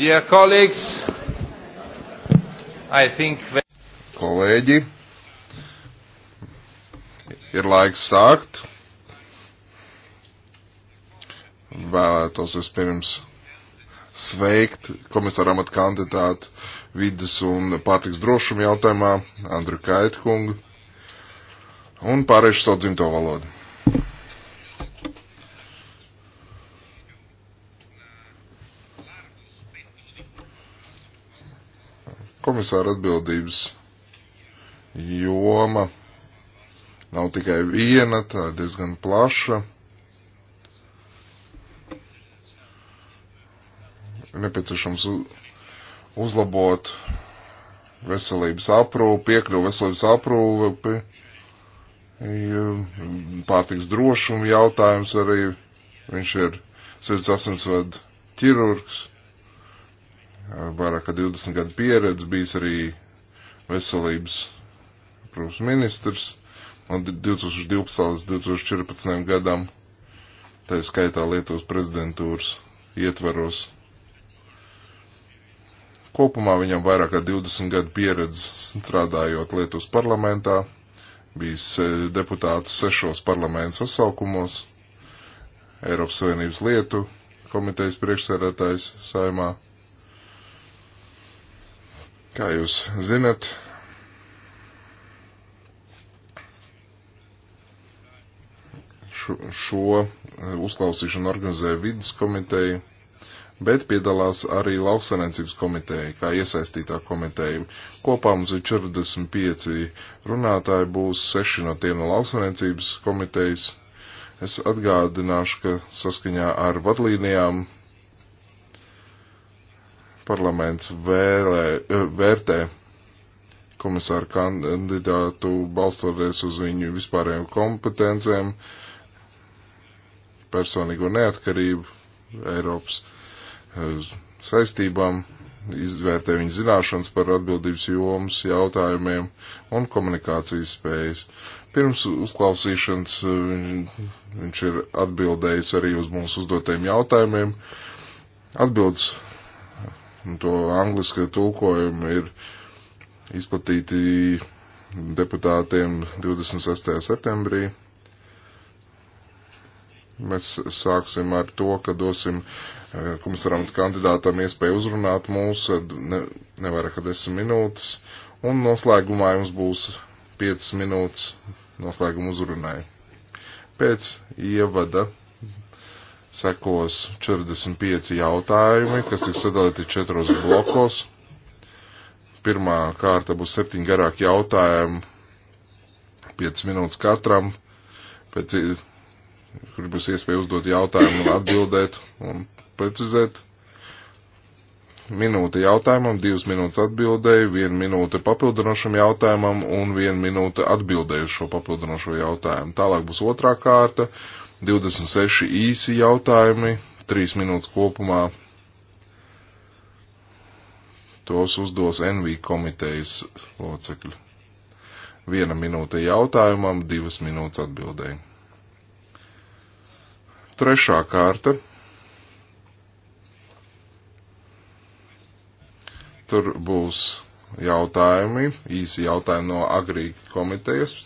Dear colleagues, I think. Kolēģi, ir laiks sākt. Vēlētos vispirms sveikt komisāra amata kandidātu vidas un pārtiks drošuma jautājumā Andru Kaitkungu un pārējušu savu dzimto valodu. komisāra atbildības joma nav tikai viena, tā ir diezgan plaša. Nepieciešams uzlabot veselības aprūpi, piekļuvu veselības aprūpi, pārtiks drošumu jautājums arī. Viņš ir sirds asinsvadu ķirurgs vairāk kā 20 gadu pieredze, bijis arī veselības protams, ministrs no 2012 līdz 2014 gadam, tā skaitā Lietuvas prezidentūras ietvaros. Kopumā viņam vairāk kā 20 gadu pieredze strādājot Lietuvas parlamentā, bijis e, deputāts sešos parlamentu sasaukumos, Eiropas Savienības lietu komitejas priekšsēdētājs saimā Kā jūs zinat, šo eh, uzklausīšanu organizē vidas komiteja, bet piedalās arī lauksaimniecības komiteja, kā iesaistītā komiteja. Kopā mums ir 45 runātāji, būs 6 no tiem no lauksaimniecības komitejas. Es atgādināšu, ka saskaņā ar vadlīnijām parlaments vērē, eh, vērtē komisāru kandidātu balstoties uz viņu vispārējām kompetencēm, personīgo neatkarību, Eiropas eh, saistībām, izvērtē viņa zināšanas par atbildības jomas jautājumiem un komunikācijas spējas. Pirms uzklausīšanas eh, viņš ir atbildējis arī uz mūsu uzdotajiem jautājumiem. Atbildes to angliskie tulkojumi ir izplatīti deputātiem 26. septembrī. Mēs sāksim ar to, ka dosim eh, komisaram kandidātam iespēju uzrunāt mūs ne, nevairāk kā 10 minūtes, un noslēgumā jums būs 5 minūtes noslēguma uzrunai. Pēc ievada sekos 45 jautājumi, kas tiks sadalīti četros blokos. Pirmā kārta būs septiņi garāki jautājumi, 5 minūtes katram, pēc, kur būs iespēja uzdot jautājumu un atbildēt un precizēt. Minūte jautājumam, divas minūtes atbildēji, viena minūte papildinošam jautājumam un viena minūte atbildēju šo papildinošo jautājumu. Tālāk būs otrā kārta, uh, 26 īsi jautājumi, 3 minūtes kopumā. Tos uzdos NV komitejas locekļi. Viena minūte jautājumam, divas minūtes atbildēji. Trešā kārta. Tur būs jautājumi, īsi jautājumi no agrī komitejas,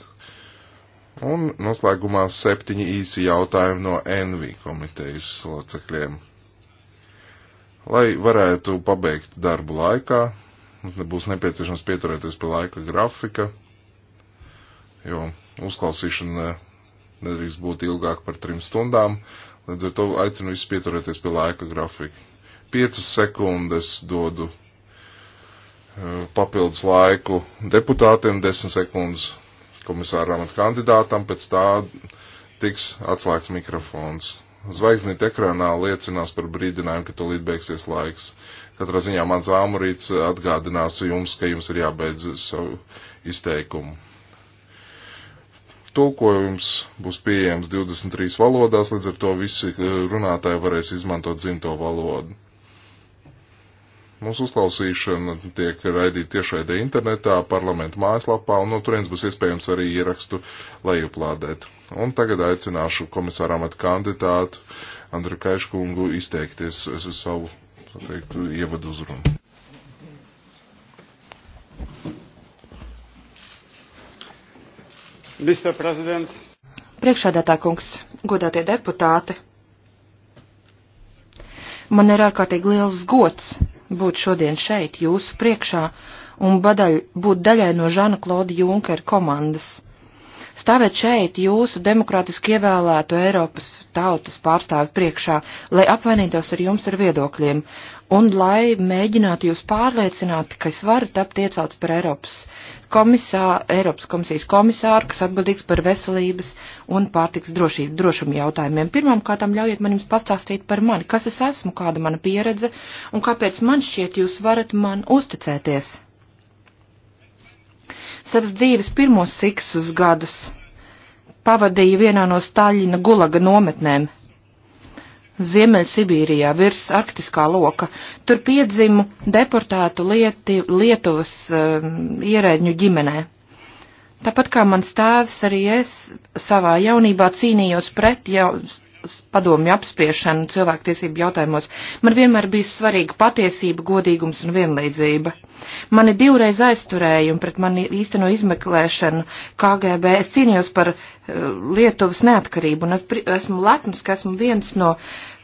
Un noslēgumā septiņi īsi jautājumi no NV komitejas locekļiem. Lai varētu pabeigt darbu laikā, būs nepieciešams pieturēties pie laika grafika, jo uzklausīšana nedrīkst būt ilgāk par trim stundām, līdz ar to aicinu visus pieturēties pie laika grafika. Piecas sekundes dodu eh, papildus laiku deputātiem, desmit sekundes komisāra amata kandidātam, pēc tā tiks atslēgts mikrofons. Zvaigznīte ekranā liecinās par brīdinājumu, ka tūlīt beigsies laiks. Katrā ziņā mans āmurīts atgādinās jums, ka jums ir jābeidz savu izteikumu. Tulkojums būs pieejams 23 valodās, līdz ar to visi eh, runātāji varēs izmantot dzimto valodu. Mūsu uzklausīšana tiek raidīta tiešraidē internetā, parlamentu mājaslapā, un no turienes būs iespējams arī ierakstu lejuplādēt. Un tagad aicināšu komisāra amata kandidātu Andru Kaiškungu izteikties savu teiktu, ievadu uzrunu. Priekšādātā kungs, godātie deputāti, man ir ārkārtīgi liels gods būt šodien šeit, jūsu priekšā, un badaļ, būt daļai no Žana Klauda Junkera komandas. Stāvēt šeit jūsu demokrātiski ievēlēto Eiropas tautas pārstāvi priekšā, lai apvainītos ar jums ar viedokļiem, un lai mēģinātu jūs pārliecināt, ka es varu tapt iecelts par Eiropas, komisā, Eiropas komisijas komisāru, kas atbildīgs par veselības un pārtiks drošību, drošumu jautājumiem. Pirmām kārtām ļaujiet man jums pastāstīt par mani, kas es esmu, kāda mana pieredze un kāpēc man šķiet jūs varat man uzticēties. Savas dzīves pirmos siksus gadus pavadīju vienā no Staļina gulaga nometnēm Ziemeļsibīrijā virs arktiskā loka. Tur piedzimu deportētu lieti, Lietuvas uh, um, ierēģņu ģimenē. Tāpat kā mans tēvs, arī es savā jaunībā cīnījos pret jau padomju apspiešanu cilvēktiesību jautājumos. Man vienmēr bija svarīga patiesība, godīgums un vienlīdzība. Mani divreiz aizturēja un pret mani īsteno izmeklēšanu KGB. Es cīnījos par uh, Lietuvas neatkarību un esmu lepns, ka esmu viens no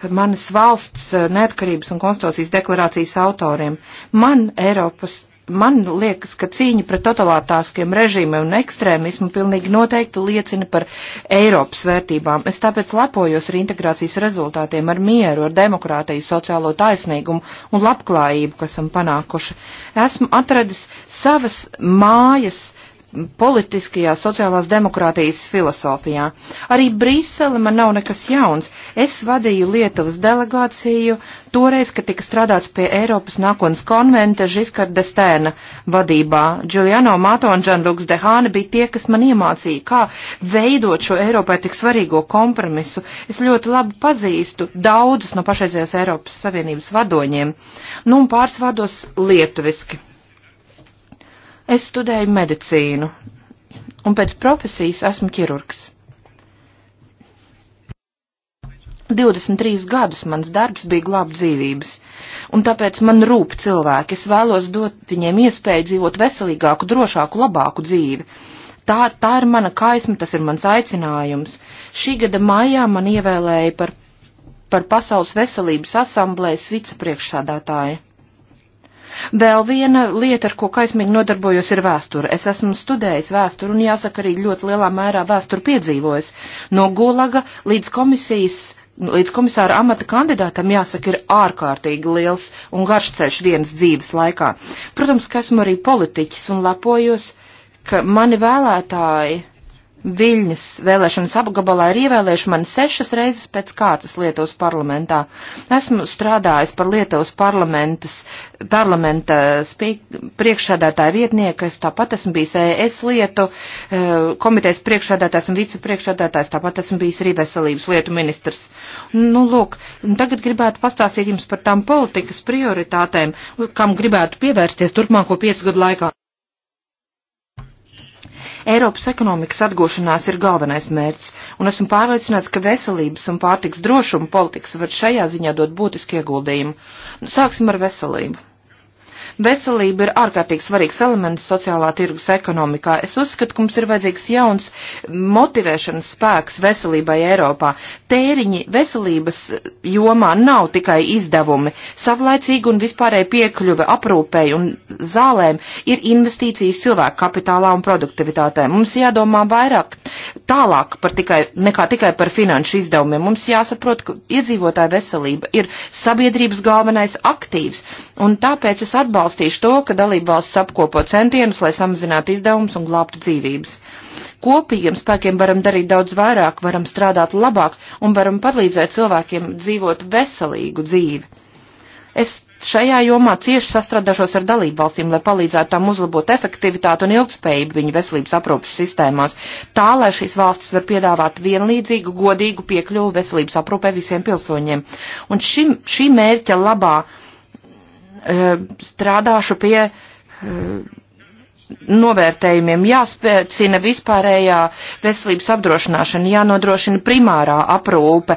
manas valsts eh, neatkarības un konstitūcijas deklarācijas autoriem. Man Eiropas man liekas, ka cīņa pret totalitāriskiem režīmiem un ekstrēmismu pilnīgi noteikti liecina par Eiropas vērtībām. Es tāpēc lepojos ar integrācijas rezultātiem, ar mieru, ar demokrātiju, sociālo taisnīgumu un labklājību, kas esam panākuši. Esmu atradis savas mājas politiskajā sociālās demokrātijas filosofijā. Arī Brisele man nav nekas jauns. Es vadīju Lietuvas delegāciju toreiz, kad tika strādāts pie Eiropas nākotnes konventa Žiskarda Stēna vadībā. Giuliano Mato un Džanluks Dehāne bija tie, kas man iemācīja, kā veidot šo Eiropai tik svarīgo kompromisu. Es ļoti labi pazīstu daudzus no pašreizējās Eiropas Savienības vadoņiem. Nu, un pāris vārdos lietuviski. Es studēju medicīnu, un pēc profesijas esmu ķirurgs. 23 gadus mans darbs bija glābt dzīvības, un tāpēc man rūp cilvēki. Es vēlos dot viņiem iespēju dzīvot veselīgāku, drošāku, labāku dzīvi. Tā, tā ir mana kaisma, tas ir mans aicinājums. Šī gada maijā man ievēlēja par, par Pasaules veselības asamblējas vicepriekšsādātāju. Vēl viena lieta, ar ko kaismīgi nodarbojos, ir vēsture. Es esmu studējis vēsturi un jāsaka arī ļoti lielā mērā vēsturi piedzīvojis. No Gulaga līdz komisijas līdz komisāra amata kandidātam jāsaka ir ārkārtīgi liels un garš ceļš vienas dzīves laikā. Protams, ka esmu arī politiķis un lepojos, ka mani vēlētāji Viļņas vēlēšanas apgabalā ir ievēlējuši mani sešas reizes pēc kārtas Lietuvas parlamentā. Esmu strādājis par Lietuvas parlamenta priekšsādātāja vietnieku, es tāpat esmu bijis ES lietu eh, komitejas priekšsādātājs un vicepriekšsādātājs, tāpat esmu bijis arī veselības lietu ministrs. Nu, lūk, tagad gribētu pastāstīt jums par tām politikas prioritātēm, kam gribētu pievērsties turpmāko piecu gadu laikā. Eiropas ekonomikas atgūšanās ir galvenais mērķis, un esmu pārliecināts, ka veselības un pārtiks drošuma politikas var šajā ziņā dot būtisku ieguldījumu. Nu, sāksim ar veselību. Veselība ir ārkārtīgi svarīgs elements sociālā tirgus ekonomikā. Es uzskatu, ka mums ir vajadzīgs jauns motivēšanas spēks veselībai Eiropā. Tēriņi veselības jomā nav tikai izdevumi. Savlaicīga un vispārēja piekļuve aprūpēji un zālēm ir investīcijas cilvēku kapitālā un produktivitātē. Mums jādomā vairāk tālāk par tikai, nekā tikai par finanšu izdevumiem. Mums jāsaprot, ka iedzīvotāja veselība ir sabiedrības galvenais aktīvs, un tāpēc es atbalstu atbalstīšu to, ka dalība valsts apkopo centienus, lai samazinātu izdevumus un glābtu dzīvības. Kopīgiem spēkiem varam darīt daudz vairāk, varam strādāt labāk un varam palīdzēt cilvēkiem dzīvot veselīgu dzīvi. Es šajā jomā cieši sastrādāšos ar dalību valstīm, lai palīdzētu tām uzlabot efektivitāti un ilgspējību viņu veselības aprūpas sistēmās, tā lai šīs valstis var piedāvāt vienlīdzīgu, godīgu piekļuvu veselības aprūpē visiem pilsoņiem. Un šim, šī mērķa labā Eh, strādāšu pie eh, novērtējumiem, jāspēcina vispārējā veselības apdrošināšana, jānodrošina primārā aprūpe,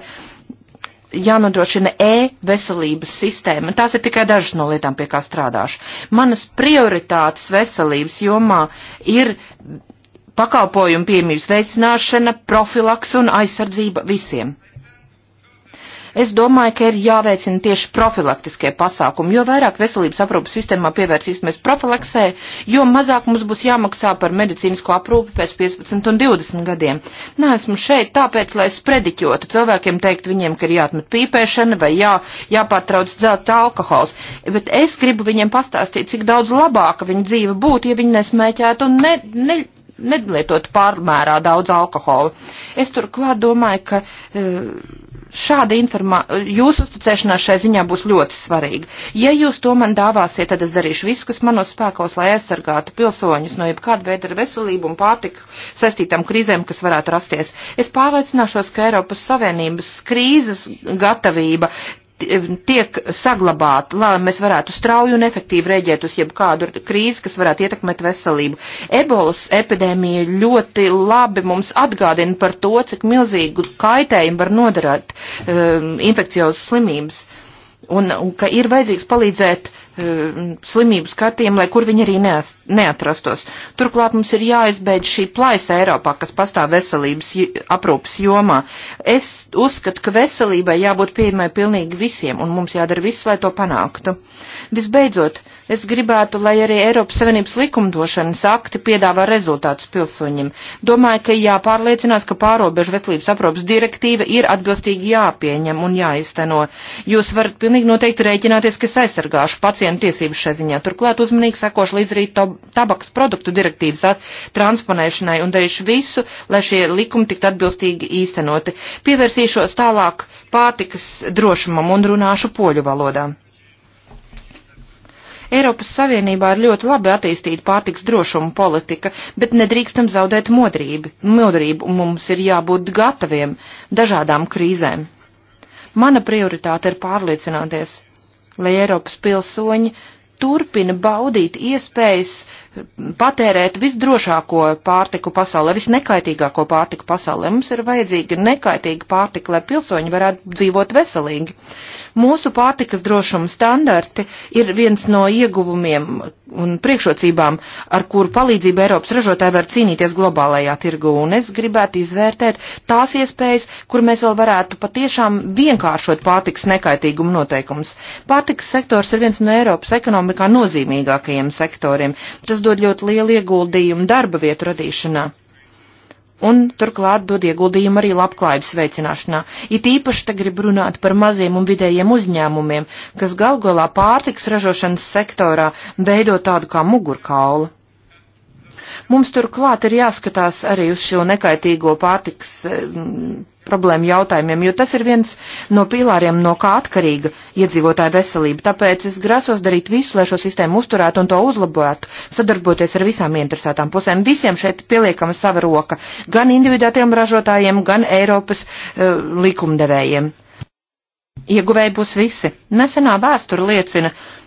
jānodrošina e-veselības sistēma. Tās ir tikai dažas no lietām, pie kā strādāšu. Manas prioritātes veselības jomā ir pakalpojumu piemības veicināšana, profilaks un aizsardzība visiem. Es domāju, ka ir jāveicina tieši profilaktiskie pasākumi. Jo vairāk veselības aprūpas sistēmā pievērsīsimies profilaksē, jo mazāk mums būs jāmaksā par medicīnisko aprūpi pēc 15 un 20 gadiem. Nē, esmu šeit tāpēc, lai es prediķotu cilvēkiem, teikt viņiem, ka ir jāatmet pīpēšana vai jā, jāpārtrauc dzelt alkohols. Bet es gribu viņiem pastāstīt, cik daudz labāka viņa dzīve būtu, ja viņi nesmēķētu un ne, ne, nelietot pārmērā daudz alkohola. Es turklāt domāju, ka e, šāda informācija, jūsu uzticēšanās šai ziņā būs ļoti svarīga. Ja jūs to man dāvāsiet, tad es darīšu visu, kas manos spēkos, lai aizsargātu pilsoņus no jebkāda veida ar veselību un pārtiku saistītām krīzēm, kas varētu rasties. Es pārliecināšos, ka Eiropas Savienības krīzes gatavība tiek saglabāti, lai mēs varētu strauju un efektīvi rēģēt uz jebkādu krīzi, kas varētu ietekmēt veselību. Ebolas epidēmija ļoti labi mums atgādina par to, cik milzīgu kaitējumu var nodarīt um, infekcijos slimības, un, un ka ir vajadzīgs palīdzēt uh, Eh, slimību skatiem, lai kur viņi arī neatrastos. Turklāt mums ir jāizbeidz šī plaisa Eiropā, kas pastāv veselības aprūpas jomā. Es uzskatu, ka veselībai jābūt pieejamai pilnīgi visiem, un mums jādara viss, lai to panāktu. Visbeidzot, es gribētu, lai arī Eiropas Savienības likumdošanas akti piedāvā rezultātus pilsoņiem. Domāju, ka jāpārliecinās, ka pārobežu veselības aprūpas direktīva ir atbilstīgi jāpieņem un jāizteno. Jūs varat pilnīgi noteikti rēķināties, ka es aizsargāšu pacientu pacientu tiesības šai ziņā. Turklāt uzmanīgi sakošu līdz arī tabaks produktu direktīvas transponēšanai un darīšu visu, lai šie likumi tiktu atbilstīgi īstenoti. Pievērsīšos tālāk pārtikas drošumam un runāšu poļu valodā. Eiropas Savienībā ir ļoti labi attīstīta pārtiks drošuma politika, bet nedrīkstam zaudēt modrību. Modrību mums ir jābūt gataviem dažādām krīzēm. Mana prioritāte ir pārliecināties, lai Eiropas pilsoņi turpina baudīt iespējas patērēt visdrošāko pārtiku pasaulē, visnekaitīgāko pārtiku pasaulē. Mums ir vajadzīga nekaitīga pārtika, lai pilsoņi varētu dzīvot veselīgi. Mūsu pārtikas drošuma standarti ir viens no ieguvumiem un priekšrocībām, ar kuru palīdzību Eiropas ražotāji var cīnīties globālajā tirgu, un es gribētu izvērtēt tās iespējas, kur mēs vēl varētu patiešām vienkāršot pārtikas nekaitīgumu noteikumus. Pārtikas sektors ir viens no Eiropas ekonomikā nozīmīgākajiem sektoriem. Tas dod ļoti lielu ieguldījumu darba vietu radīšanā un turklāt dod ieguldījumu arī labklājības veicināšanā. It īpaši te grib runāt par maziem un vidējiem uzņēmumiem, kas galgolā pārtiks ražošanas sektorā veido tādu kā mugurkaulu. Mums turklāt ir jāskatās arī uz šo nekaitīgo pārtiks eh, problēmu jautājumiem, jo tas ir viens no pīlāriem, no kā atkarīga iedzīvotāja veselība. Tāpēc es grasos darīt visu, lai šo sistēmu uzturētu un to uzlabotu, sadarboties ar visām interesētām pusēm. Visiem šeit pieliekama sava roka, gan individuātiem ražotājiem, gan Eiropas uh, likumdevējiem. Ieguvēji būs visi. Nesenā vēsture liecina, uh,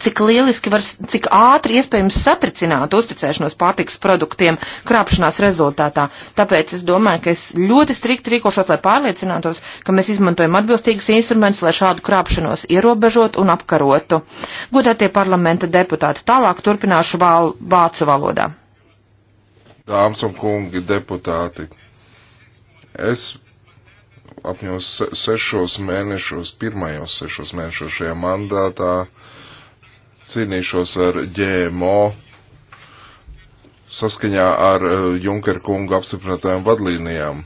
cik lieliski var, cik ātri iespējams satricināt uzticēšanos pārtiks produktiem krāpšanās rezultātā. Tāpēc es domāju, ka es ļoti strikti rīkošos, lai pārliecinātos, ka mēs izmantojam atbilstīgus instrumentus, lai šādu krāpšanos ierobežot un apkarotu. Godātie parlamenta deputāti, tālāk turpināšu vāl, vācu valodā. Dāmas un kungi deputāti, es apņos sešos mēnešos, pirmajos sešos mēnešos šajā mandātā, uh, cīnīšos ar ģēmo saskaņā ar eh, Junker kungu apstiprinātajām vadlīnijām.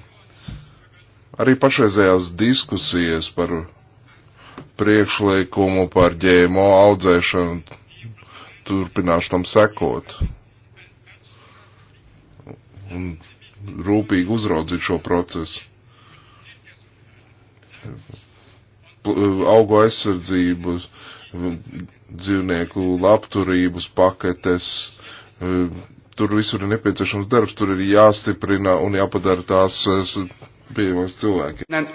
Arī pašreizējās diskusijas par priekšlikumu par ģēmo audzēšanu turpināšu tam sekot. Un rūpīgi uzraudzīt šo procesu. Augu aizsardzību, dzīvnieku labturības paketes. E, tur visur ir nepieciešams darbs, tur ir jāstiprina un jāpadara tās e, pieejamās cilvēkiem.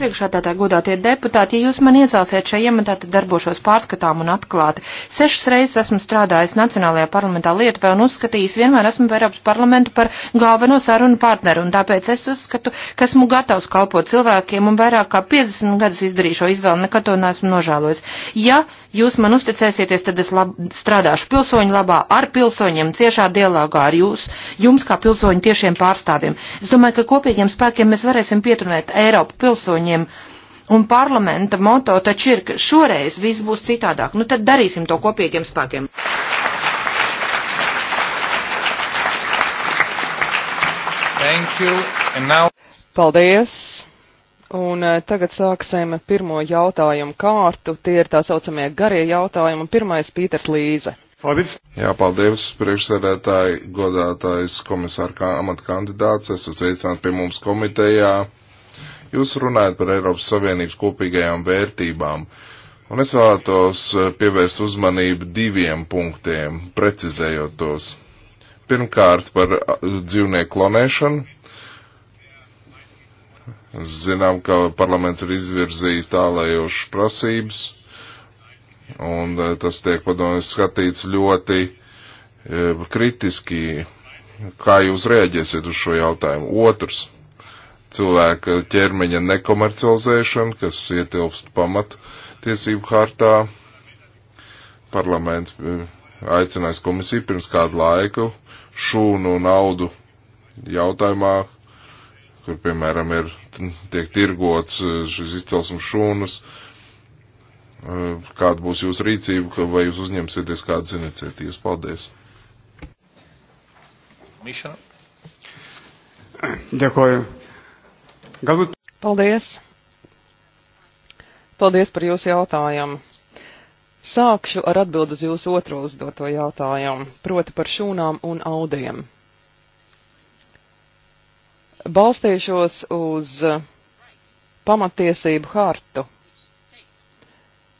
Priekšā tātā godātie deputāti, ja jūs man iecelsiet šajā iemetā, tad darbošos pārskatām un atklāti. Sešas reizes esmu strādājis Nacionālajā parlamentā Lietuvā un uzskatījis vienmēr esmu Eiropas parlamentu par galveno sarunu partneru, un tāpēc es uzskatu, ka esmu gatavs kalpot cilvēkiem un vairāk kā 50 gadus izdarīšo izvēli, nekad to neesmu nožēlojis. Ja Jūs man uzticēsieties, tad es lab, strādāšu pilsoņu labā, ar pilsoņiem, ciešā dialogā ar jūs, jums kā pilsoņu tiešiem pārstāvjiem. Es domāju, ka kopīgiem spēkiem mēs varēsim pieturēt Eiropu pilsoņiem. Un parlamenta moto taču ir, ka šoreiz viss būs citādāk. Nu tad darīsim to kopīgiem spēkiem. Thank you. And now... Paldies. Un eh, tagad sāksim pirmo jautājumu kārtu. Tie ir tā saucamie garie jautājumi. Pirmais Pīters Līze. Paldies. Jā, paldies, priekšsēdētāji, godātais komisāra amatkandidāts. Es esmu sveicināts pie mums komitejā. Jūs runājat par Eiropas Savienības kopīgajām vērtībām. Un es vēlētos eh, pievērst uzmanību diviem punktiem, precizējot tos. Pirmkārt, par eh, dzīvnieku klonēšanu Zinām, ka parlaments ir izvirzījis tālējošas prasības, un eh, tas tiek padomjas skatīts ļoti eh, kritiski. Kā jūs rēģēsiet uz šo jautājumu? Otrs - cilvēka ķermeņa nekomercializēšana, kas ietilpst pamat tiesību hartā. Parlaments eh, aicinājis komisiju pirms kādu laiku šūnu naudu jautājumā kur, piemēram, ir, tiek tirgots eh, šis izcelsmes šūnas, eh, kāda būs jūsu rīcība, vai jūs uzņemsieties kādas iniciatīvas. Paldies! Mišā. Ďakujem. Galbūt. Paldies. Paldies par jūsu jautājumu. Sākšu ar atbildu uz jūsu otro uzdoto jautājumu, proti par šūnām un audiem balstīšos uz uh, pamatiesību hartu,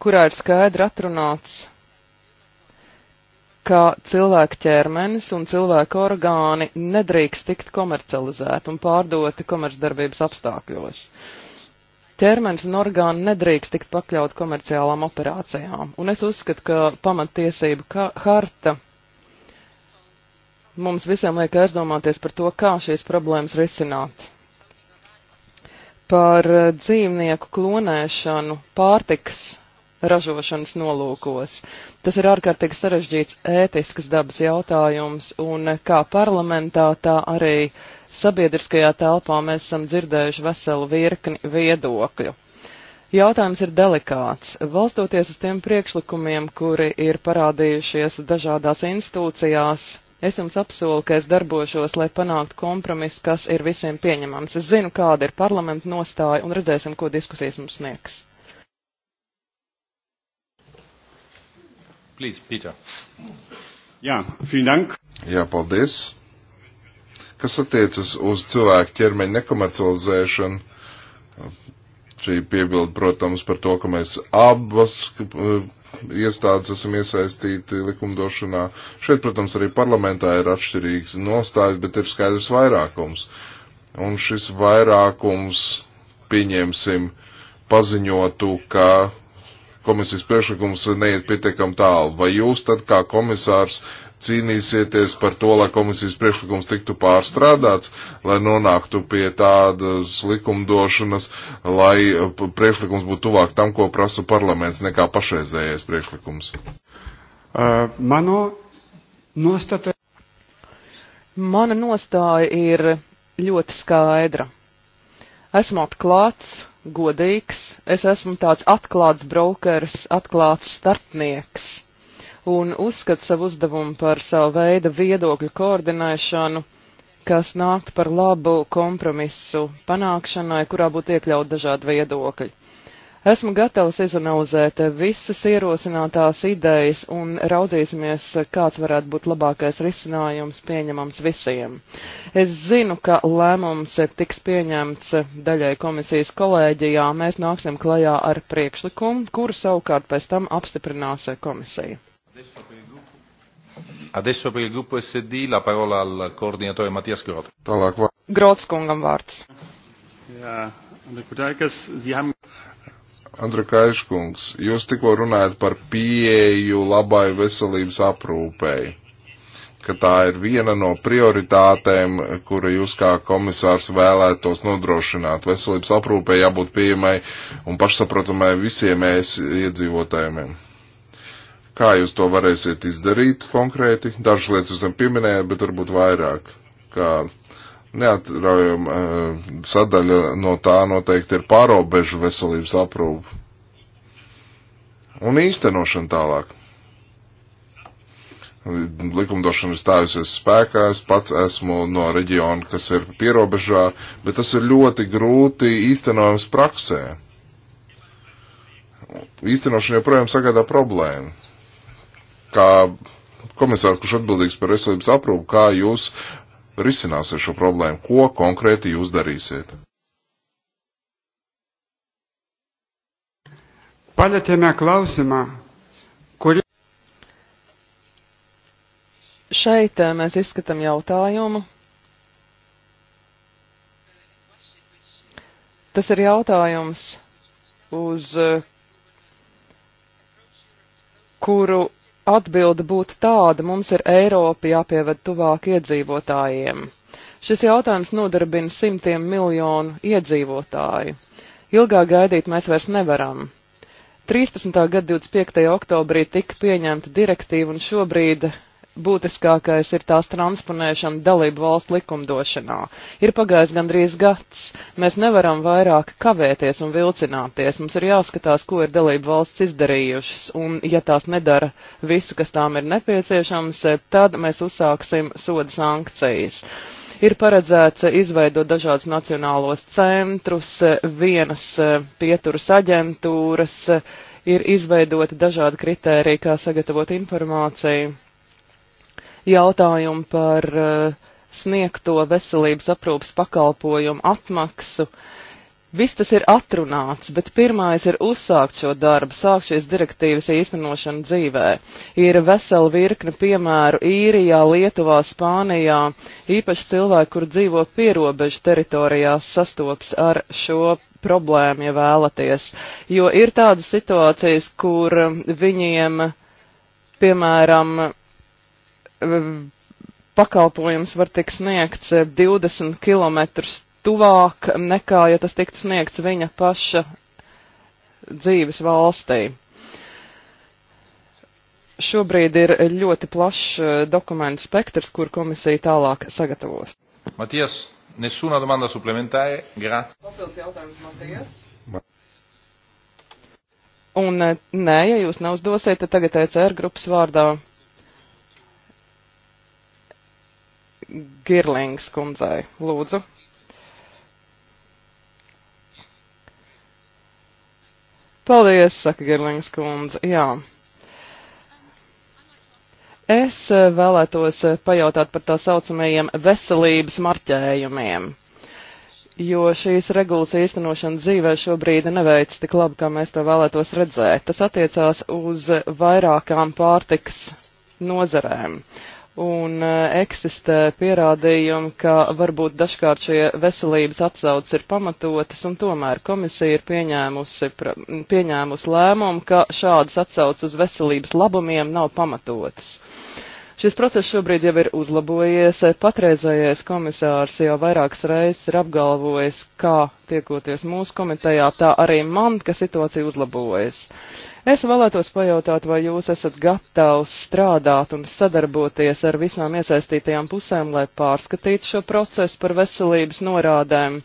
kurā ir skaidri atrunāts, ka cilvēka ķermenis un cilvēka orgāni nedrīkst tikt komercializēti un pārdoti komercdarbības apstākļos. Ķermenis un orgāni nedrīkst tikt pakļaut komerciālām operācijām, un es uzskatu, ka pamatiesība harta mums visiem liek aizdomāties par to, kā šīs problēmas risināt. Par eh, dzīvnieku klonēšanu pārtiks ražošanas nolūkos. Tas ir ārkārtīgi sarežģīts ētisks dabas jautājums, un eh, kā parlamentā, tā arī sabiedriskajā telpā mēs esam dzirdējuši veselu virkni viedokļu. Jautājums ir delikāts. Valstoties uz tiem priekšlikumiem, kuri ir parādījušies dažādās institūcijās, Es jums apsolu, ka es darbošos, lai panāktu kompromisu, kas ir visiem pieņemams. Es zinu, kāda ir parlamenta nostāja, un redzēsim, ko diskusijas mums sniegs. Please, Peter. Jā, dank. Jā, paldies. Kas attiecas uz cilvēku ķermeņa nekomercializēšanu, šī piebilda, protams, par to, ka mēs abas eh, iestādes esam iesaistīti likumdošanā. Šeit, protams, arī parlamentā ir atšķirīgs nostājs, bet ir skaidrs vairākums. Un šis vairākums, pieņemsim, paziņotu, ka komisijas priekšlikums neiet pietiekam tālu. Vai jūs tad kā komisārs cīnīsieties par to, lai komisijas priekšlikums tiktu pārstrādāts, lai nonāktu pie tādas likumdošanas, lai priekšlikums būtu tuvāk tam, ko prasa parlaments, nekā pašreizējais priekšlikums? Uh, mano nostata. Mana nostāja ir ļoti skaidra. Esmu atklāts, godīgs, es esmu tāds atklāts brokers, atklāts starpnieks un uzskata savu uzdevumu par savu veidu viedokļu koordinēšanu, kas nākt par labu kompromisu panākšanai, kurā būtu iekļaut dažādi viedokļi. Esmu gatavs izanalizēt visas ierosinātās idejas un raudzīsimies, kāds varētu būt labākais risinājums pieņemams visiem. Es zinu, ka lēmums tiks pieņemts daļai komisijas kolēģijā. Mēs nāksim klajā ar priekšlikumu, kuru savukārt pēc tam apstiprinās komisija. Adesso per il gruppo SD la parola al coordinatore Mattias Grot. Tālāk vārds. Grots kungam vārds. Jā, Andrikudaikas, Ziemē. Andra Kaiškungs, jūs tikko runājat par pieeju labai veselības aprūpēji, ka tā ir viena no prioritātēm, kura jūs kā komisārs vēlētos nodrošināt. Veselības aprūpē jābūt pieejamai un pašsaprotamai visiem mēs iedzīvotājiem. Kā jūs to varēsiet izdarīt konkrēti? Dažas lietas esam pieminējuši, bet varbūt vairāk. Kā neatraujama e, sadaļa no tā noteikti ir pārobežu veselības aprūpa. Un īstenošana tālāk. Likumdošana ir stājusies spēkā, es pats esmu no reģiona, kas ir pierobežā, bet tas ir ļoti grūti īstenojams praksē. Īstenošana joprojām sagādā problēmu kā komisārs, kurš atbildīgs par veselības aprūpu, kā jūs risināsiet šo problēmu, ko konkrēti jūs darīsiet? Palētēmē klausimā, kur. Šeit eh, mēs izskatām jautājumu. Tas ir jautājums, uz eh, kuru atbilde būtu tāda, mums ir Eiropa jāpieved tuvāk iedzīvotājiem. Šis jautājums nodarbina simtiem miljonu iedzīvotāju. Ilgāk gaidīt mēs vairs nevaram. 13. gada 25. oktobrī tika pieņemta direktīva un šobrīd būtiskākais ir tās transponēšana dalību valstu likumdošanā. Ir pagājis gandrīz gads, mēs nevaram vairāk kavēties un vilcināties, mums ir jāskatās, ko ir dalību valsts izdarījušas, un ja tās nedara visu, kas tām ir nepieciešams, tad mēs uzsāksim soda sankcijas ir paredzēts izveidot dažādus nacionālos centrus, vienas pieturas aģentūras, ir izveidoti dažādi kritēriji, kā sagatavot informāciju jautājumu par eh, sniegto veselības aprūpas pakalpojumu atmaksu. Viss tas ir atrunāts, bet pirmais ir uzsākt šo darbu, sākt šīs direktīvas īstenošanu dzīvē. Ir vesela virkne piemēru īrijā, Lietuvā, Spānijā, īpaši cilvēki, kur dzīvo pierobežu teritorijās, sastops ar šo problēmu, ja vēlaties. Jo ir tādas situācijas, kur eh, viņiem, piemēram, pakalpojums var tikt sniegts 20 eh, km tuvāk nekā, ja tas tiktu sniegts viņa paša dzīves valstī. Šobrīd ir ļoti plašs eh, dokumentu spektrs, kur komisija tālāk sagatavos. Matijas, nesuna domanda suplementāja, grāts. Papildus jautājums, Matijas. Un eh, nē, ja jūs neuzdosiet, tad tagad ECR grupas vārdā Girlings kundzei. Lūdzu. Paldies, saka Girlings kundze. Jā. Es e, vēlētos e, pajautāt par tā saucamajiem veselības marķējumiem, jo šīs regulas īstenošana dzīvē šobrīd neveic tik labi, kā mēs to vēlētos redzēt. Tas attiecās uz vairākām pārtikas nozerēm un eh, eksistē pierādījumi, ka varbūt dažkārt šie veselības atsauces ir pamatotas, un tomēr komisija ir pieņēmusi, pieņēmusi lēmumu, ka šādas atsauces uz veselības labumiem nav pamatotas. Šis process šobrīd jau ir uzlabojies. Patreizējais komisārs jau vairākas reizes ir apgalvojis, kā tiekoties mūsu komitejā, tā arī man, ka situācija uzlabojas. Uh, Es vēlētos pajautāt, vai jūs esat gatavs strādāt un sadarboties ar visām iesaistītajām pusēm, lai pārskatītu šo procesu par veselības norādēm.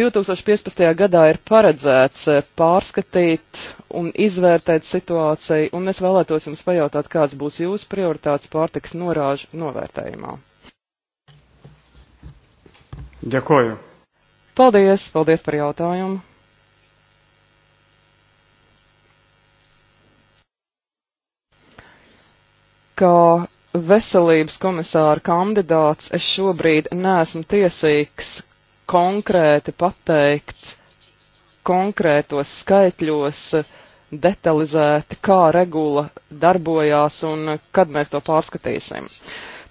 2015. gadā ir paredzēts eh, pārskatīt un izvērtēt situāciju, un es vēlētos jums pajautāt, kāds būs jūsu prioritāts pārtiks norāžu novērtējumā. Ďakujem. Paldies, paldies par jautājumu. kā veselības komisāra kandidāts es šobrīd neesmu tiesīgs konkrēti pateikt konkrētos skaitļos detalizēti, kā regula darbojās un kad mēs to pārskatīsim.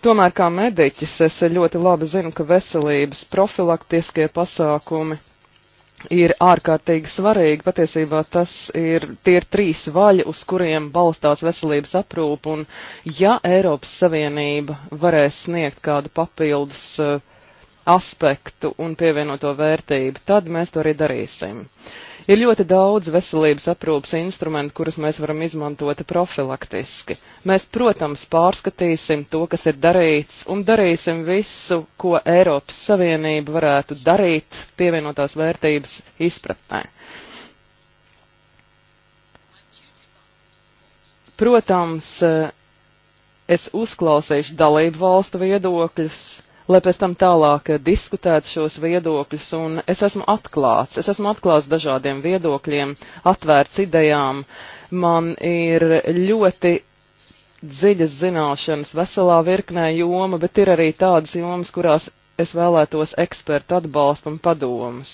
Tomēr kā mediķis es ļoti labi zinu, ka veselības profilaktiskie pasākumi ir ārkārtīgi svarīgi. Patiesībā tas ir, tie ir trīs vaļi, uz kuriem balstās veselības aprūpa, un ja Eiropas Savienība varēs sniegt kādu papildus eh, aspektu un pievienoto vērtību, tad mēs to arī darīsim. Uh, Ir ļoti daudz veselības aprūpas instrumentu, kurus mēs varam izmantot profilaktiski. Mēs, protams, pārskatīsim to, kas ir darīts, un darīsim visu, ko Eiropas Savienība varētu darīt pievienotās vērtības izpratnē. Protams, es uzklausīšu dalību valstu viedokļus lai pēc tam tālāk diskutētu šos viedokļus, un es esmu atklāts, es esmu atklāts dažādiem viedokļiem, atvērts idejām, man ir ļoti dziļas zināšanas veselā virknē joma, bet ir arī tādas jomas, kurās es vēlētos ekspertu atbalstu un padomus.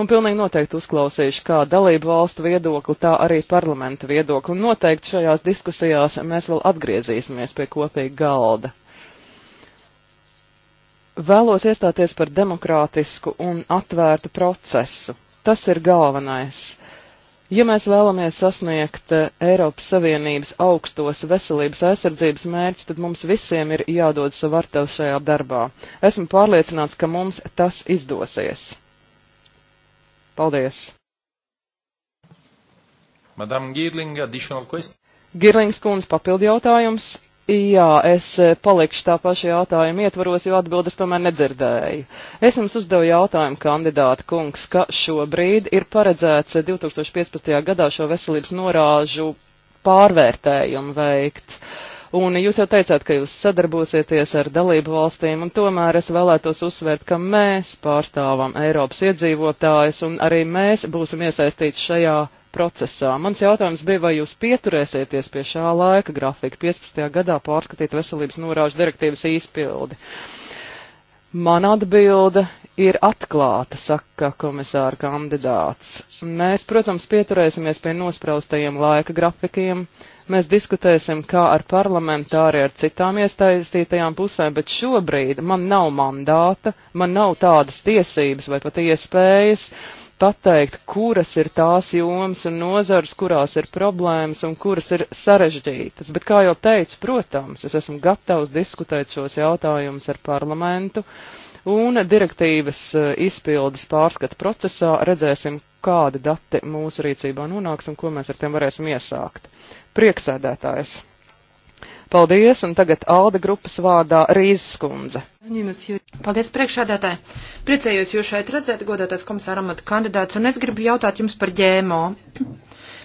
Un pilnīgi noteikti uzklausīšu kā dalību valstu viedokli, tā arī parlamenta viedokli, un noteikti šajās diskusijās mēs vēl atgriezīsimies pie kopīga galda. Vēlos iestāties par demokrātisku un atvērtu procesu. Tas ir galvenais. Ja mēs vēlamies sasniegt eh, Eiropas Savienības augstos veselības aizsardzības mērķus, tad mums visiem ir jādod savu artavu šajā darbā. Esmu pārliecināts, ka mums tas izdosies. Paldies! Madam Girling, additional question. Girlings kundze papildu jautājums. Jā, es eh, palikšu tā paša jautājuma ietvaros, jo atbildes tomēr nedzirdēju. Es jums uzdevu jautājumu, kandidāta kungs, ka šobrīd ir paredzēts 2015. gadā šo veselības norāžu pārvērtējumu veikt. Un jūs jau teicāt, ka jūs sadarbosieties ar dalību valstīm, un tomēr es vēlētos uzsvērt, ka mēs pārstāvam Eiropas iedzīvotājus, un arī mēs būsim iesaistīti šajā procesā. Mans jautājums bija, vai jūs pieturēsieties pie šā laika grafika 15. gadā pārskatīt veselības norāžu direktīvas īspildi. Man atbilde ir atklāta, saka komisāra kandidāts. Mēs, protams, pieturēsimies pie nospraustajiem laika grafikiem. Mēs diskutēsim kā ar parlamentāri, ar citām iesaistītajām pusēm, bet šobrīd man nav mandāta, man nav tādas tiesības vai pat iespējas. Uh, pateikt, kuras ir tās jomas un nozars, kurās ir problēmas un kuras ir sarežģītas. Bet, kā jau teicu, protams, es esmu gatavs diskutēt šos jautājumus ar parlamentu. Un direktīvas eh, izpildes pārskata procesā redzēsim, kādi dati mūsu rīcībā nonāks un ko mēs ar tiem varēsim iesākt. Prieksēdētājs! Paldies, un tagad Alda grupas vārdā Rīzes kundze. Paldies priekšādātāji. Priecējos jūs šeit redzēt, godātais komisāra amata kandidāts, un es gribu jautāt jums par ģēmo.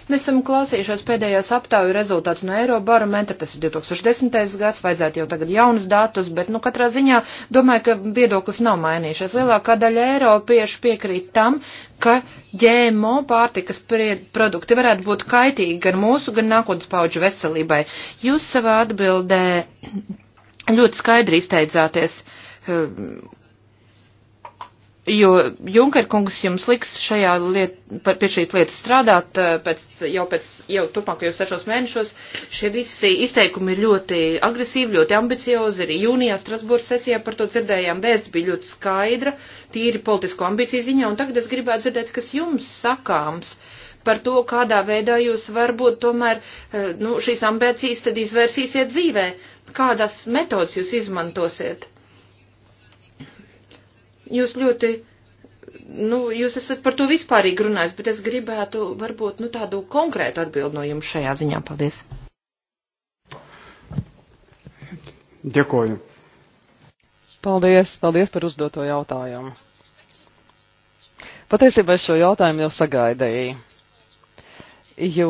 Mēs esam klausījušos pēdējās aptāju rezultātus no Eirobarometra, tas ir 2010. gads, vajadzētu jau tagad jaunus datus, bet, nu, katrā ziņā domāju, ka viedoklis nav mainījušies. Lielākā daļa eiropiešu piekrīt tam, ka ģēmo pārtikas produkti varētu būt kaitīgi gan mūsu, gan nākotnes pauģu veselībai. Jūs savā atbildē ļoti skaidri izteicāties jo Junker kungs jums liks šajā liet, par, pie šīs lietas strādāt eh, pēc, jau pēc, jau turpmākajos sešos mēnešos. Šie visi izteikumi ir ļoti agresīvi, ļoti ambiciozi. Arī jūnijā Strasbūras sesijā par to dzirdējām vēsts bija ļoti skaidra, tīri politisko ambīciju ziņā, un tagad es gribētu dzirdēt, kas jums sakāms par to, kādā veidā jūs varbūt tomēr eh, nu, šīs ambīcijas tad izvērsīsiet dzīvē, kādas metodas jūs izmantosiet Jūs ļoti, nu, jūs esat par to vispārīgi runājis, bet es gribētu varbūt, nu, tādu konkrētu atbildu no jums šajā ziņā. Paldies. Ďakujem. Paldies, paldies par uzdoto jautājumu. Patiesībā es šo jautājumu jau sagaidīju, jo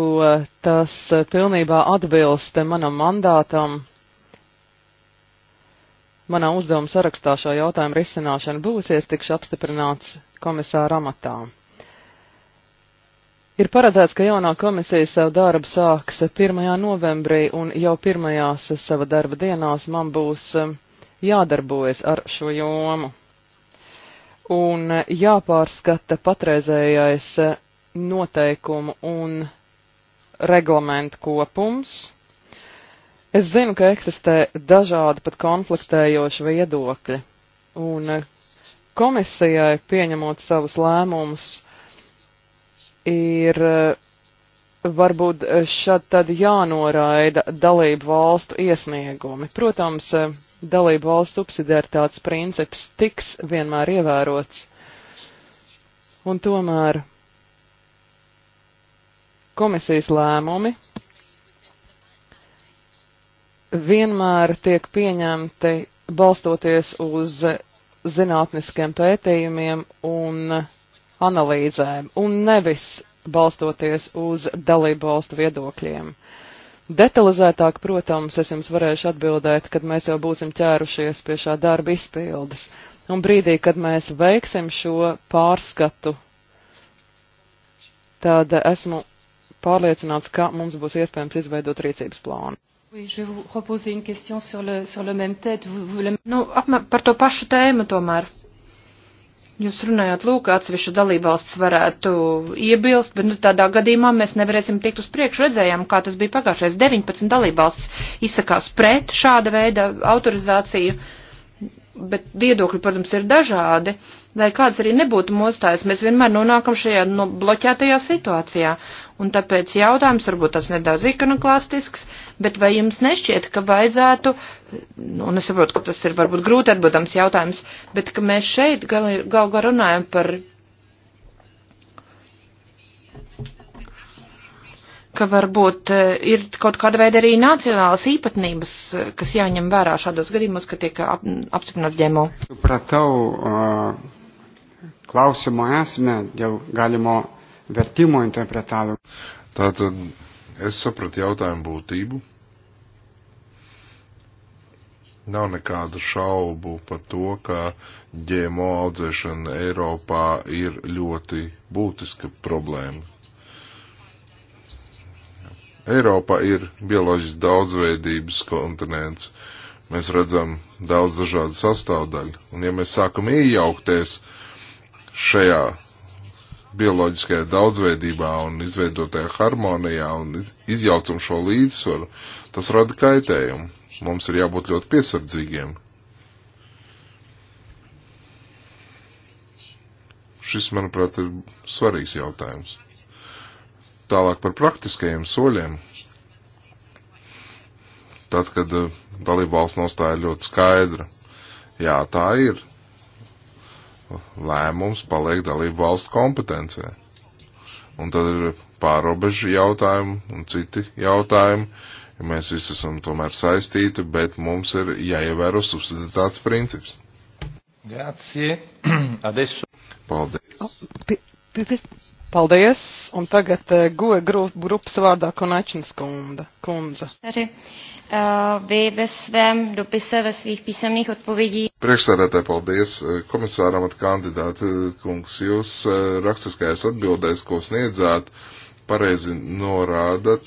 tas pilnībā atbilst manam mandātam manā uzdevuma sarakstā šo jautājumu risināšana būs, ja es tikšu apstiprināts komisāra amatā. Ir paredzēts, ka jaunā komisija savu darbu sāks 1. novembrī, un jau pirmajās sava darba dienās man būs um, jādarbojas ar šo jomu. Un uh, jāpārskata patreizējais uh, noteikumu un reglamentu kopums Es zinu, ka eksistē dažādi pat konfliktējoši viedokļi, un eh, komisijai pieņemot savus lēmumus ir eh, varbūt eh, šad tad jānoraida dalību valstu iesniegumi. Protams, dalību valsts subsidiaritātes princips tiks vienmēr ievērots, un tomēr komisijas lēmumi vienmēr tiek pieņemti balstoties uz zinātniskiem pētījumiem un analīzēm, un nevis balstoties uz dalību valstu viedokļiem. Detalizētāk, protams, es jums varēšu atbildēt, kad mēs jau būsim ķērušies pie šā darba izpildes. Un brīdī, kad mēs veiksim šo pārskatu, tad esmu pārliecināts, ka mums būs iespējams izveidot rīcības plānu. Oui, je vais vous proposer une question sur le, sur le même tête. Vous, vous le... Nu, apmēr par to pašu tēmu tomēr. Jūs runājāt, lūk, atsevišķu dalībvalsts varētu iebilst, bet nu, tādā gadījumā mēs nevarēsim tikt uz priekšu. Redzējām, kā tas bija pagājušais. 19 dalībvalsts izsakās pret šāda veida autorizāciju, bet viedokļi, protams, ir dažādi. Lai kāds arī nebūtu mostājis, mēs vienmēr nonākam šajā no bloķētajā situācijā. Un tāpēc jautājums, varbūt tas nedaudz ikonoklastisks, bet vai jums nešķiet, ka vajadzētu, nu, un es saprotu, ka tas ir varbūt grūti atbildams jautājums, bet ka mēs šeit gal, gal, gal runājam par ka varbūt eh, ir kaut kāda veida arī nacionālas īpatnības, eh, kas jāņem vērā šādos gadījumos, ka tiek ap, apstiprināts ģemo. Supratau uh, eh, klausimo esmę dėl galimo vertimo interpretavimo. Tātad es sapratu jautājumu būtību. Nav nekādu šaubu par to, ka ģēmo audzēšana Eiropā ir ļoti būtiska problēma. Eiropa ir bioloģiski daudzveidības kontinents. Mēs redzam daudz dažādu sastāvdaļu. Un ja mēs sākam iejaukties šajā bioloģiskajā daudzveidībā un izveidotajā harmonijā un izjaucam šo līdzsvaru, tas rada kaitējumu. Mums ir jābūt ļoti piesardzīgiem. Šis, manuprāt, ir svarīgs jautājums. Tālāk par praktiskajiem soļiem. Tad, kad eh, dalībvalsts nostāja ļoti skaidra. Jā, tā ir lēmums paliek dalību valstu kompetencē. Un tad ir pārobežu jautājumi un citi jautājumi. Ja mēs visi esam tomēr saistīti, bet mums ir jāievēro subsiditāts princips. Grazie. Adesso. Paldies. Oh, P Paldies. Un tagad eh, goja e grupas vārdā Konačins kunda. kundze. Arī. Eh, vy ve svém dopise, ve svých písemných odpovědích. Priekšsēdētāji, paldies. Eh, komisāram at kandidāti, eh, kungs, jūs rakstiskajās atbildēs, ko sniedzāt, pareizi norādat,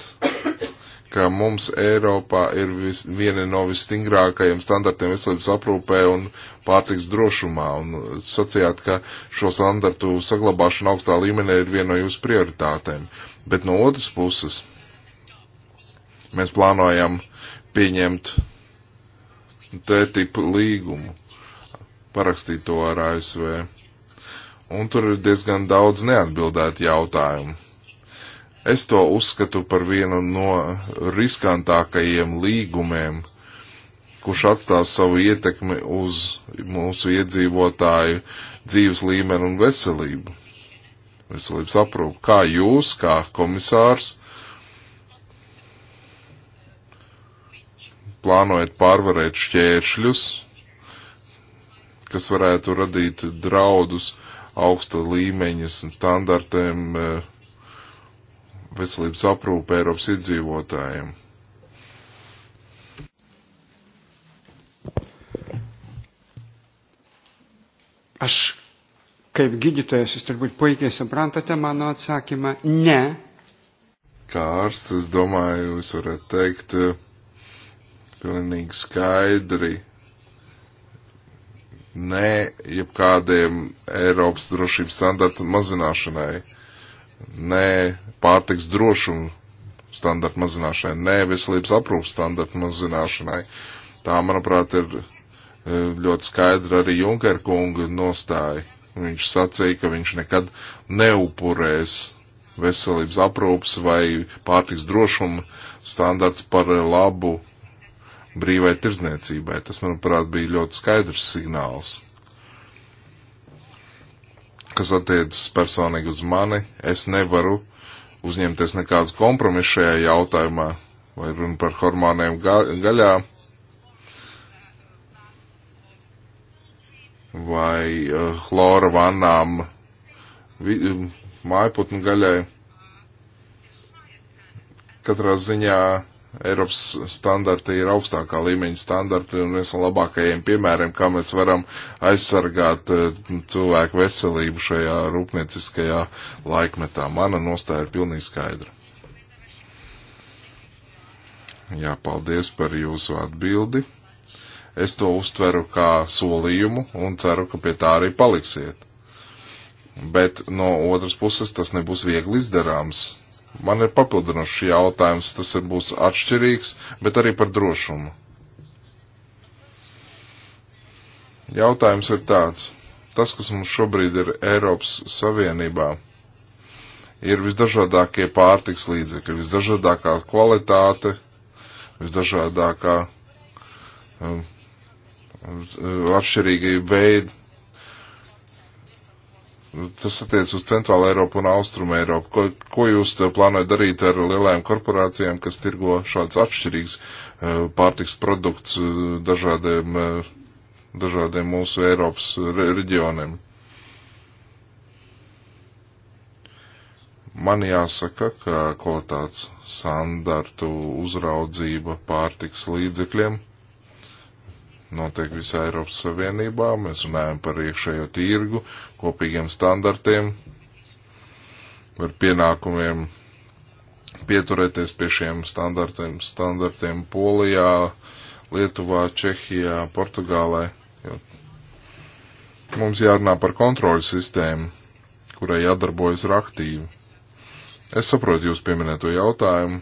ka mums Eiropā ir vis, viena no visstingrākajiem standartiem veselības aprūpē un pārtiks drošumā. Un sacījāt, ka šo standartu saglabāšana augstā līmenī ir viena no jūsu prioritātēm. Bet no otras puses, mēs plānojam pieņemt T-tipu līgumu, parakstīt to ar ASV. Un tur ir diezgan daudz neatbildētu jautājumu. Es to uzskatu par vienu no riskantākajiem līgumiem, kurš atstās savu ietekmi uz mūsu iedzīvotāju dzīves līmeni un veselību. Veselības aprūpu. Kā jūs, kā komisārs, plānojat pārvarēt šķēršļus, kas varētu radīt draudus augsta līmeņa standartiem eh, veselības aprūpē Eiropas iedzīvotājiem? Aš kaip gydytojas, jūs turbūt puikiai suprantate mano atsakymą - ne. Kā ārsts, es domāju, jūs varat teikt, uh, pilnīgi skaidri nē jebkādiem Eiropas drošības standartu mazināšanai, nē pārtiks drošumu standartu mazināšanai, nē veselības aprūpas standartu mazināšanai. Tā, manuprāt, ir e, ļoti skaidra arī Junker kunga nostāja. Viņš sacīja, ka viņš nekad neupurēs veselības aprūpas vai pārtiks drošuma standarts par labu brīvai tirzniecībai. Tas, manuprāt, bija ļoti skaidrs signāls, kas attiecas personīgi uz mani. Es nevaru uzņemties nekādas kompromisu šajā jautājumā, vai runa par hormoniem ga gaļā, vai uh, chlora vannām eh, mājputnu gaļai. Katrā ziņā Eiropas standarti ir augstākā līmeņa standarti un viens no labākajiem piemēriem, kā mēs varam aizsargāt eh, cilvēku veselību šajā rūpnieciskajā laikmetā. Mana nostāja ir pilnīgi skaidra. Jā, paldies par jūsu atbildi. Es to uztveru kā solījumu un ceru, ka pie tā arī paliksiet. Bet no otras puses tas nebūs viegli izdarāms, Man ir papildinošs jautājums, tas ir būs atšķirīgs, bet arī par drošumu. Jautājums ir tāds. Tas, kas mums šobrīd ir Eiropas Savienībā, ir visdažādākie pārtiks līdzekļi, visdažādākā kvalitāte, visdažādākā um, atšķirīgi veidi Tas attiec uz Centrālu Eiropu un Austrumu Eiropu. Ko, ko jūs eh, plānojat darīt ar lielajām korporācijām, kas tirgo šāds atšķirīgs eh, pārtiks produkts eh, dažādiem, dažādiem mūsu Eiropas reģioniem? Man jāsaka, ka kvalitātes standartu uzraudzība pārtiks līdzekļiem notiek visā Eiropas Savienībā. Mēs runājam par iekšējo tirgu, kopīgiem standartiem, par pienākumiem pieturēties pie šiem standartiem, standartiem Polijā, Lietuvā, Čehijā, Portugālē. Mums jārunā par kontroļu sistēmu, kurai jādarbojas raktīvi. Es saprotu jūs pieminēto jautājumu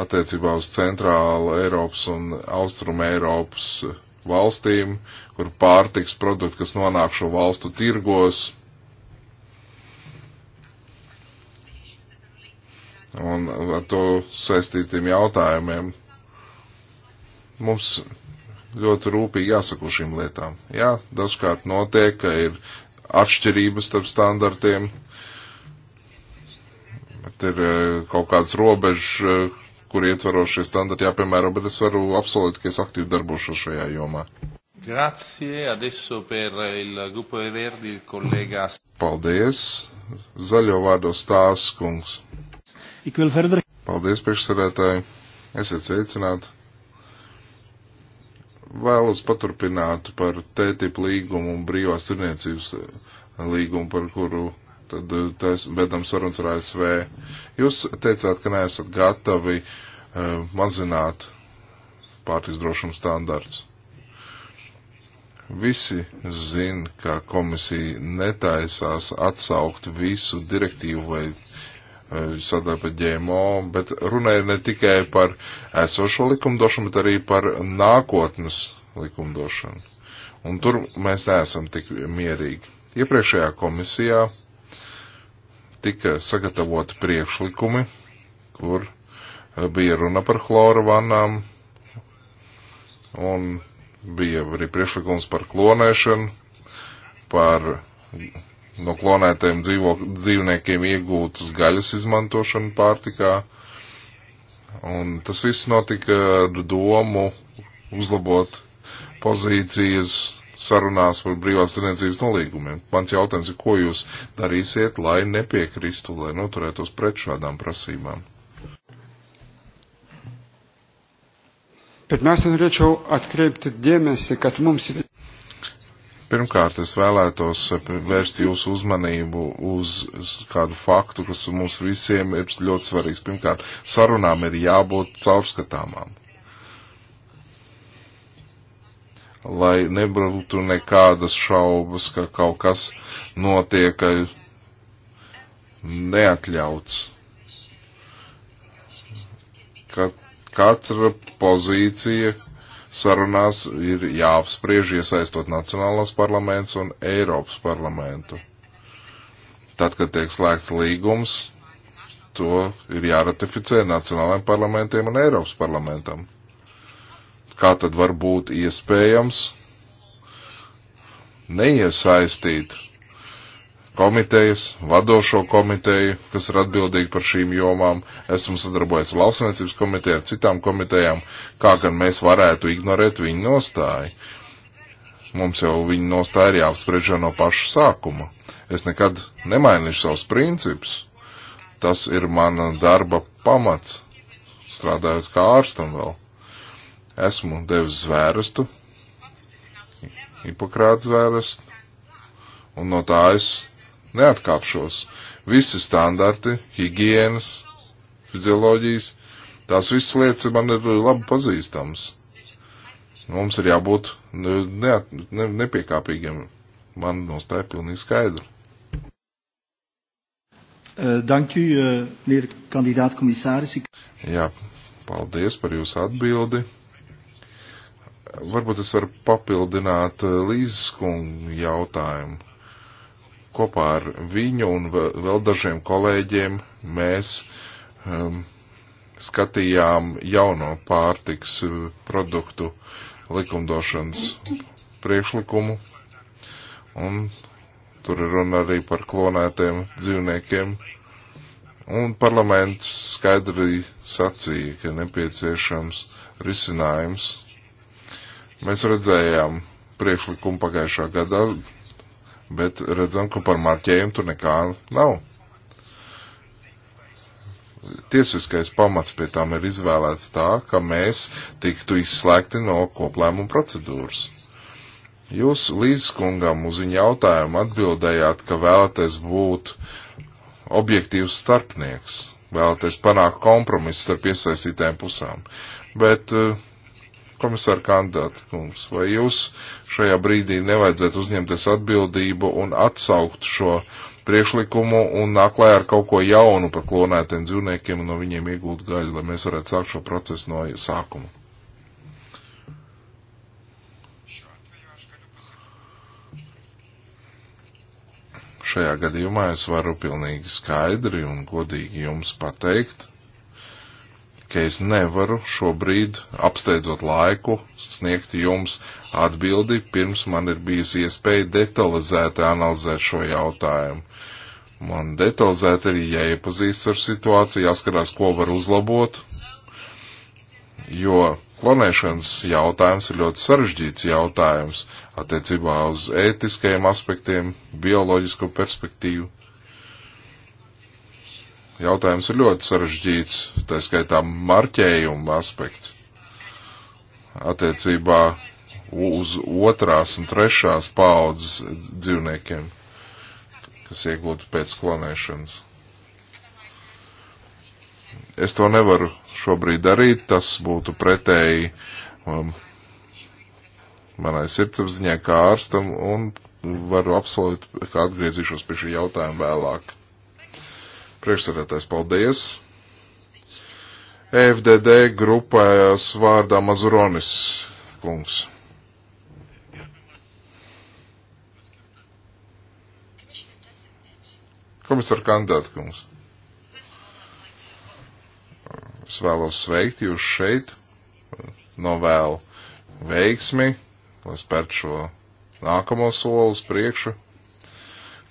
attiecībā uz centrālu Eiropas un austrumu Eiropas valstīm, kur pārtiks produkti, kas nonāk šo valstu tirgos, un ar to saistītiem jautājumiem. Mums ļoti rūpīgi jāsako šīm lietām. Jā, dažkārt notiek, ka ir atšķirības starp standartiem, bet ir eh, kaut kāds robežs, eh, kur ietvarošie standarti jāpiemēro, bet es varu apsolīt, ka es aktīvi darbošos šajā jomā. Grazie, adesso per il gruppo Verdi, kolēģa. Paldies, zaļo vārdo stāsts, kungs. Paldies, priekšsarētāji, esiet sveicināti. Vēlos paturpināt par TTIP līgumu un brīvās tirniecības eh, līgumu, par kuru tad mēs eh, vedam sarunas ar ASV. Jūs teicāt, ka neesat gatavi uh, E, mazināt pārtiks drošuma standarts. Visi zin, ka komisija netaisās atsaukt visu direktīvu vai e, sadaļu par ģēmo, bet runāja ne tikai par esošo likumdošanu, bet arī par nākotnes likumdošanu. Un tur mēs neesam tik mierīgi. Iepriekšējā komisijā tika sagatavoti priekšlikumi, kur bija runa par chloru vannām un bija arī priekšlikums par klonēšanu, par no klonētajiem dzīvo, dzīvniekiem iegūtas gaļas izmantošanu pārtikā. Un tas viss notika ar domu uzlabot pozīcijas sarunās par brīvās tirdzniecības nolīgumiem. Mans jautājums ir, ko jūs darīsiet, lai nepiekristu, lai noturētos pret šādām prasībām? Pirmiausia, norėčiau atkreipti dėmesį, kad mums. Pirmkārt, es vēlētos vērst jūsu uzmanību uz kādu faktu, kas mums visiem ir ļoti svarīgs. Pirmkārt, sarunām ir jābūt caurskatāmām. Lai nebūtu nekādas šaubas, ka kaut kas notiek neatļauts. Ka Katra pozīcija sarunās ir jāapspriež iesaistot Nacionālās parlaments un Eiropas parlamentu. Tad, kad tiek slēgts līgums, to ir jāratificē Nacionālajiem parlamentiem un Eiropas parlamentam. Kā tad var būt iespējams neiesaistīt komitejas, vadošo komiteju, kas ir atbildīgi par šīm jomām. Esmu sadarbojies ar lauksaimniecības komiteju, ar citām komitejām, kā gan mēs varētu ignorēt viņu nostāju. Mums jau viņa nostāja ir jāapspriež no paša sākuma. Es nekad nemainīšu savus principus. Tas ir mana darba pamats, strādājot kā ārstam vēl. Esmu devis zvērstu, Hipokrāts zvērestu, un no tā es Neatkāpšos. Visi standarti, higienas, fizioloģijas, tās visas lietas man ir labi pazīstams. Mums ir jābūt neat, ne, nepiekāpīgiem. Man nostāja pilnīgi skaidra. Uh, dank u, uh, meneer kandidaat commissaris. Ik... Jā, paldies par jūsu atbildi. Varbūt es varu papildināt eh, Līzes kungu jautājumu kopā ar viņu un vēl dažiem kolēģiem mēs um, skatījām jauno pārtiks uh, produktu likumdošanas priekšlikumu. Un tur ir runa arī par klonētiem dzīvniekiem. Un parlaments skaidri sacīja, ka nepieciešams risinājums. Mēs redzējām priekšlikumu pagājušā gadā, bet redzam, ka par marķējumu tur nekā nav. Tiesiskais pamats pie tām ir izvēlēts tā, ka mēs tiktu izslēgti no koplēmuma procedūras. Jūs līdzkungam uz viņu jautājumu atbildējāt, ka vēlaties būt objektīvs starpnieks, vēlaties panākt kompromisu starp iesaistītēm pusām. Bet uh, Komisāra kandidāta kungs, vai jūs šajā brīdī nevajadzētu uzņemties atbildību un atsaukt šo priekšlikumu un nāklājā ar kaut ko jaunu par klonētiem dzīvniekiem un no viņiem iegūt gaļu, lai mēs varētu sākt šo procesu no sākuma? Šajā gadījumā es varu pilnīgi skaidri un godīgi jums pateikt, ka es nevaru šobrīd, apsteidzot laiku, sniegt jums atbildi, pirms man ir bijusi iespēja detalizēti analizēt šo jautājumu. Man detalizēti ir jāiepazīst ar situāciju, jāskarās, ko var uzlabot, jo klonēšanas jautājums ir ļoti sarežģīts jautājums attiecībā uz ētiskajiem aspektiem, bioloģisko perspektīvu. Jautājums ir ļoti sarežģīts, tā skaitā marķējuma aspekts attiecībā uz otrās un trešās paaudzes dzīvniekiem, kas iegūtu pēc klonēšanas. Es to nevaru šobrīd darīt, tas būtu pretēji um, manai sirdsapziņai kā ārstam un varu apsolīt, ka atgriezīšos pie šī jautājuma vēlāk. Priekšsēdētājs, paldies. FDD grupējās vārdā Mazuronis kungs. Komisāra kandidāta kungs. Es vēlos sveikt jūs šeit, novēlu veiksmi, lai spērt šo nākamo soli uz priekšu.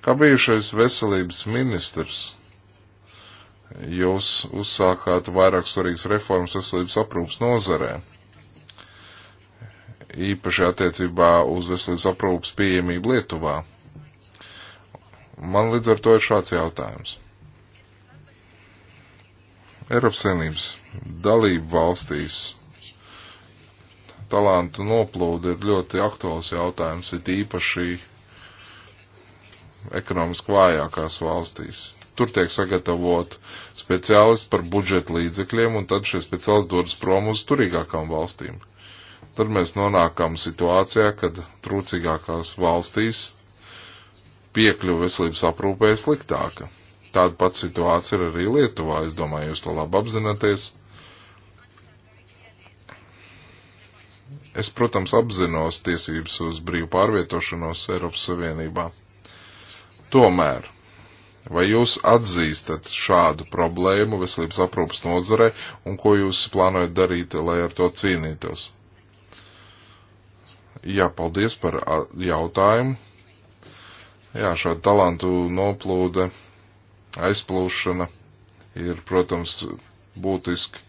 Kā bijušais veselības ministrs, jūs uzsākāt vairāk svarīgas reformas veselības aprūpas nozarē. Īpaši attiecībā uz veselības aprūpas pieejamību Lietuvā. Man līdz ar to ir šāds jautājums. Eiropas Savienības dalību valstīs talantu noplūda ir ļoti aktuāls jautājums, it īpaši ekonomiski vājākās valstīs. Tur tiek sagatavot speciālisti par budžeta līdzekļiem, un tad šie speciālisti dodas prom uz turīgākām valstīm. Tad mēs nonākam situācijā, kad trūcīgākās valstīs piekļuva veselības aprūpē sliktāka. Tāda pat situācija ir arī Lietuvā, es domāju, jūs to labi apzināties. Es, protams, apzinos tiesības uz brīvu pārvietošanos Eiropas Savienībā. Tomēr Vai jūs atzīstat šādu problēmu veselības aprūpas nozarē un ko jūs plānojat darīt, lai ar to cīnītos? Jā, paldies par jautājumu. Jā, šāda talantu noplūde, aizplūšana ir, protams, būtiski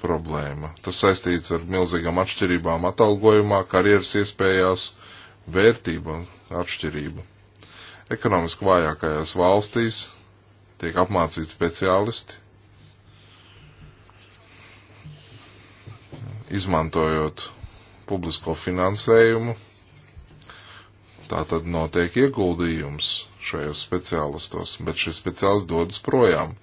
problēma. Tas saistīts ar milzīgām atšķirībām atalgojumā, karjeras iespējās, vērtība atšķirība. Ekonomiski vājākajās valstīs tiek apmācīti speciālisti, izmantojot publisko finansējumu. Tā tad notiek ieguldījums šajos speciālistos, bet šis speciālists dodas projām,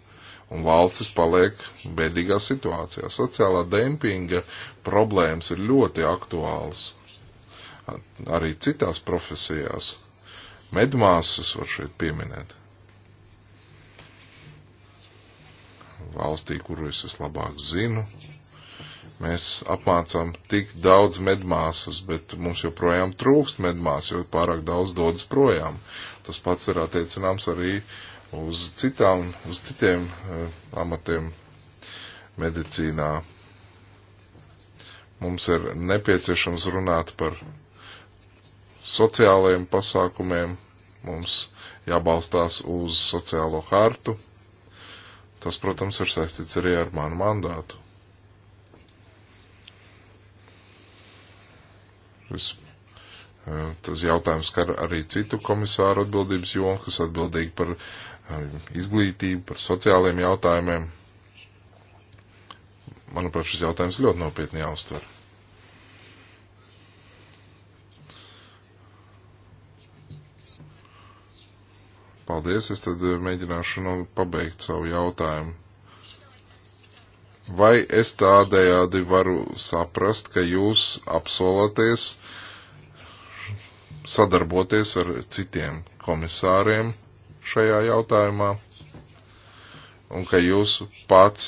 un valstis paliek bēdīgā situācijā. Sociālā dempinga problēmas ir ļoti aktuāls arī citās profesijās medmāsas var šeit pieminēt. Valstī, kuru es vislabāk zinu, mēs apmācām tik daudz medmāsas, bet mums joprojām trūkst medmāsas, jo pārāk daudz dodas projām. Tas pats ir attiecināms arī uz citām, uz citiem uh, amatiem medicīnā. Mums ir nepieciešams runāt par sociālajiem pasākumiem, mums jābalstās uz sociālo hartu. Tas, protams, ir saistīts arī ar manu mandātu. Es e, Tas jautājums skar arī citu komisāru atbildības jomu, kas atbildīgi par e, izglītību, par sociālajiem jautājumiem. Manuprāt, šis jautājums ļoti nopietni jāuztver. Paldies, es tad eh, mēģināšu nu, pabeigt savu jautājumu. Vai es tādējādi varu saprast, ka jūs apsolaties sadarboties ar citiem komisāriem šajā jautājumā un ka jūs pats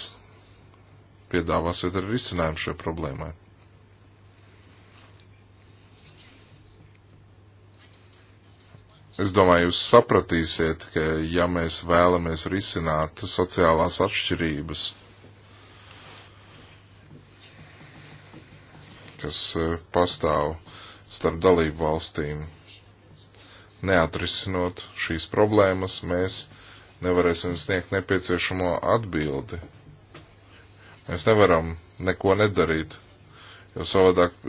piedāvāsiet ar risinājumu šai problēmai? Es domāju, jūs sapratīsiet, ka ja mēs vēlamies risināt sociālās atšķirības, kas e, pastāv starp dalību valstīm, neatrisinot šīs problēmas, mēs nevarēsim sniegt nepieciešamo atbildi. Mēs nevaram neko nedarīt, jo savādāk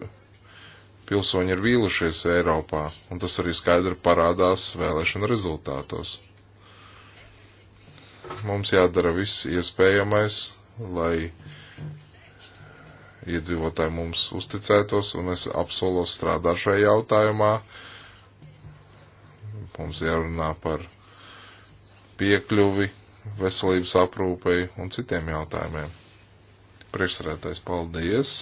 pilsoņi ir vīlušies Eiropā, un tas arī skaidri parādās vēlēšana rezultātos. Mums jādara viss iespējamais, lai iedzīvotāji mums uzticētos, un es apsolos strādāt šajā jautājumā. Mums jārunā par piekļuvi, veselības aprūpei un citiem jautājumiem. Priekšsarētais, paldies!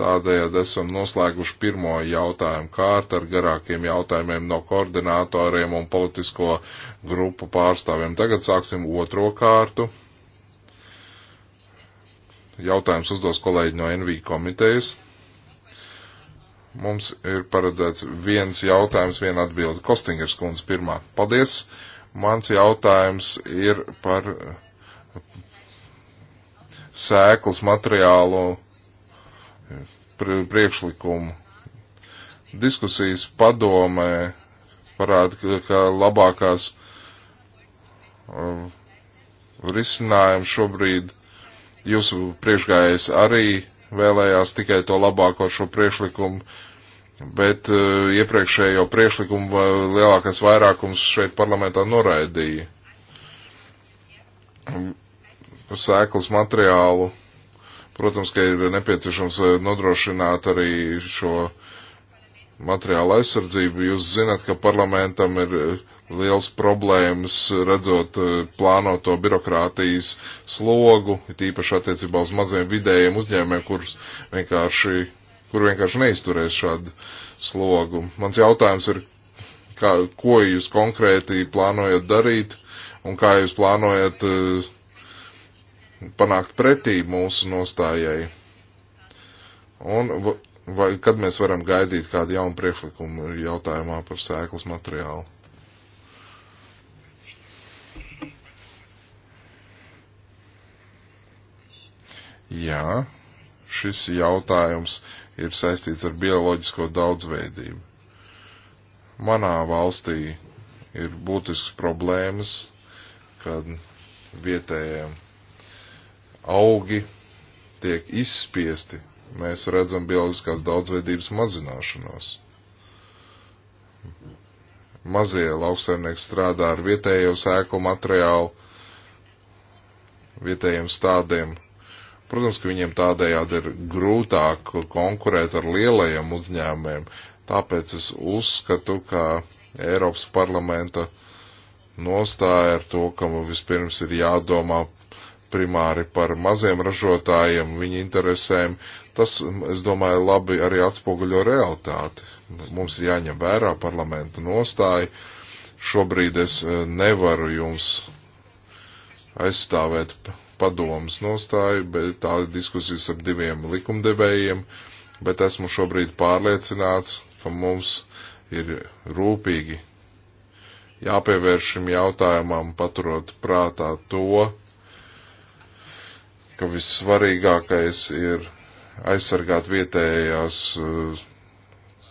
Tādējādi esam noslēguši pirmo jautājumu kārtu ar garākiem jautājumiem no koordinatoriem un politisko grupu pārstāvjiem. Tagad sāksim otro kārtu. Jautājums uzdos kolēģi no NV komitejas. Mums ir paredzēts viens jautājums, viena atbilde. Kostingers kundze pirmā. Paldies. Mans jautājums ir par sēklas materiālu priekšlikumu. Diskusijas padomē parāda, ka labākās uh, risinājumu šobrīd jūsu priekšgājējs arī vēlējās tikai to labāko šo priekšlikumu, bet uh, iepriekšējo priekšlikumu uh, lielākais vairākums šeit parlamentā noraidīja. Sēklas materiālu Protams, ka ir nepieciešams eh, nodrošināt arī šo materiālu aizsardzību. Jūs zināt, ka parlamentam ir eh, liels problēmas eh, redzot plānoto birokrātijas slogu, tīpaši attiecībā uz maziem vidējiem uzņēmēm, kur vienkārši, kur vienkārši neizturēs šādu slogu. Mans jautājums ir, kā, ko jūs konkrēti plānojat darīt un kā jūs plānojat uh, panākt pretī mūsu nostājai? Un vai, kad mēs varam gaidīt kādu jaunu priekšlikumu jautājumā par sēklas materiālu? Jā, šis jautājums ir saistīts ar bioloģisko daudzveidību. Manā valstī ir būtisks problēmas, kad vietējiem augi tiek izspiesti, mēs redzam bioloģiskās daudzveidības mazināšanos. Mazie lauksaimnieki strādā ar vietējo sēklu materiālu, vietējiem stādiem. Protams, ka viņiem tādējādi ir grūtāk konkurēt ar lielajiem uzņēmumiem, tāpēc es uzskatu, ka Eiropas parlamenta nostāja ar to, ka vispirms ir jādomā primāri par maziem ražotājiem, viņu interesēm. Tas, es domāju, labi arī atspoguļo realitāti. Mums ir jāņem vērā parlamenta nostāja. Šobrīd es e, nevaru jums aizstāvēt padomas nostāju, bet tā diskusijas ar diviem likumdevējiem, bet esmu šobrīd pārliecināts, ka mums ir rūpīgi jāpievērš šim jautājumam, paturot prātā to, ka vissvarīgākais ir aizsargāt vietējās, eh,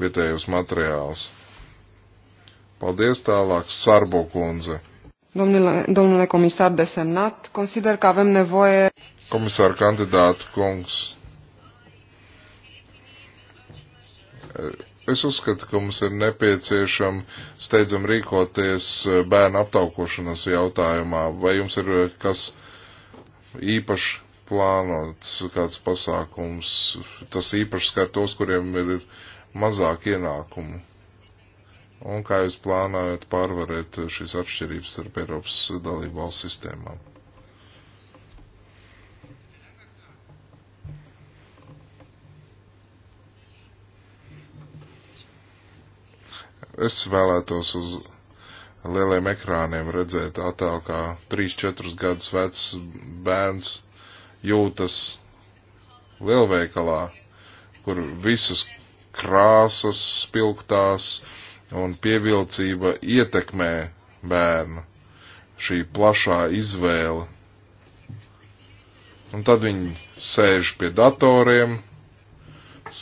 vietējos materiālus. Paldies tālāk, Sarbo kundze. Domnule, domnule comisar desemnat, consider că avem nevoie... Comisar candidat, kungs. Eh, es uzskatu, ka mums ir nepieciešama steidzam rīkoties eh, bērnu aptaukošanas jautājumā. Vai jums ir kas īpaši plānots kāds pasākums. Tas īpaši skar tos, kuriem ir mazāk ienākumu. Un kā jūs plānojat pārvarēt šīs atšķirības starp Eiropas dalību valsts sistēmām? Es vēlētos uz lieliem ekrāniem redzēt attēlu, kā 3-4 gadus vecs bērns jūtas lielveikalā, kur visas krāsas, spilgtās un pievilcība ietekmē bērnu šī plašā izvēle. Un tad viņi sēž pie datoriem,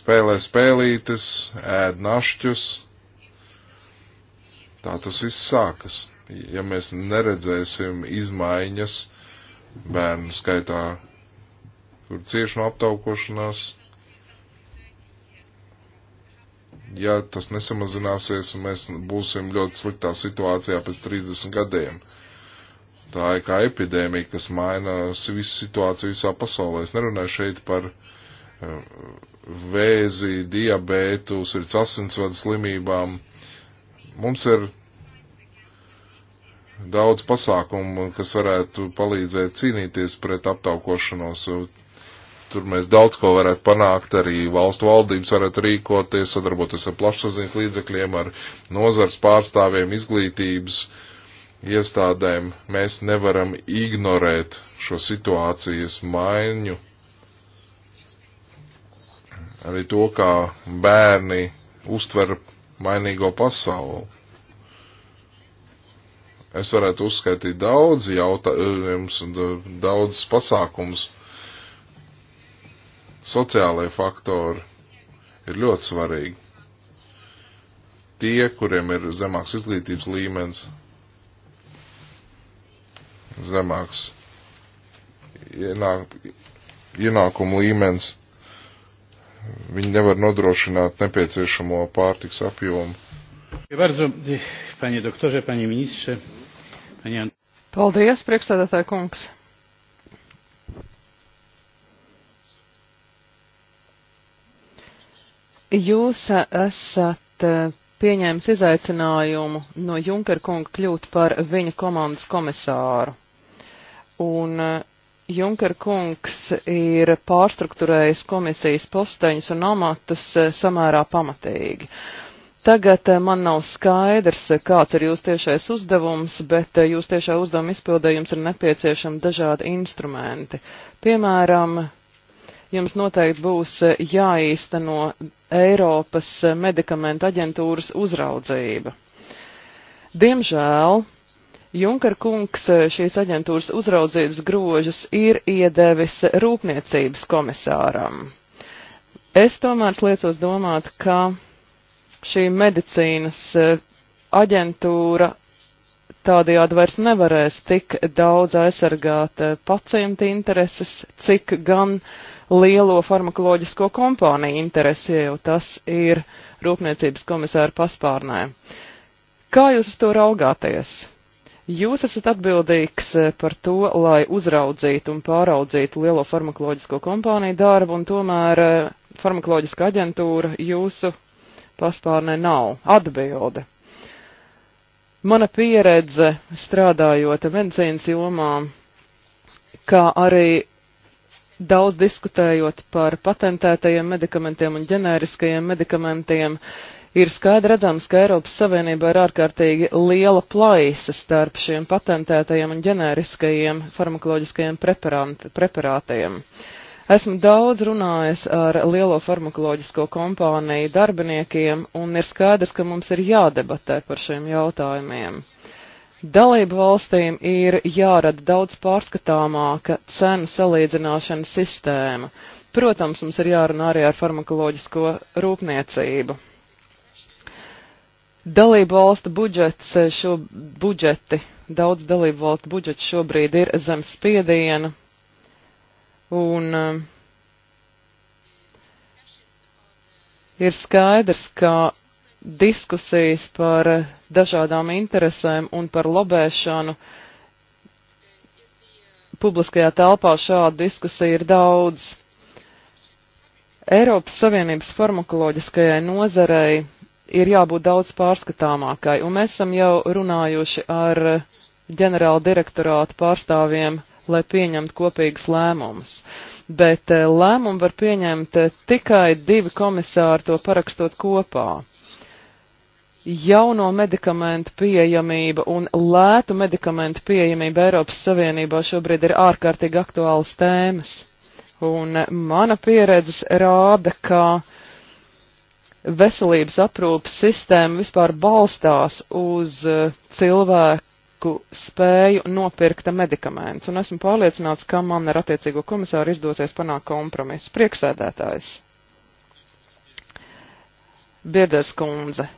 spēlē spēlītes, ēd našķus Tā tas viss sākas. Ja mēs neredzēsim izmaiņas bērnu skaitā, kur cieši no aptaukošanās, ja tas nesamazināsies un mēs būsim ļoti sliktā situācijā pēc 30 gadiem. Tā ir kā epidēmija, kas maina visu situāciju visā pasaulē. Es nerunāju šeit par eh, vēzi, diabētu, sirds asinsvadu slimībām Mums ir daudz pasākumu, kas varētu palīdzēt cīnīties pret aptaukošanos. Tur mēs daudz ko varētu panākt, arī valstu valdības varētu rīkoties, sadarboties ar plašsaziņas līdzekļiem, ar nozars pārstāvjiem, izglītības iestādēm. Mēs nevaram ignorēt šo situācijas maiņu. Arī to, kā bērni uztver mainīgo pasauli. Es varētu uzskaitīt daudz jautājumus un uh, daudz pasākums. Sociālai faktori ir ļoti svarīgi. Tie, kuriem ir zemāks izglītības līmenis, zemāks ienāk, ienākumu līmenis, viņi nevar nodrošināt nepieciešamo pārtiks apjomu. Paldies, priekšstādātāja kungs! Jūs esat eh, pieņēmis izaicinājumu no Junkera kunga kļūt par viņa komandas komisāru. Un eh, Junker kungs ir pārstruktūrējis komisijas posteņus un amatus eh, samērā pamatīgi. Tagad eh, man nav skaidrs, eh, kāds ir jūsu tiešais uzdevums, bet jūsu tiešā uzdevuma izpildē jums ir nepieciešami dažādi instrumenti. Piemēram, jums noteikti būs jāīsteno Eiropas medikamentu aģentūras uzraudzība. Diemžēl Junker kungs eh, šīs aģentūras uzraudzības grožus ir iedevis rūpniecības komisāram. Es tomēr liecos domāt, ka šī medicīnas eh, aģentūra tādajādi vairs nevarēs tik daudz aizsargāt eh, pacienta intereses, cik gan lielo farmakoloģisko kompāniju interesi, ja jau tas ir rūpniecības komisāra paspārnē. Kā jūs uz to raugāties? Jūs esat atbildīgs eh, par to, lai uzraudzītu un pāraudzītu lielo farmakoloģisko kompāniju darbu, un tomēr eh, farmakoloģiska aģentūra jūsu paspārnē nav atbilde. Mana pieredze strādājot medicīnas jomā, kā arī daudz diskutējot par patentētajiem medikamentiem un ģenēriskajiem medikamentiem, uh, ir skaidri redzams, ka Eiropas Savienībā ir ārkārtīgi liela plaisa starp šiem patentētajiem un ģenēriskajiem farmakoloģiskajiem preparātiem. Esmu daudz runājis ar lielo farmakoloģisko kompāniju darbiniekiem, un ir skaidrs, ka mums ir jādebatē par šiem jautājumiem. Dalību valstīm ir jārada daudz pārskatāmāka cenu salīdzināšanas sistēma. Protams, mums ir jārunā arī ar farmakoloģisko rūpniecību. Dalību valstu budžets eh, šo budžeti, daudz dalību valstu budžets šobrīd ir zem spiediena, un eh, ir skaidrs, ka diskusijas par eh, dažādām interesēm un par lobēšanu publiskajā telpā šādu diskusiju ir daudz. Eiropas Savienības farmakoloģiskajai nozarei ir jābūt daudz pārskatāmākai, un mēs esam jau runājuši ar ģenerāla direktorāta pārstāvjiem, lai pieņemtu kopīgus lēmumus. Bet eh, lēmumu var pieņemt eh, tikai divi komisāri to parakstot kopā. Jauno medikamentu pieejamība un lētu medikamentu pieejamība Eiropas Savienībā šobrīd ir ārkārtīgi aktuālas tēmas. Un eh, mana pieredze rāda, ka uh, veselības aprūpas sistēma vispār balstās uz eh, cilvēku spēju nopirkt medikamentus, un esmu pārliecināts, ka man ar attiecīgo komisāru izdosies panākt kompromisu. Prieksēdētājs. Bieders kundze.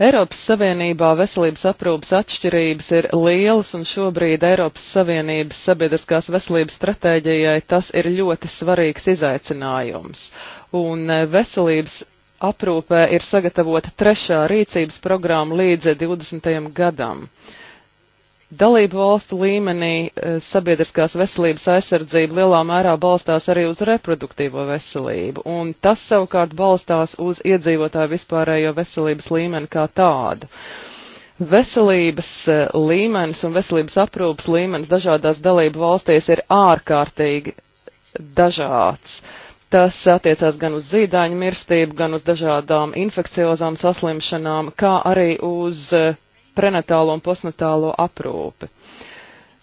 Eiropas Savienībā veselības aprūpas atšķirības ir lielas, un šobrīd Eiropas Savienības sabiedriskās veselības stratēģijai tas ir ļoti svarīgs izaicinājums. Un eh, veselības aprūpē ir sagatavota trešā rīcības programma līdz 20. gadam. Dalību valstu līmenī e, sabiedriskās veselības aizsardzība lielā mērā balstās arī uz reproduktīvo veselību, un tas savukārt balstās uz iedzīvotāju vispārējo veselības līmeni kā tādu. Veselības e, līmenis un veselības aprūpas līmenis dažādās dalību valstīs ir ārkārtīgi dažāds. Uh, Tas attiecās gan uz zīdaiņu mirstību, gan uz dažādām infekciozām saslimšanām, kā arī uz eh, prenatālo un postnatālo aprūpi.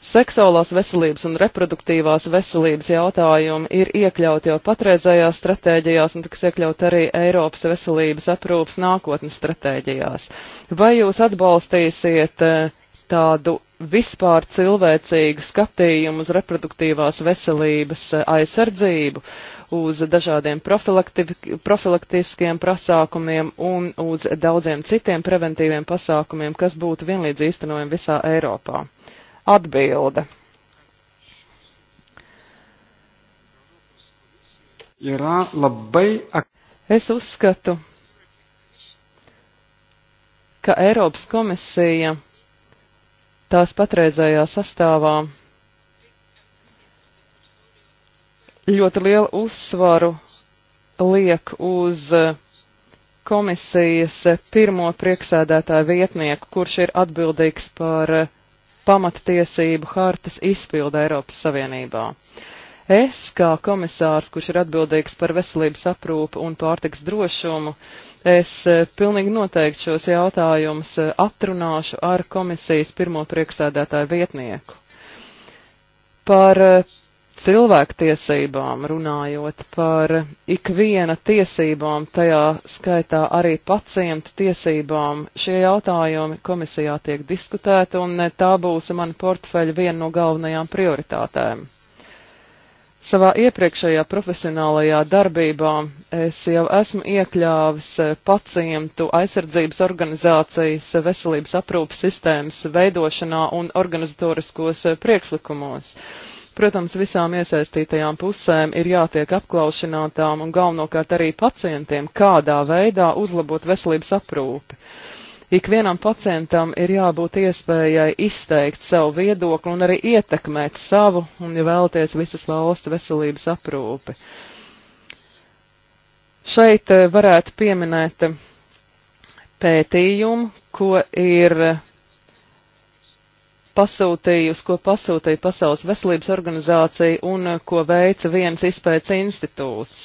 Seksuālās veselības un reproduktīvās veselības jautājumi ir iekļauti jau patreizējās stratēģijās un tiks iekļaut arī Eiropas veselības aprūpas nākotnes stratēģijās. Vai jūs atbalstīsiet eh, tādu vispār cilvēcīgu skatījumu uz reproduktīvās veselības eh, aizsardzību uz dažādiem profilaktiskiem pasākumiem un uz daudziem citiem preventīviem pasākumiem, kas būtu vienlīdz īstenojami visā Eiropā? Atbilde. Yra labai. Es uzskatu, ka Eiropas komisija tās patreizējā sastāvā ļoti lielu uzsvaru liek uz eh, komisijas eh, pirmo prieksēdētāju vietnieku, kurš ir atbildīgs par eh, pamattiesību hartas izpildu Eiropas Savienībā. Es, kā komisārs, kurš ir atbildīgs par veselības aprūpu un pārtiks drošumu, es pilnīgi noteikti šos jautājumus atrunāšu ar komisijas pirmo priekšsēdētāju vietnieku. Par cilvēktiesībām runājot par ikviena tiesībām, tajā skaitā arī pacientu tiesībām, šie jautājumi komisijā tiek diskutēti un tā būs mana portfeļa viena no galvenajām prioritātēm. Savā iepriekšējā profesionālajā darbībā es jau esmu iekļāvis pacientu aizsardzības organizācijas veselības aprūpas sistēmas veidošanā un organizatoriskos priekšlikumos. Uh, Protams, visām iesaistītajām pusēm ir jātiek apklaušanātām un galvenokārt arī pacientiem, kādā veidā uzlabot veselības aprūpi. Ikvienam pacientam ir jābūt iespējai izteikt savu viedokli un arī ietekmēt savu un, ja vēlaties, visas valsts veselības aprūpi. Šeit eh, varētu pieminēt eh, pētījumu, ko ir eh, pasūtīja, uz ko pasūtīja Pasaules veselības organizācija un eh, ko veica viens izpētes institūts.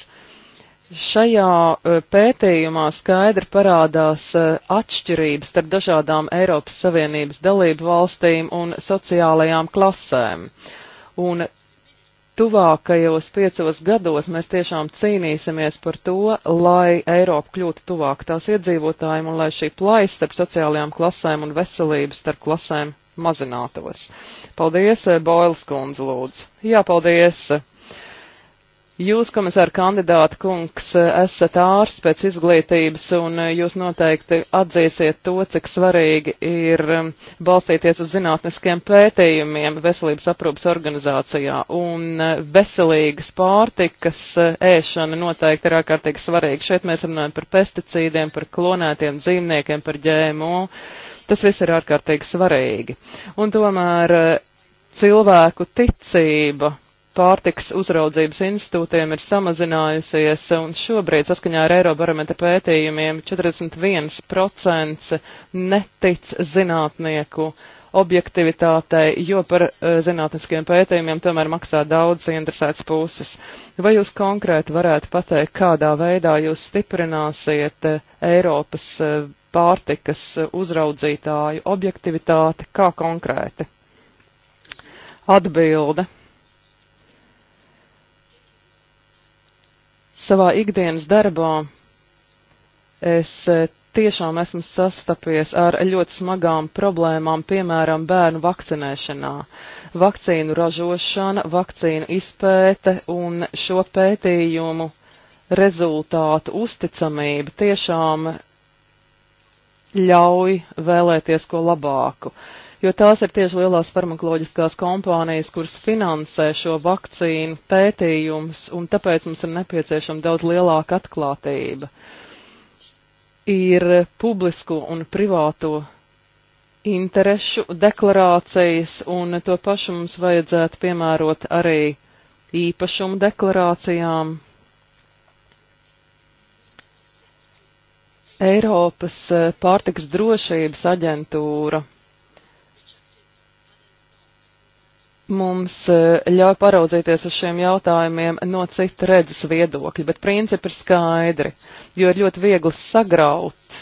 Šajā eh, pētījumā skaidri parādās eh, atšķirības starp dažādām Eiropas Savienības dalību valstīm un sociālajām klasēm. Un tuvākajos piecos gados mēs tiešām cīnīsimies par to, lai Eiropa kļūtu tuvāk tās iedzīvotājiem un lai šī plaisa starp sociālajām klasēm un veselības starp klasēm mazinātos. Paldies, eh, Boils kundze, lūdzu. Jā, paldies. Jūs, komisāra kandidāta kungs, eh, esat ārsts pēc izglītības, un eh, jūs noteikti atzīsiet to, cik svarīgi ir balstīties uz zinātniskiem pētījumiem veselības aprūpas organizācijā, un veselīgas pārtikas ēšana noteikti ir ārkārtīgi svarīga. Šeit mēs runājam par pesticīdiem, par klonētiem dzīvniekiem, par ģēmo. Uh, Tas viss ir ārkārtīgi svarīgi. Un tomēr eh, cilvēku ticība pārtiks uzraudzības institūtiem ir samazinājusies, un šobrīd saskaņā ar Eirobarometra pētījumiem 41% netic zinātnieku objektivitātei, jo par uh, zinātniskiem pētījumiem tomēr maksā daudz interesētas puses. Vai jūs konkrēti varētu pateikt, kādā veidā jūs stiprināsiet uh, Eiropas uh, pārtikas uzraudzītāju objektivitāti, kā konkrēti? Atbilde. Savā ikdienas darbā es e, tiešām esmu sastapies ar ļoti smagām problēmām, piemēram, bērnu vakcinēšanā. Vakcīnu ražošana, vakcīnu izpēte un šo pētījumu rezultātu uzticamība tiešām ļauj vēlēties ko labāku. Jo tās ir tieši lielās farmakoloģiskās kompānijas, kuras finansē šo vakcīnu pētījumus, un tāpēc mums ir nepieciešama daudz lielāka atklātība. Ir publisko un privāto interešu deklarācijas, un to pašu mums vajadzētu piemērot arī īpašumu deklarācijām, Eiropas eh, pārtiks drošības aģentūra mums eh, ļauj paraudzīties uz šiem jautājumiem no cita redzes viedokļa, bet principi ir skaidri, jo ir ļoti viegli sagraut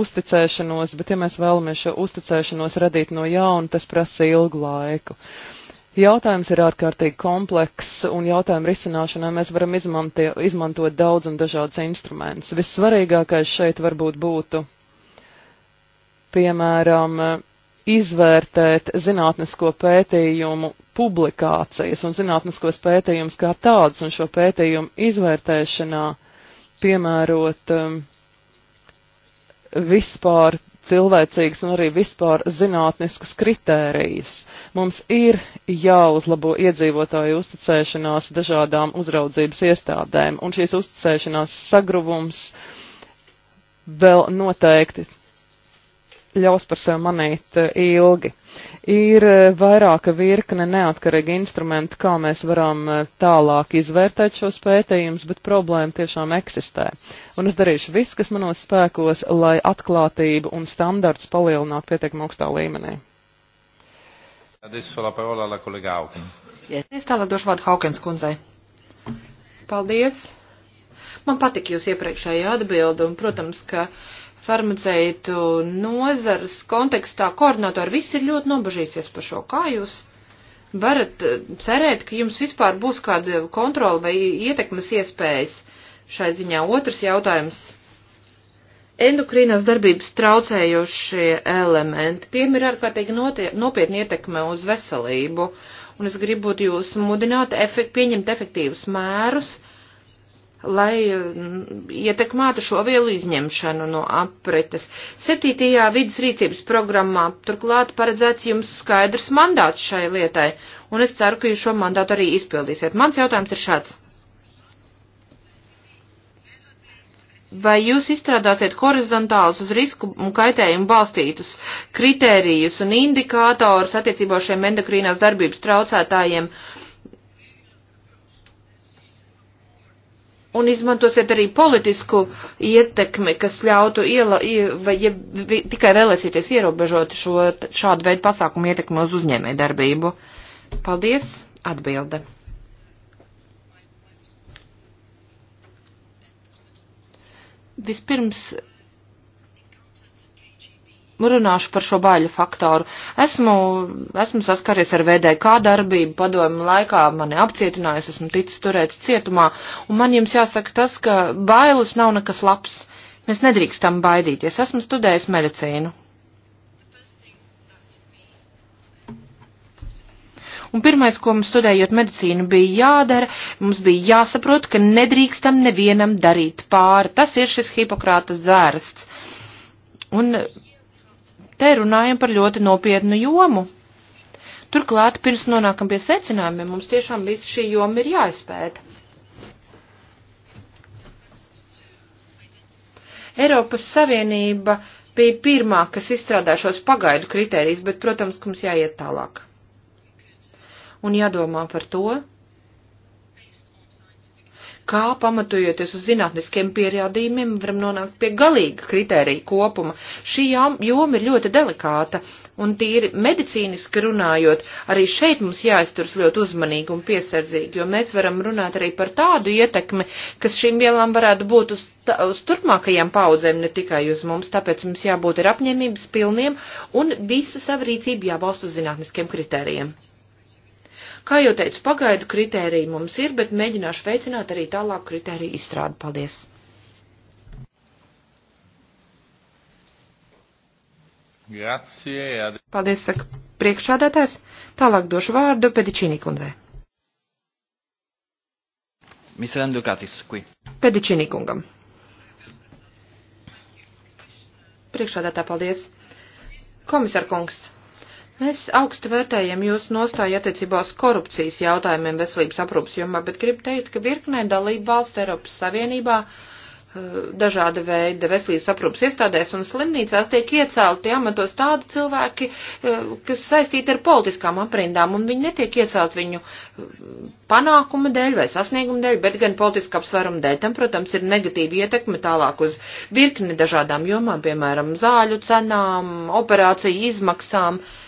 uzticēšanos, bet ja mēs vēlamies šo uzticēšanos radīt no jauna, tas prasa ilgu laiku. Uh, Jautājums ir ārkārtīgi komplekss, un jautājumu risināšanai mēs varam izmantie, izmantot daudz un dažādas instrumentus. Vissvarīgākais šeit varbūt būtu, piemēram, izvērtēt zinātnisko pētījumu publikācijas un zinātniskos pētījumus kā tādus, un šo pētījumu izvērtēšanā piemērot um, vispār cilvēcīgas un arī vispār zinātniskus kritērijus. Mums ir jāuzlabo iedzīvotāju uzticēšanās dažādām uzraudzības iestādēm, un šīs uzticēšanās sagruvums vēl noteikti ļaus par sevi manīt eh, ilgi. Ir eh, vairāka virkne neatkarīgi instrumenti, kā mēs varam eh, tālāk izvērtēt šos pētījumus, bet problēma tiešām eksistē. Un es darīšu visu, kas manos spēkos, lai atklātību un standarts palielinātu pietiekam augstā līmenī. Adesso la parola alla kolega Auken. Yes. Es tālāk došu vārdu Haukens kundzei. Paldies. Man patika jūs iepriekšējā atbildi, un, protams, ka farmaceitu nozars kontekstā koordinātori visi ir ļoti nobežīsies par šo. Kā jūs varat eh, cerēt, ka jums vispār būs kāda kontrola vai ietekmes iespējas šai ziņā? Otrs jautājums endokrinās darbības traucējošie elementi, tiem ir ārkārtīgi nopietni ietekme uz veselību, un es gribu jūs mudināt efekt, pieņemt efektīvus mērus, lai mm, ietekmētu šo vielu izņemšanu no apretes. Septītajā vidas rīcības programmā turklāt paredzēts jums skaidrs mandāts šai lietai, un es ceru, ka jūs šo mandātu arī izpildīsiet. Mans jautājums ir šāds. Vai jūs izstrādāsiet horizontālus uz risku un kaitējumu balstītus kritērijus un indikātorus attiecībā uz šiem endokrīnās darbības traucētājiem? Un izmantosiet arī politisku ietekmi, kas ļautu iela, vai ja tikai vēlēsieties ierobežot šo šādu veidu pasākumu ietekmi uz uzņēmē darbību. Paldies, atbilde. Vispirms runāšu par šo baļu faktoru. Esmu, esmu saskaries ar VDK darbību, padomu laikā mani apcietinājis, esmu ticis turēts cietumā, un man jums jāsaka tas, ka bailes nav nekas labs. Mēs nedrīkstam baidīties. Esmu studējis medicīnu. Un pirmais, ko mums studējot medicīnu bija jādara, mums bija jāsaprot, ka nedrīkstam nevienam darīt pāri. Tas ir šis Hipokrāta zērsts. Un te runājam par ļoti nopietnu jomu. Turklāt, pirms nonākam pie secinājumiem, mums tiešām visa šī joma ir jāizpēta. Eiropas Savienība bija pirmā, kas izstrādā šos pagaidu kritērijus, bet, protams, ka mums jāiet tālāk un jādomā par to, kā pamatojoties uz zinātniskiem pierādījumiem varam nonākt pie galīga kritērija kopuma. Šī joma ir ļoti delikāta, un tīri medicīniski runājot, arī šeit mums jāizturas ļoti uzmanīgi un piesardzīgi, jo mēs varam runāt arī par tādu ietekmi, kas šīm vielām varētu būt uz, uz turpmākajām paudzēm, ne tikai uz mums, tāpēc mums jābūt ir apņēmības pilniem, un visa savrīcība jābalst uz zinātniskiem kritērijiem. Kā jau teicu, pagaidu kritēriju mums ir, bet mēģināšu veicināt arī tālāk kritēriju izstrādi. Paldies! Grazie. Paldies, saka priekšādātājs. Tālāk došu vārdu Pedičīnī kundzei. Misran Dukatis, kui. Pedičīnī kungam. Priekšādātā, paldies. Komisār kungs, Mēs augstu vērtējam jūsu nostāju attiecībā uz korupcijas jautājumiem veselības aprūpas jomā, bet gribu teikt, ka virknē dalību valsts Eiropas Savienībā eh, dažāda veida veselības aprūpas iestādēs un slimnīcās tiek iecelti amatos tādi cilvēki, eh, kas saistīti ar politiskām aprindām, un viņi netiek iecelt viņu eh, panākuma dēļ vai sasnieguma dēļ, bet gan politiska apsvēruma dēļ. Tam, protams, ir negatīva ietekme tālāk uz virkni dažādām jomām, piemēram, zāļu cenām, operāciju izmaksām. Uh,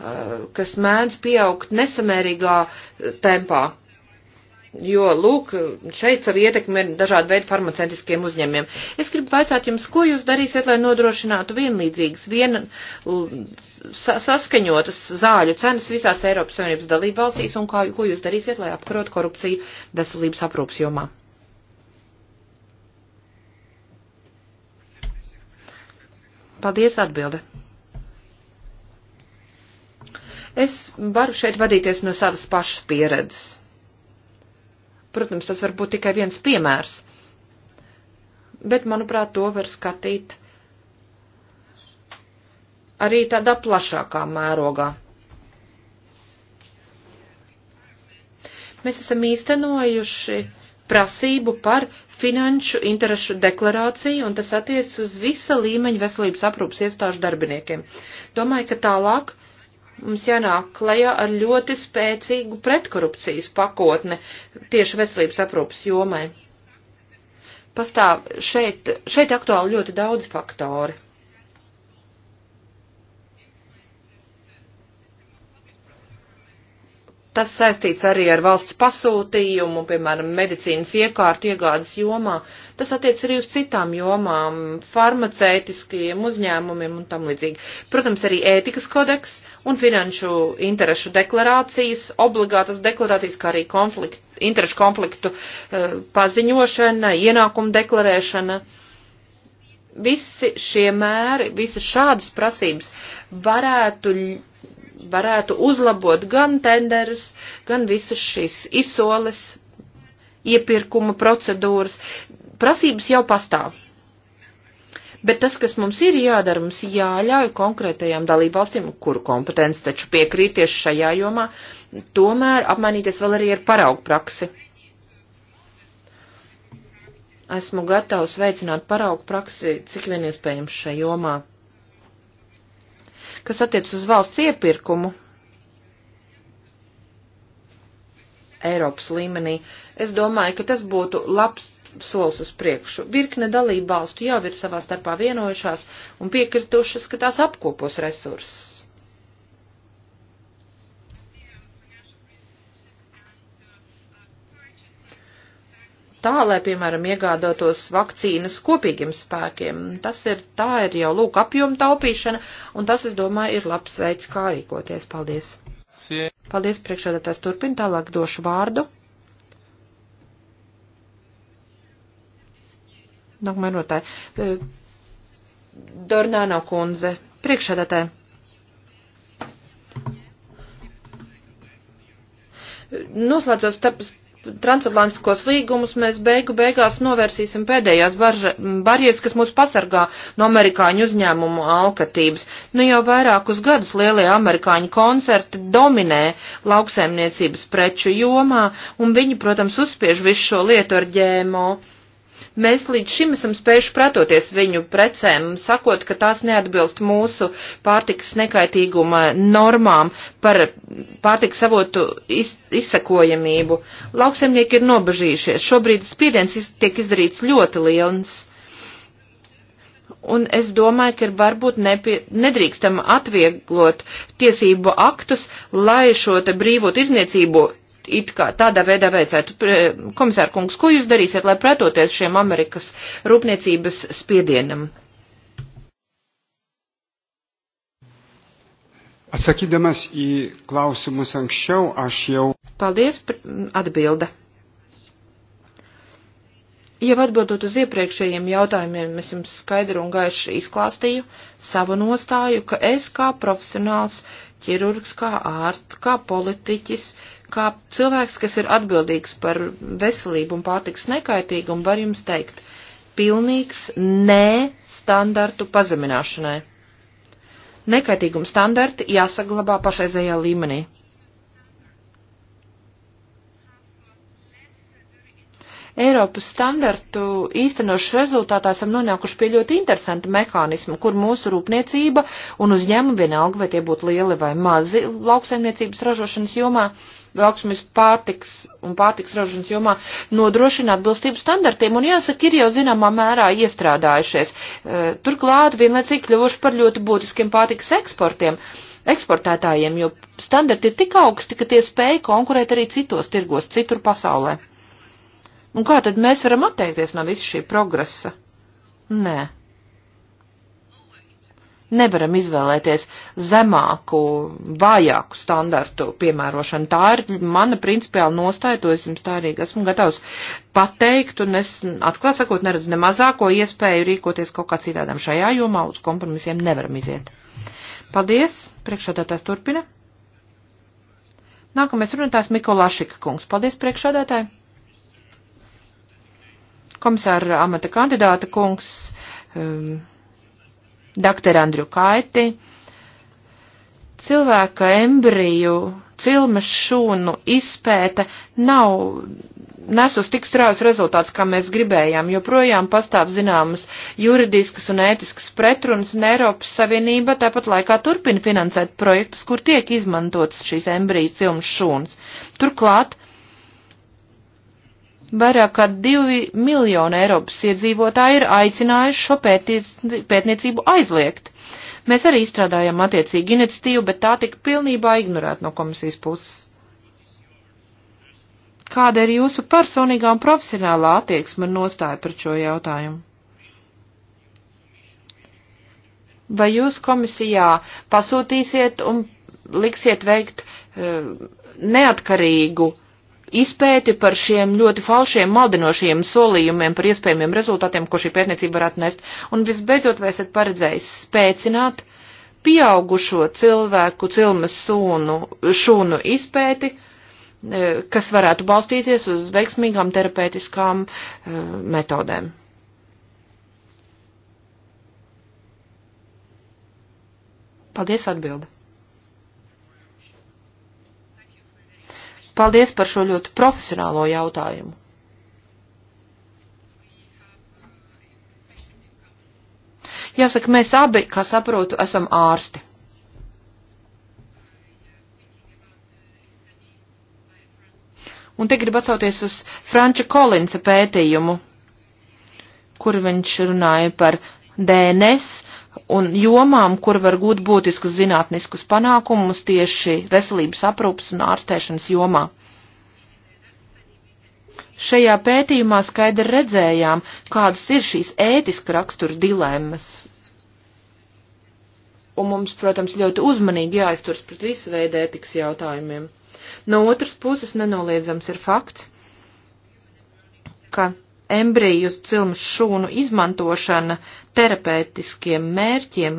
Eh, kas mēdz pieaugt nesamērīgā tempā. Jo, lūk, šeit savu ietekmi ir dažādi veidi farmaceitiskiem uzņēmiem. Es gribu vaicāt jums, ko jūs darīsiet, lai nodrošinātu vienlīdzīgas, vien saskaņotas zāļu cenas visās Eiropas Savienības dalībvalstīs un kā, ko jūs darīsiet, lai apkarot korupciju veselības aprūpas jomā? Paldies, atbilde. Es varu šeit vadīties no savas pašas pieredzes. Protams, tas var būt tikai viens piemērs, bet, manuprāt, to var skatīt arī tādā plašākā mērogā. Mēs esam īstenojuši prasību par finanšu interešu deklarāciju, un tas attiec uz visa līmeņa veselības aprūpas iestāžu darbiniekiem. Domāju, ka tālāk mums jānāk klajā ar ļoti spēcīgu pretkorupcijas pakotni tieši veselības aprūpas jomai. Pastāv šeit, šeit aktuāli ļoti daudz faktori. Tas saistīts arī ar valsts pasūtījumu, piemēram, medicīnas iekārtu iegādes jomā. Tas attiec arī uz citām jomām, farmacētiskajiem uzņēmumiem un tam līdzīgi. Protams, arī ētikas kodeks un finanšu interešu deklarācijas, obligātas deklarācijas, kā arī konflikt, interešu konfliktu uh, paziņošana, ienākumu deklarēšana. Visi šie mēri, visas šādas prasības varētu ļ varētu uzlabot gan tenderus, gan visas šīs izsoles, iepirkuma procedūras. Prasības jau pastāv. Bet tas, kas mums ir jādara, mums jāļauj konkrētajām dalībvalstīm, kuru kompetence taču piekrīt tieši šajā jomā, tomēr apmainīties vēl arī ar paraugu praksi. Esmu gatavs veicināt paraugu praksi, cik vien iespējams šajā jomā. Kas attiec uz valsts iepirkumu Eiropas līmenī, es domāju, ka tas būtu labs solis uz priekšu. Virkne dalību valstu jau ir savā starpā vienojušās un piekritušas, ka tās apkopos resursus tā, lai, piemēram, iegādātos vakcīnas kopīgiem spēkiem. Tas ir, tā ir jau, lūk, apjoma taupīšana, un tas, es domāju, ir labs veids, kā rīkoties. Paldies! Paldies, priekšādātājs turpin, tālāk došu vārdu. Nākamā runātāja. E, Dornāno kundze, priekšādātāja. Noslēdzot starp, transatlantiskos līgumus mēs beigu beigās novērsīsim pēdējās barže, barjeras, kas mūs pasargā no amerikāņu uzņēmumu alkatības. Nu jau vairākus gadus lielie amerikāņu koncerti dominē lauksaimniecības preču jomā, un viņi, protams, uzspiež visu šo lietu ar ģēmo. Uh, Mēs līdz šim esam spējuši pretoties viņu precēm, sakot, ka tās neatbilst mūsu pārtikas nekaitīguma normām par pārtikas avotu iz, izsakojamību. Lauksemnieki ir nobežījušies. Šobrīd spiediens iz, tiek izdarīts ļoti liels un es domāju, ka ir varbūt nepie, nedrīkstam atvieglot tiesību aktus, lai šo te brīvo tirzniecību it kā tādā veidā veicētu. Komisāra kungs, ko jūs darīsiet, lai pretoties šiem Amerikas rūpniecības spiedienam? Atsakydamas į klausimus anksčiau, aš jau. Paldies, atbilde. Jau atbildot uz iepriekšējiem jautājumiem, es jums skaidru un gaišu izklāstīju savu nostāju, ka es kā profesionāls, ķirurgs, kā ārsts, kā politiķis, kā cilvēks, kas ir atbildīgs par veselību un pārtiks nekaitīgumu, var jums teikt, pilnīgs nē standartu pazemināšanai. Nekaitīguma standarti jāsaglabā pašreizējā līmenī. Eiropas standartu īstenošu rezultātā esam nonākuši pie ļoti interesanta mehānisma, kur mūsu rūpniecība un uzņēmumi vienalga, vai tie būtu lieli vai mazi lauksaimniecības ražošanas jomā, uh, lauksmes pārtiks un pārtiks ražošanas jomā nodrošina atbilstību standartiem un jāsaka, ir jau zināmā mērā iestrādājušies. E, turklāt vienlaicīgi kļuvuši par ļoti būtiskiem pārtiks eksportiem eksportētājiem, jo standarti ir tik augsti, ka tie spēja konkurēt arī citos tirgos, citur pasaulē. Un kā tad mēs varam atteikties no visu šī progresa? Nē nevaram izvēlēties zemāku, vājāku standartu piemērošanu. Tā ir mana principiāla nostāja, to es jums tā arī esmu gatavs pateikt, un es atklāt sakot neredzu ne mazāko iespēju rīkoties kaut kā citādam šajā jomā, uz kompromisiem nevaram iziet. Paldies, priekšādātājs turpina. Nākamais runātājs Mikolāšika kungs. Paldies, priekšādātāji. Komisāra amata kandidāta kungs. Um, Dr. Andru Kaiti, cilvēka embriju, cilmes šūnu izpēta nav nesus tik strāvas rezultāts, kā mēs gribējām, jo projām pastāv zināmas juridiskas un ētiskas pretrunas, un Eiropas Savienība tāpat laikā turpina finansēt projektus, kur tiek izmantotas šīs embriju cilmes šūnas. Turklāt, Vairāk kā 2 miljoni Eiropas iedzīvotāji ir aicinājuši šo pētniec pētniecību aizliegt. Mēs arī izstrādājam attiecīgu iniciatīvu, bet tā tika pilnībā ignorēta no komisijas puses. Kāda ir jūsu personīgā un profesionālā attieksme un nostāja pret šo jautājumu? Vai jūs komisijā pasūtīsiet un liksiet veikt uh, neatkarīgu uh, izpēti par šiem ļoti falšiem, maldinošiem solījumiem par iespējamiem rezultātiem, ko šī pētniecība varētu nest. Un visbeidzot, vai esat paredzējis spēcināt pieaugušo cilvēku cilmes sūnu, šūnu izpēti, eh, kas varētu balstīties uz veiksmīgām terapeitiskām eh, metodēm. Paldies atbildi! Paldies par šo ļoti profesionālo jautājumu. Jāsaka, mēs abi, kā saprotu, esam ārsti. Un te grib atsauties uz Franča Kolinsa pētījumu, kur viņš runāja par DNS un jomām, kur var gūt būtiskus zinātniskus panākumus tieši veselības aprūpas un ārstēšanas jomā. Šajā pētījumā skaidri redzējām, kādas ir šīs ētiska rakstura dilemmas. Un mums, protams, ļoti uzmanīgi jāizturas pret visu veidu ētikas jautājumiem. No otras puses nenoliedzams ir fakts, ka embriju cilmas šūnu izmantošana uh, terapeitiskiem mērķiem,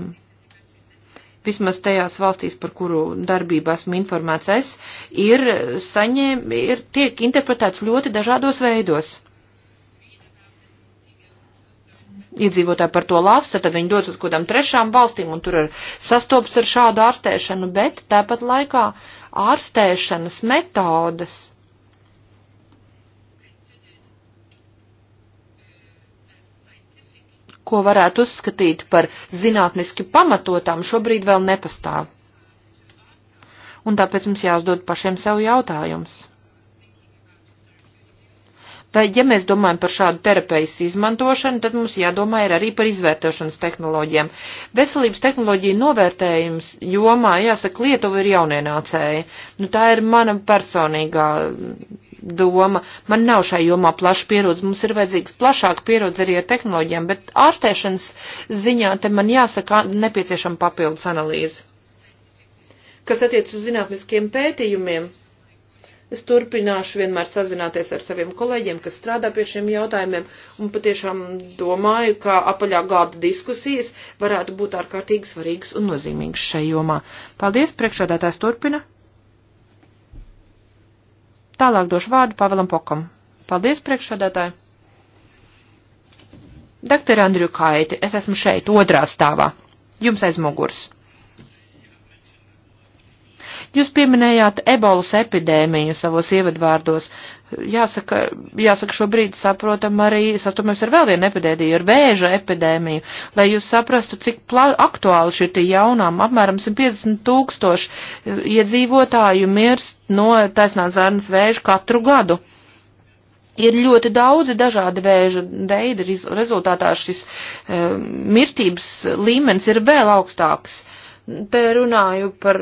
vismaz tajās valstīs, par kuru darbību esmu informēts es, ir saņēm, ir, tiek interpretēts ļoti dažādos veidos. Iedzīvotāji par to lasa, tad viņi dodas uz kodām trešām valstīm un tur ir sastops ar šādu ārstēšanu, bet tāpat laikā ārstēšanas metodas ko varētu uzskatīt par zinātniski pamatotām, šobrīd vēl nepastāv. Un tāpēc mums jāuzdod pašiem sev jautājums. Vai, ja mēs domājam par šādu terapijas izmantošanu, tad mums jādomā ir arī par izvērtēšanas tehnoloģijām. Veselības tehnoloģija novērtējums jomā, jāsaka, Lietuva ir jaunienācēja. Nu, tā ir mana personīgā doma. Man nav šai jomā plaša pieredze, mums ir vajadzīgs plašāk pieredze arī ar tehnoloģijām, bet ārstēšanas ziņā te man jāsaka nepieciešama papildus analīze. Kas attiec uz zinātniskiem pētījumiem, es turpināšu vienmēr sazināties ar saviem kolēģiem, kas strādā pie šiem jautājumiem, un patiešām domāju, ka apaļā gada diskusijas varētu būt ārkārtīgi svarīgas un nozīmīgas šai jomā. Paldies, priekšādātājs turpina. Tālāk došu vārdu Pavelam Pokam. Paldies, priekšsādātāji! Doktor Andriu Kaiti, es esmu šeit, otrā stāvā. Jums aiz muguras. Jūs pieminējāt ebolas epidēmiju savos ievadvārdos. Jāsaka, jāsaka, šobrīd saprotam arī, sastopamies ar vēl vienu epidēmiju, ar vēža epidēmiju, lai jūs saprastu, cik aktuāli šī ir jaunām. Apmēram 150 tūkstoši eh, iedzīvotāju mirst no taisnās zarnas vēža katru gadu. Ir ļoti daudzi dažādi vēža veidi, rezultātā šis um, eh, mirtības līmenis ir vēl augstāks. Uh, Te runāju par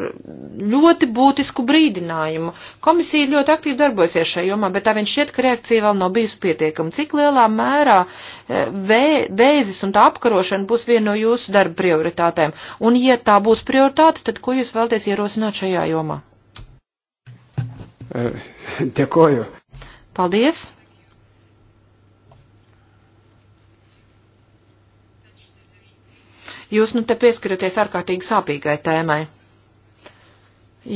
ļoti būtisku brīdinājumu. Komisija ļoti aktīvi darbojasies šajā jomā, bet tā viņš šķiet, ka reakcija vēl nav bijusi pietiekama. Cik lielā mērā e, vē, vēzis un tā apkarošana būs viena no jūsu darba prioritātēm? Un, ja tā būs prioritāte, tad ko jūs vēlties ierosināt šajā jomā? E, Dekoju. Paldies! Jūs nu te pieskaraties ārkārtīgi sāpīgai tēmai.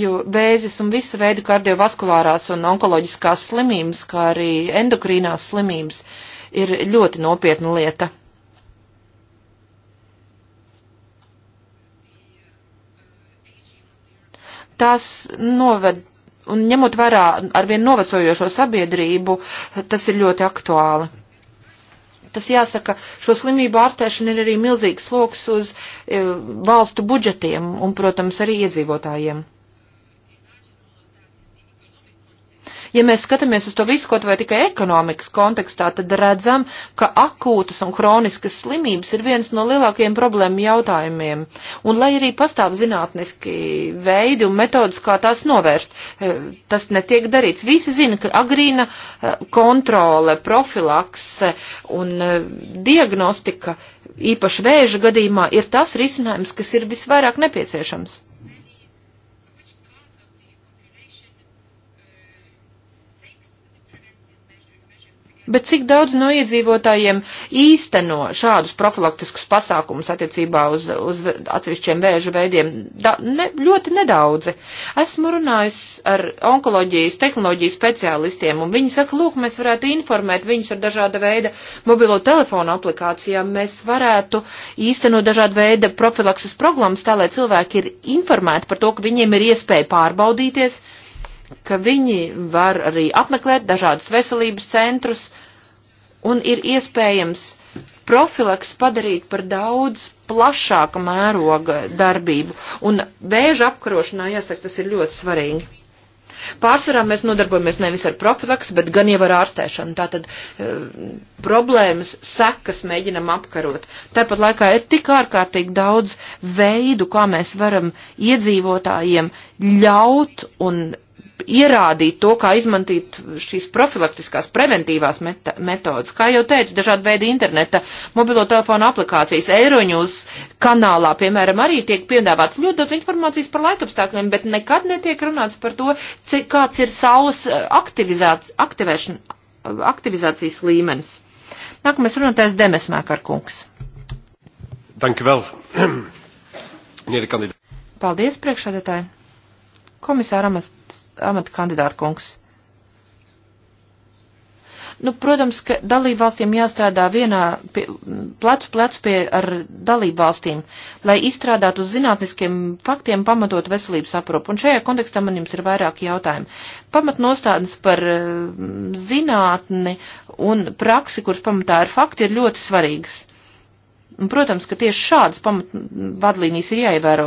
Jo vēzis un visa veida kardiovaskulārās un onkoloģiskās slimības, kā arī endokrīnās slimības, ir ļoti nopietna lieta. Tās noved un ņemot vērā arvien novecojošo sabiedrību, tas ir ļoti aktuāli tas jāsaka, šo slimību ārstēšana ir arī milzīgs sloks uz e, valstu budžetiem un, protams, arī iedzīvotājiem. Ja mēs skatāmies uz to visu kaut vai tikai ekonomikas kontekstā, tad redzam, ka akūtas un kroniskas slimības ir viens no lielākajiem problēmu jautājumiem. Un lai arī pastāv zinātniski veidi un metodas, kā tās novērst, eh, tas netiek darīts. Visi zina, ka agrīna eh, kontrole, profilakse un eh, diagnostika īpaši vēža gadījumā ir tas risinājums, kas ir visvairāk nepieciešams. Bet cik daudz no iedzīvotājiem īsteno šādus profilaktiskus pasākumus attiecībā uz, uz atsevišķiem vēža veidiem? Da, ne, ļoti nedaudzi. Esmu runājis ar onkoloģijas, tehnoloģijas speciālistiem, un viņi saka, lūk, mēs varētu informēt viņus ar dažāda veida mobilo telefonu aplikācijām, mēs varētu īstenot dažāda veida profilakses programmas, tā lai cilvēki ir informēti par to, ka viņiem ir iespēja pārbaudīties, uh, ka viņi var arī apmeklēt dažādus veselības centrus un ir iespējams profilaks padarīt par daudz plašāka mēroga darbību. Un vēža apkarošanā, jāsaka, tas ir ļoti svarīgi. Pārsvarā mēs nodarbojamies nevis ar profilaksu, bet gan jau ar ārstēšanu. Tātad e, problēmas, sekas mēģinam apkarot. Tāpat laikā ir tik ārkārtīgi daudz veidu, kā mēs varam iedzīvotājiem ļaut un ierādīt to, kā izmantīt šīs profilaktiskās preventīvās metodas. Kā jau teicu, dažādi veidi interneta, mobilo telefonu aplikācijas, Eiroņūs kanālā, piemēram, arī tiek piedāvāts ļoti daudz informācijas par laikapstākļiem, bet nekad netiek runāts par to, cik, kāds ir saules eh, eh, aktivizācijas līmenis. Nākamais runātājs Demesmēkar kungs. Danke vēl. Paldies, priekšsēdētāji. Komisāra amats amata kandidāta kungs. Nu, protams, ka dalību valstīm jāstrādā vienā pie, plecu plecu pie ar dalību valstīm, lai izstrādātu uz zinātniskiem faktiem pamatot veselības aprūpu. Un šajā kontekstā man jums ir vairāki jautājumi. Pamatnostādnes par eh, zinātni un praksi, kuras pamatā ir fakti, ir ļoti svarīgas. Un, protams, ka tieši šādas pamatvadlīnijas ir jāievēro.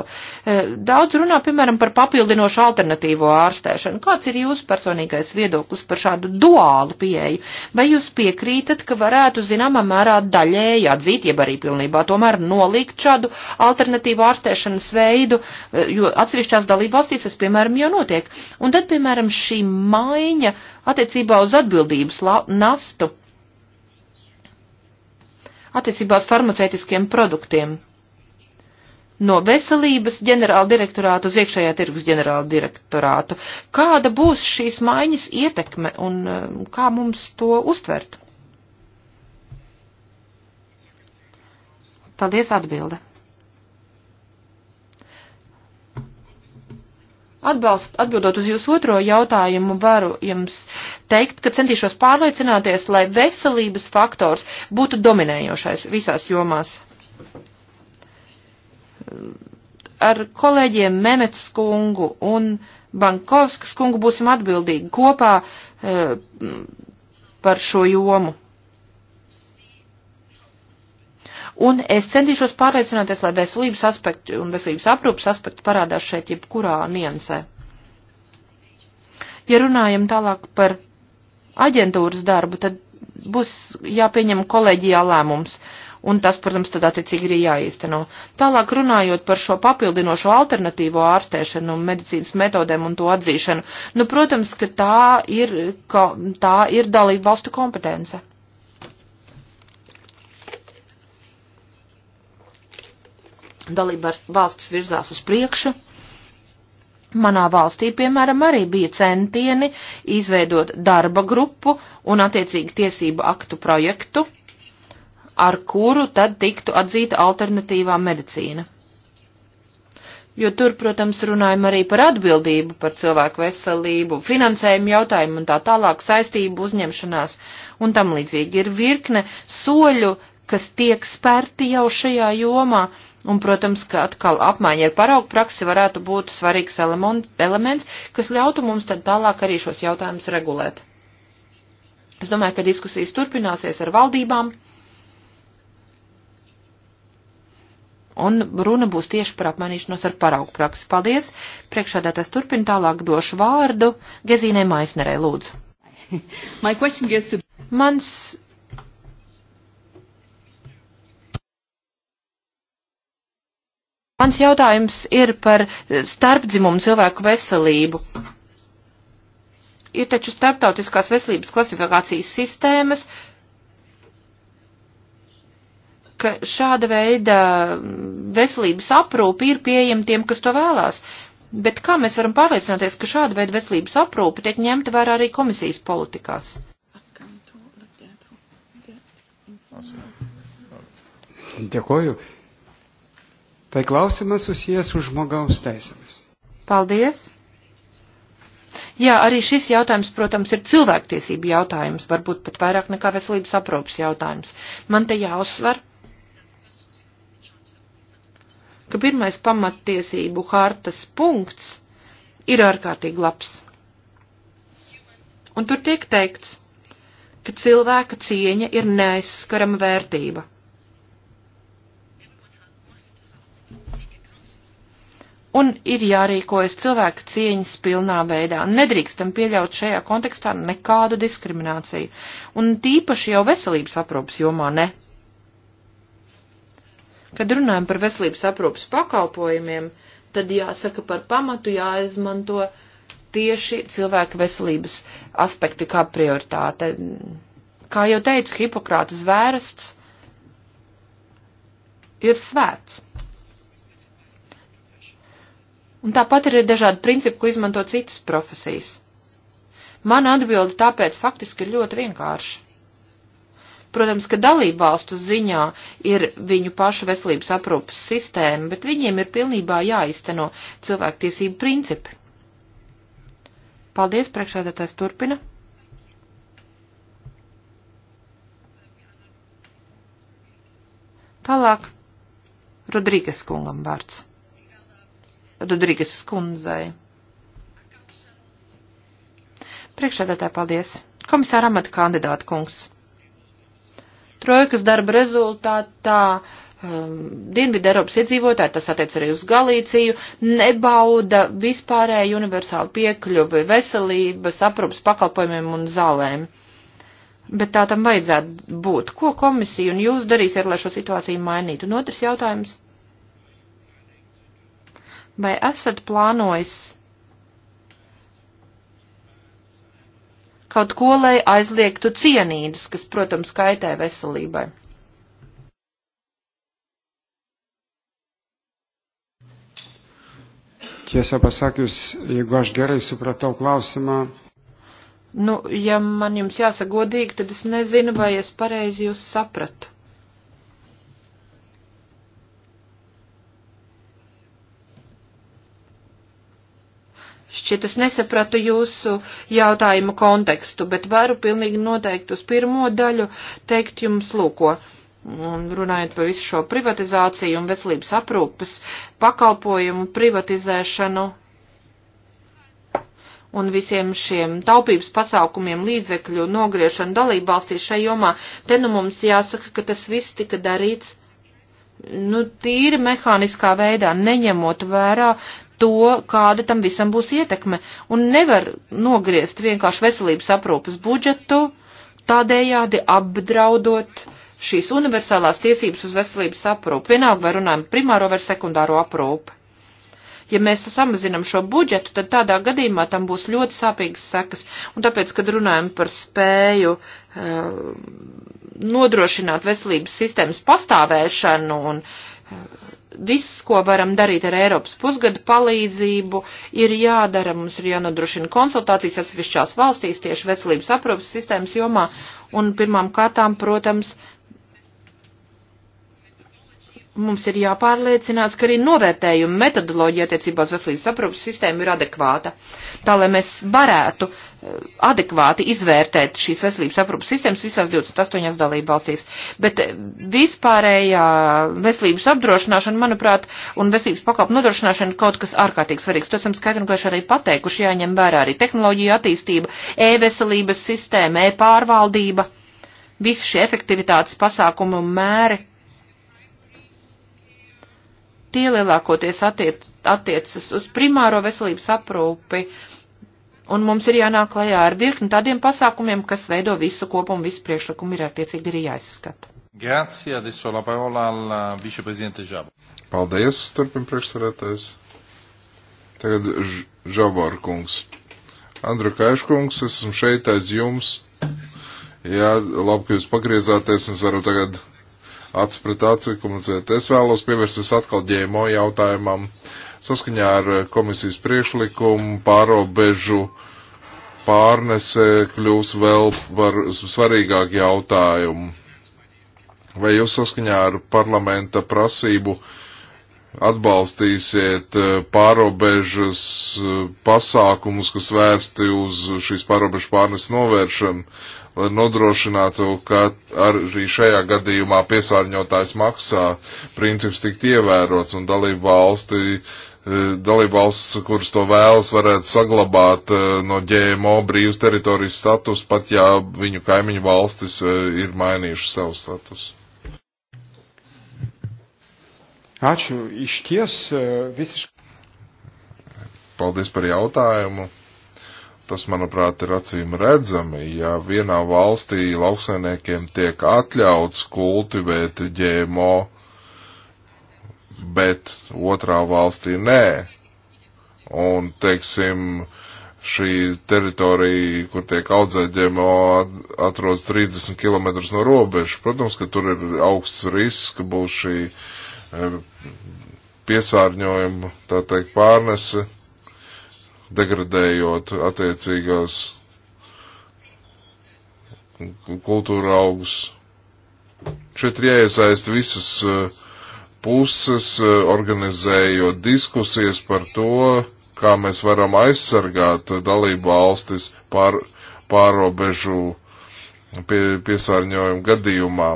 E, daudz runā, piemēram, par papildinošu alternatīvo ārstēšanu. Kāds ir jūsu personīgais viedoklis par šādu duālu pieeju? Vai jūs piekrītat, ka varētu zināmā mērā daļēji atzīt, jeb arī pilnībā tomēr nolikt šādu alternatīvu ārstēšanas veidu, e, jo atsevišķās dalībvalstīs tas, piemēram, jau notiek. Un tad, piemēram, šī maiņa attiecībā uz atbildības nastu attiecībā uz farmaceitiskiem produktiem no veselības ģenerāla direktorāta uz iekšējā tirgus ģenerāla direktorātu. Kāda būs šīs maiņas ietekme un um, kā mums to uztvert? Paldies atbilde. Atbalst, atbildot uz jūsu otro jautājumu, varu jums teikt, ka centīšos pārliecināties, lai veselības faktors būtu dominējošais visās jomās. Ar kolēģiem Memets kungu un Bankovskas kungu būsim atbildīgi kopā e, par šo jomu. Un es centīšos pārliecināties, lai veselības aspekti un veselības aprūpas aspekti parādās šeit jebkurā niansē. Ja runājam tālāk par aģentūras darbu, tad būs jāpieņem kolēģijā lēmums. Un tas, protams, tad attiecīgi arī jāīsteno. Tālāk runājot par šo papildinošo alternatīvo ārstēšanu, medicīnas metodēm un to atzīšanu, nu, protams, ka tā ir, ka tā ir dalība valstu kompetence. Dalība valstis virzās uz priekšu. Manā valstī, piemēram, arī bija centieni izveidot darba grupu un attiecīgi tiesību aktu projektu, ar kuru tad tiktu atzīta alternatīvā medicīna. Jo tur, protams, runājam arī par atbildību, par cilvēku veselību, finansējumu jautājumu un tā tālāk saistību uzņemšanās un tam līdzīgi ir virkne soļu kas tiek spērti jau šajā jomā. Un, protams, ka atkal apmaiņa ar paraugu praksi varētu būt svarīgs elements, kas ļautu mums tad tālāk arī šos jautājumus regulēt. Es domāju, ka diskusijas turpināsies ar valdībām. Un runa būs tieši par apmainīšanos ar paraugu praksi. Paldies! Priekšādā tas turpina tālāk došu vārdu Gezīnē Maisnerē, lūdzu. Mans Mans jautājums ir par starpdzimumu cilvēku veselību. Ir taču starptautiskās veselības klasifikācijas sistēmas, ka šāda veida veselības aprūpi ir pieejama tiem, kas to vēlās. Bet kā mēs varam pārliecināties, ka šāda veida veselības aprūpi tiek ņemta vērā arī komisijas politikās? Dėkoju. Tai klausimas susijęs su žmogaus teisėmis. Paldies! Jā, arī šis jautājums, protams, ir cilvēktiesība jautājums, varbūt pat vairāk nekā veselības aprūpas jautājums. Man te jāuzsver, ka pirmais pamattiesību hartas punkts ir ārkārtīgi labs. Un tur tiek teikts, ka cilvēka cieņa ir neaizskarama vērtība un ir jārīkojas cilvēka cieņas pilnā veidā. Nedrīkstam pieļaut šajā kontekstā nekādu diskrimināciju, un tīpaši jau veselības aprūpas jomā ne. Kad runājam par veselības aprūpas pakalpojumiem, tad jāsaka par pamatu jāizmanto tieši cilvēka veselības aspekti kā prioritāte. Kā jau teicu, Hipokrāta zvērsts ir svēts. Un tāpat ir dažādi principi, ko izmanto citas profesijas. Mana atbilde tāpēc faktiski ir ļoti vienkārša. Protams, ka dalību valstu ziņā ir viņu pašu veselības aprūpas sistēma, bet viņiem ir pilnībā jāizteno cilvēktiesību principi. Paldies, priekšādātājs turpina. Tālāk Rodrīgas kungam vārds. Rodrīgas skundzei. Priekšsēdētāji, paldies. Komisāra amata kandidāta kungs. Trojkas darba rezultātā um, Dienvidu Eiropas iedzīvotāji, tas attiec arī uz Galīciju, nebauda vispārēju universālu piekļuvi veselības, aprūpas pakalpojumiem un zālēm. Bet tā tam vajadzētu būt. Ko komisija un jūs darīsiet, lai šo situāciju mainītu? Un otrs jautājums Vai esat plānojis kaut ko, lai aizliegtu cienīdus, kas, protams, kaitē veselībai? Tiesą pasakius, jeigu aš gerai supratau klausimą. Nu, ja man jums jāsagodīgi, tad es nezinu, vai es pareizi jūs sapratu. Šķiet, es nesapratu jūsu jautājumu kontekstu, bet varu pilnīgi noteikti uz pirmo daļu teikt jums lūko. Mm, runājot par visu šo privatizāciju un veselības aprūpes pakalpojumu privatizēšanu un visiem šiem taupības pasākumiem līdzekļu nogriešanu dalībvalstī šai jomā, te nu mums jāsaka, ka tas viss tika darīts nu, tīri mehāniskā veidā, neņemot vērā to, kāda tam visam būs ietekme. Un nevar nogriezt vienkārši veselības aprūpas budžetu, tādējādi apdraudot šīs universālās tiesības uz veselības aprūpu. Vienalga, vai runājam primāro vai sekundāro aprūpu. Ja mēs samazinam šo budžetu, tad tādā gadījumā tam būs ļoti sāpīgas sekas. Un tāpēc, kad runājam par spēju uh, nodrošināt veselības sistēmas pastāvēšanu un uh, viss, ko varam darīt ar Eiropas pusgadu palīdzību, ir jādara. Mums ir jānodrošina konsultācijas atsevišķās valstīs tieši veselības aprūpas sistēmas jomā. Un pirmām kārtām, protams, mums ir jāpārliecinās, ka arī novērtējuma metodoloģija attiecībā uz veselības aprūpas sistēmu ir adekvāta. Tā, lai mēs varētu eh, adekvāti izvērtēt šīs veselības aprūpas sistēmas visās 28 dalību valstīs. Bet eh, vispārējā veselības apdrošināšana, manuprāt, un veselības pakalpu nodrošināšana ir kaut kas ārkārtīgi svarīgs. To esam skaidri un gaiši arī pateikuši, jāņem vērā arī tehnoloģija attīstība, e-veselības sistēma, e-pārvaldība, visi šie efektivitātes pasākumu un mēri Tie lielākoties attiec, attiecas uz primāro veselības aprūpi, un mums ir jānāk klajā ar virkni tādiem pasākumiem, kas veido visu kopumu, visu priekšlikumu ir attiecīgi arī jāizskata. Grazie, adesso la parola al uh, viceprezidente Žabo. Paldies, turpin priekšsarētājs. Tagad Žabor kungs. Andru Kaiškungs, esmu šeit aiz jums. Jā, labi, ka jūs pagriezāties, un varu tagad acis pret aci komunicēt. Es vēlos pievērsties atkal ģēmo jautājumam saskaņā ar eh, komisijas priekšlikumu pārobežu pārnese kļūs vēl var, svarīgāk jautājumu. Vai jūs saskaņā ar parlamenta prasību atbalstīsiet eh, pārobežas eh, pasākumus, kas vērsti uz šīs pārobežu pārnes novēršanu, lai nodrošinātu, ka arī šajā gadījumā piesārņotājs maksā princips tikt ievērots un dalību valsti. Eh, Dalība valsts, kuras to vēlas, varētu saglabāt eh, no GMO brīvas teritorijas status, pat ja viņu kaimiņu valstis eh, ir mainījuši savu statusu. Ačiū, išties visiškai. Paldies par jautājumu. Tas, manuprāt, ir acīm redzami, ja vienā valstī lauksainiekiem tiek atļauts kultivēt ģēmo, bet otrā valstī nē. Un, teiksim, šī teritorija, kur tiek audzēt ģēmo, atrodas 30 km no robežas. Protams, ka tur ir augsts risks, ka būs šī eh, piesārņojuma, tā teikt, pārnese degradējot attiecīgās kultūra augus. Šeit ir jāiesaist visas eh, puses, eh, organizējot diskusijas par to, kā mēs varam aizsargāt dalību valstis pār, pārobežu pie, piesārņojumu gadījumā.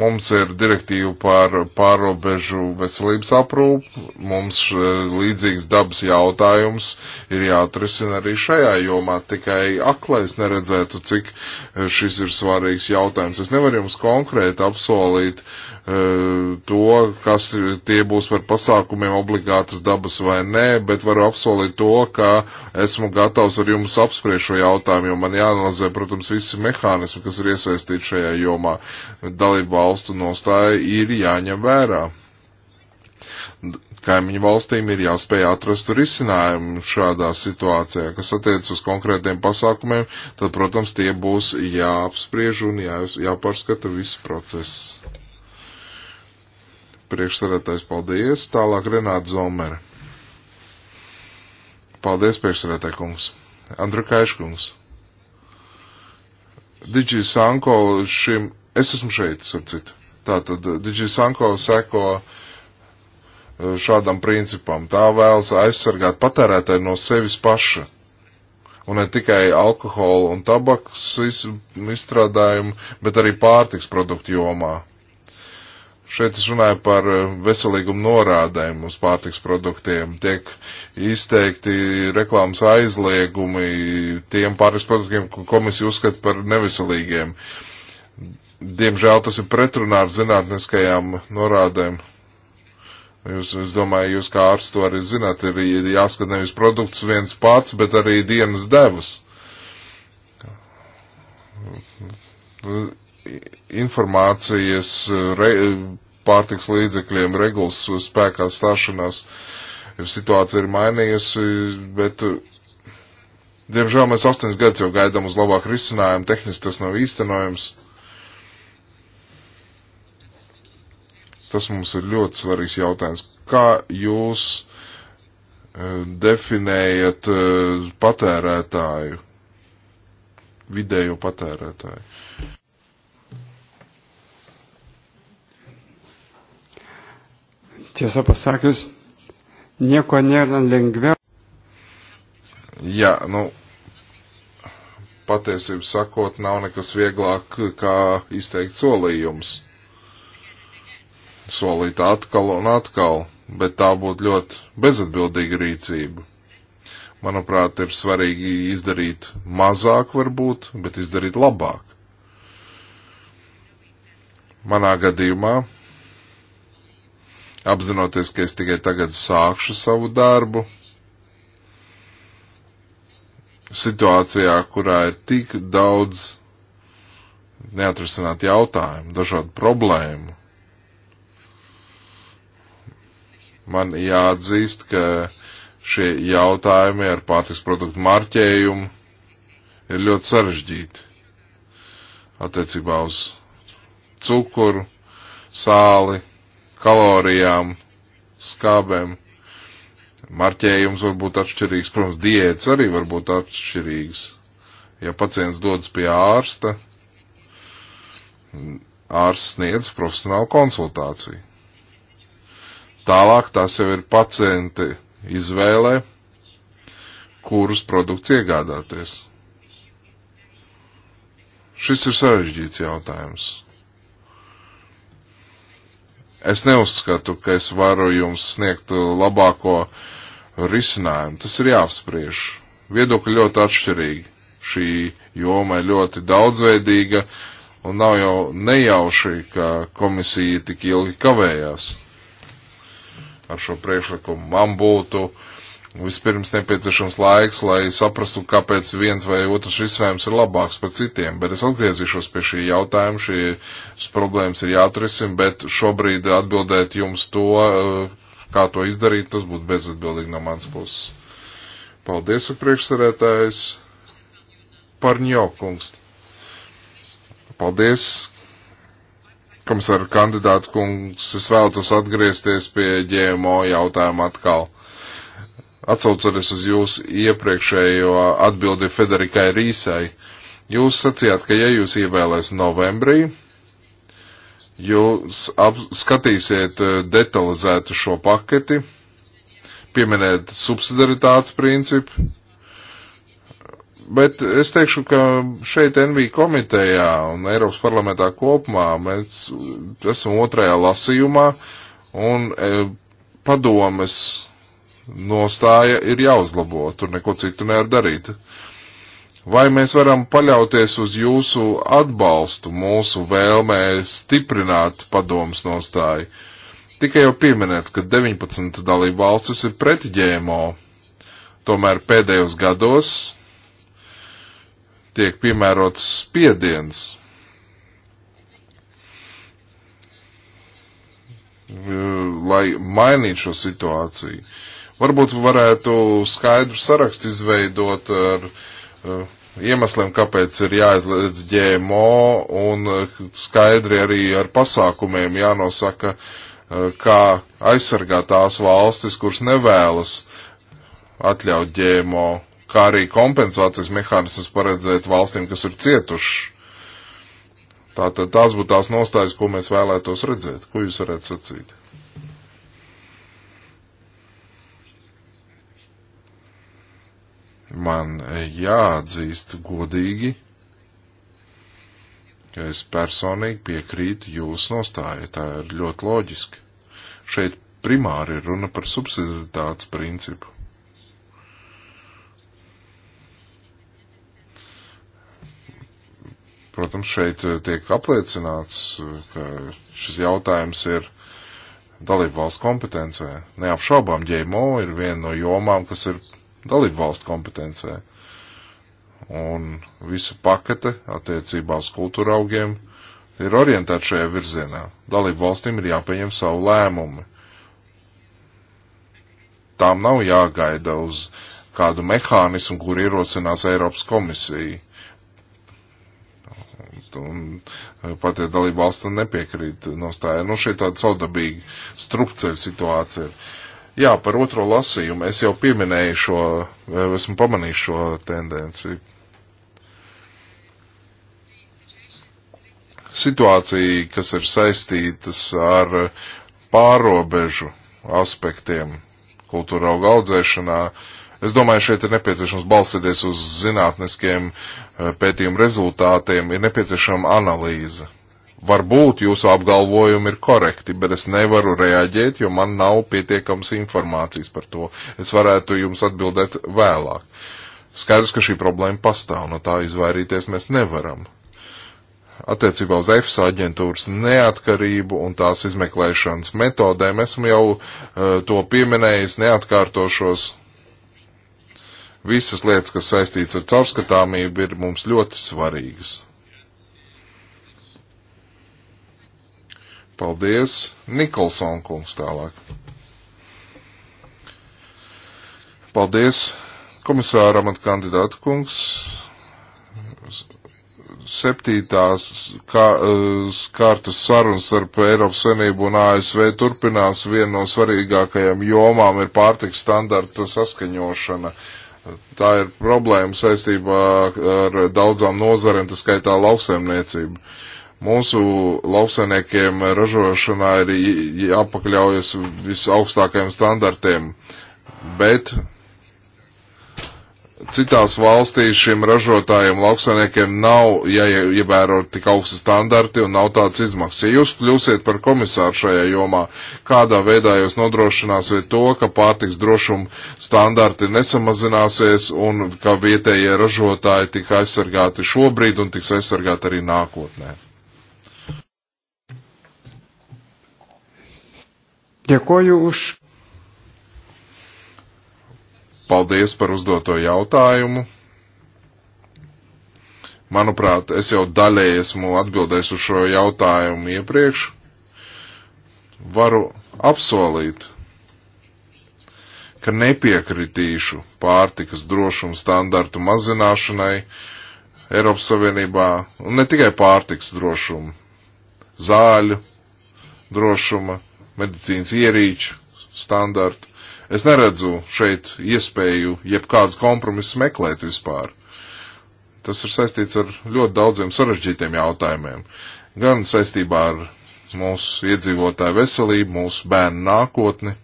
Mums ir direktīva par pārobežu veselības aprūpu, mums eh, līdzīgs dabas jautājums ir jāatrisina arī šajā jomā, tikai aklais neredzētu, cik eh, šis ir svarīgs jautājums. Es nevaru jums konkrēti apsolīt Eh, to, kas tie būs par pasākumiem obligātas dabas vai nē, bet varu apsolīt to, ka esmu gatavs ar jums apspriest šo jautājumu, jo man jāanalizē, protams, visi mehānismi, kas ir iesaistīti šajā jomā. Dalību valstu nostāja ir jāņem vērā. Kaimiņu valstīm ir jāspēj atrast risinājumu šādā situācijā, kas attiec uz konkrētiem pasākumiem, tad, protams, tie būs jāapspriež un jā, jāpārskata viss process. Priekšsarētais paldies. Tālāk Renāta Zomere. Paldies, priekšsarētāj kungs. Andru Kaiškungs. Digi Sanko šim, es esmu šeit, sap citu. Tātad eh, Digi Sanko seko eh, šādam principam. Tā vēlas aizsargāt patērētāju no sevis paša. Un ne tikai alkohola un tabaks izstrādājumu, bet arī pārtiks produktu jomā. Šeit es runāju par eh, veselīgumu norādēm uz pārtiks produktiem. Tiek izteikti reklāmas aizliegumi tiem pārtiks produktiem, ko komisija uzskata par neveselīgiem. Diemžēl tas ir pretrunā ar zinātniskajām norādēm. Jūs, es domāju, jūs kā ārsts to arī zināt, ir jāskat nevis produkts viens pats, bet arī dienas devas informācijas re, pārtiks līdzekļiem regulas spēkā stāšanās. Situācija ir mainījusi, bet, diemžēl, mēs astoņas gadus jau gaidām uz labāku risinājumu, tehniski tas nav īstenojams. Tas mums ir ļoti svarīgs jautājums. Kā jūs uh, definējat uh, patērētāju, vidējo patērētāju? Tiesą pasakius, nieko nėra lengviau. Jā, nu, patiesību sakot, nav nekas vieglāk kā izteikt solījums. Solīt atkal un atkal, bet tā būtu ļoti bezatbildīga rīcība. Manuprāt, ir svarīgi izdarīt mazāk varbūt, bet izdarīt labāk. Manā gadījumā apzinoties, ka es tikai tagad sākšu savu darbu. Situācijā, kurā ir tik daudz neatrisināti jautājumi, dažādu problēmu, man jāatzīst, ka šie jautājumi ar pārtiks produktu marķējumu ir ļoti sarežģīti attiecībā uz cukuru, sāli, kalorijām, skābēm. Marķējums var būt atšķirīgs, protams, diēts arī var būt atšķirīgs. Ja pacients dodas pie ārsta, ārsts sniedz profesionālu konsultāciju. Tālāk tās jau ir pacienti izvēlē, kurus produkts iegādāties. Šis ir sarežģīts jautājums. Es neuzskatu, ka es varu jums sniegt labāko risinājumu. Tas ir jāapspriež. Viedokļi ļoti atšķirīgi. Šī joma ir ļoti daudzveidīga, un nav jau nejauši, ka komisija tik ilgi kavējās ar šo priekšlikumu. Man būtu uh, Vispirms nepieciešams laiks, lai saprastu, kāpēc viens vai otrs risinājums ir labāks par citiem, bet es atgriezīšos pie šī jautājuma, šīs problēmas ir jāatrisina, bet šobrīd atbildēt jums to, eh, kā to izdarīt, tas būtu bezatbildīgi no mans puses. Paldies, priekšsarētājs Parņokungs. Paldies, komisāra kandidāta kungs. Es vēlos atgriezties pie ģēmo jautājuma atkal Atcaucoties uz jūsu iepriekšējo atbildi Federikai Rīsai, jūs sacījāt, ka ja jūs ievēlēs novembrī, jūs skatīsiet eh, detalizētu šo paketi, pieminēt subsidaritātes principu, bet es teikšu, ka šeit NV komitejā un Eiropas parlamentā kopumā mēs esam otrajā lasījumā un e, padomes nostāja ir jāuzlabo, tur neko citu nevar darīt. Vai mēs varam paļauties uz jūsu atbalstu, mūsu vēlmē stiprināt padomus nostāju? Tikai jau pieminēts, ka 19 dalību valstis ir pret ģēmo. Tomēr pēdējos gados tiek piemērots spiediens. Lai mainītu šo situāciju. Uh, Varbūt varētu skaidru sarakstu izveidot ar uh, iemesliem, kāpēc ir jāizliedz GMO un eh, skaidri arī ar pasākumiem jānosaka, uh, kā aizsargāt tās valstis, kuras nevēlas atļaut GMO, kā arī kompensācijas mehānismus paredzēt valstīm, kas ir cietušas. Tātad tās būtu tās nostājas, ko mēs vēlētos redzēt. Ko jūs varētu sacīt? man jāatzīst godīgi, ka es personīgi piekrītu jūsu nostāju. Tā ir ļoti loģiski. Šeit primāri ir runa par subsidiaritātes principu. Protams, šeit tiek apliecināts, ka šis jautājums ir dalību valsts kompetencē. Neapšaubām ģēmo ir viena no jomām, kas ir dalību valstu kompetencē. Un visa pakete attiecībā uz kultūra augiem ir orientēta šajā virzienā. Dalību valstīm ir jāpieņem savu lēmumu. Tām nav jāgaida uz kādu mehānismu, kur ierosinās Eiropas komisija. Un pat ja dalība valsts nepiekrīt nostāja, nu šeit tāda saudabīga strupceļa situācija ir. Jā, par otro lasījumu. Es jau pieminēju šo, esmu pamanījis šo tendenci. Situācija, kas ir saistītas ar pārobežu aspektiem kultūra auga audzēšanā, es domāju, šeit ir nepieciešams balstīties uz zinātniskiem eh, pētījumu rezultātiem, ir nepieciešama analīze Varbūt jūsu apgalvojumi ir korekti, bet es nevaru reaģēt, jo man nav pietiekams informācijas par to. Es varētu jums atbildēt vēlāk. Skaidrs, ka šī problēma pastāv, no tā izvairīties mēs nevaram. Attiecībā uz EFSA aģentūras neatkarību un tās izmeklēšanas metodēm esmu jau uh, to pieminējis, neatkārtošos. Visas lietas, kas saistīts ar caurskatāmību, ir mums ļoti svarīgas. Paldies, Nikolson kungs tālāk. Paldies, komisāram un kandidātu kungs. Septītās kā, eh, kārtas sarunas starp Eiropas Savienību un ASV turpinās. Viena no svarīgākajām jomām ir pārtiks standarta saskaņošana. Tā ir problēma saistībā ar daudzām nozarēm, tas skaitā lauksaimniecību. Uh, mūsu lauksainiekiem ražošanā ir jāpakļaujas visaugstākajiem standartiem, bet citās valstīs šiem ražotājiem, lauksainiekiem nav jāievēro ja tik augsti standarti un nav tāds izmaksas. Ja jūs kļūsiet par komisāru šajā jomā, kādā veidā jūs nodrošināsiet to, ka pārtiks drošuma standarti nesamazināsies un ka vietējie ražotāji tika aizsargāti šobrīd un tiks aizsargāti arī nākotnē? Dėkoju už. Paldies par uzdoto jautājumu. Manuprāt, es jau daļēji esmu atbildējis uz šo jautājumu iepriekš. Varu apsolīt, ka nepiekritīšu pārtikas drošuma standartu mazināšanai Eiropas Savienībā, un ne tikai pārtikas drošuma, zāļu drošuma, medicīnas ierīču standartu. Es neredzu šeit iespēju jebkādas kompromisas meklēt vispār. Tas ir saistīts ar ļoti daudziem sarežģītiem jautājumiem. Gan saistībā ar mūsu iedzīvotāju veselību, mūsu bērnu nākotni.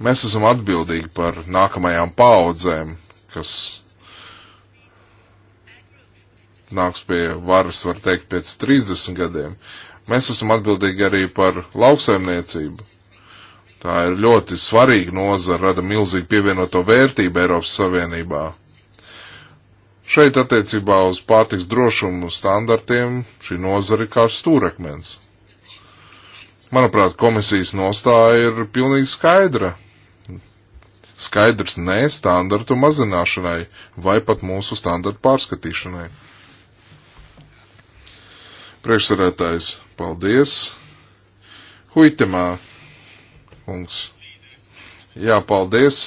Mēs esam atbildīgi par nākamajām paudzēm, kas nāks pie varas, var teikt, pēc 30 gadiem. Uh, Mēs esam atbildīgi arī par lauksaimniecību. Tā ir ļoti svarīga nozara, rada milzīgi pievienoto vērtību Eiropas Savienībā. Šeit attiecībā uz pārtiks drošumu standartiem šī nozara ir kā stūrekmens. Manuprāt, komisijas nostāja ir pilnīgi skaidra. Skaidrs nē standartu mazināšanai vai pat mūsu standartu pārskatīšanai. Priekšsarētājs, paldies. Huitemā, kungs. Jā, paldies.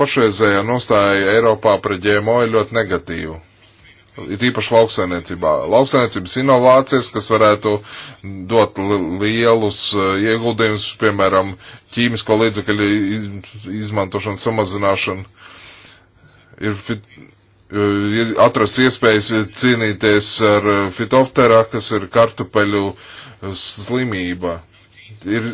Pašreizējā nostāja Eiropā pret ģēmo ir ļoti negatīva. Ir īpaši lauksainiecībā. Lauksainiecības inovācijas, kas varētu dot lielus eh, ieguldījumus, piemēram, ķīmisko līdzekļu izmantošanu, samazināšanu, ir Eh, atrast iespējas cīnīties ar eh, fitofterā, kas ir kartupeļu eh, slimība. Ir,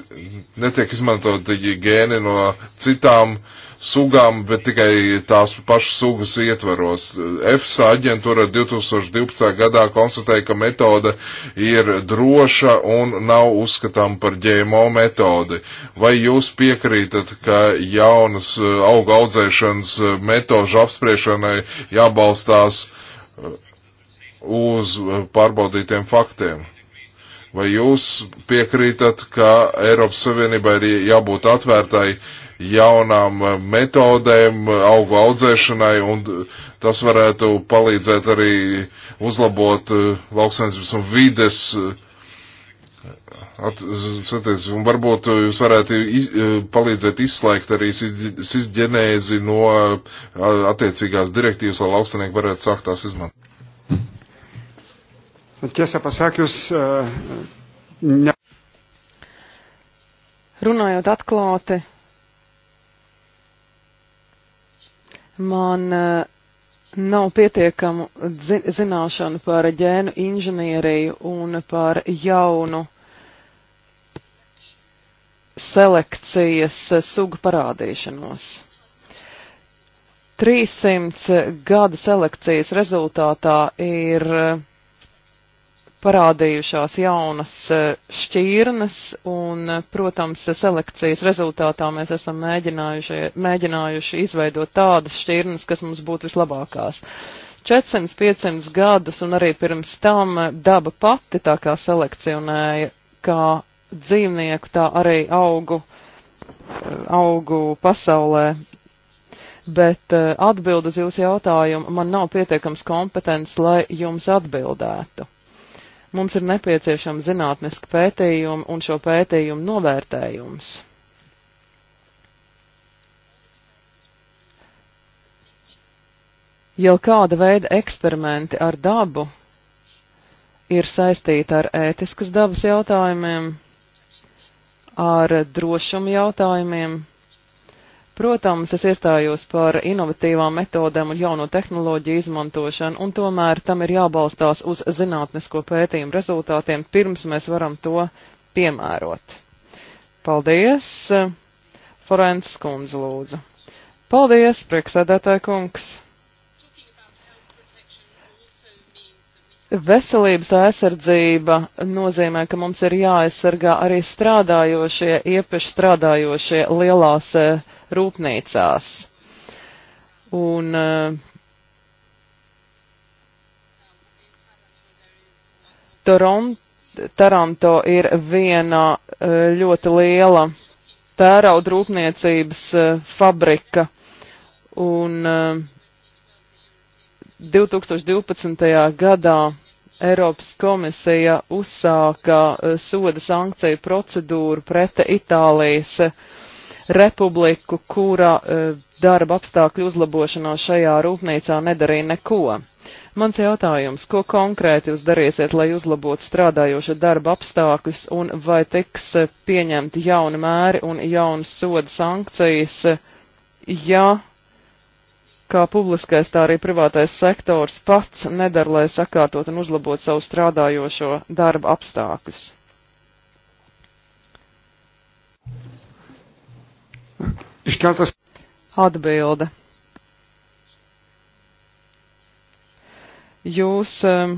netiek izmantoti gēni no citām uh, sugām, bet tikai tās pašas sugas ietvaros. EFSA aģentūra 2012. gadā konstatēja, ka metode ir droša un nav uzskatām par ģēmo metodi. Vai jūs piekrītat, ka jaunas uh, auga audzēšanas uh, metožu apspriešanai jābalstās uh, uz pārbaudītiem faktiem? Vai jūs piekrītat, ka Eiropas Savienībai ir jābūt atvērtai uh, jaunām eh, metodēm eh, augu audzēšanai, un tas varētu palīdzēt arī uzlabot eh, lauksainsības un vides. Saties, un varbūt jūs varētu iz, palīdzēt izslēgt arī sisģenēzi no attiecīgās direktīvas, lai lauksanieki varētu sākt tās izmantot. Tiesą pasakius, ne... Runājot atklāti, Man eh, nav pietiekamu zināšanu par ģēnu inženieriju un par jaunu selekcijas eh, sugu parādīšanos. 300 gadu selekcijas rezultātā ir eh, parādījušās jaunas e, šķirnes, un, e, protams, e, selekcijas rezultātā mēs esam mēģinājuši, mēģinājuši izveidot tādas šķirnes, kas mums būtu vislabākās. 400, 500 gadus un arī pirms tam daba pati tā kā selekcionēja, kā dzīvnieku, tā arī augu, augu pasaulē. Bet atbild uz jūsu jautājumu man nav pietiekams kompetents, lai jums atbildētu. Mums ir nepieciešama zinātniska pētījuma un šo pētījumu novērtējums. Jau kāda veida eksperimenti ar dabu ir saistīti ar ētiskas dabas jautājumiem, ar drošumu jautājumiem, Protams, es iestājos par inovatīvām metodēm un jauno tehnoloģiju izmantošanu, un tomēr tam ir jābalstās uz zinātnisko pētījumu rezultātiem, pirms mēs varam to piemērot. Paldies! Forens Kundze lūdzu. Paldies, prieksēdētāja kungs! Veselības aizsardzība nozīmē, ka mums ir jāaizsargā arī strādājošie, iepeši strādājošie lielās eh, rūpnīcās. Un uh, eh, Toronto, Taranto ir viena eh, ļoti liela tērauda rūpniecības eh, fabrika. Un 2012. gadā Eiropas komisija uzsāka soda sankciju procedūru pret Itālijas uh, republiku, kurā eh, darba apstākļu uzlabošanās šajā rūpnīcā nedarīja neko. Mans jautājums, ko konkrēti jūs darīsiet, lai uzlabotu strādājoša darba apstākļus un vai tiks eh, pieņemti jauni mēri un jaunas soda sankcijas, eh, ja kā publiskais, tā arī privātais sektors pats nedara, lai sakārtot un uzlabot savu strādājošo darba apstākļus. Iškeltas. Atbilde. Jūs um,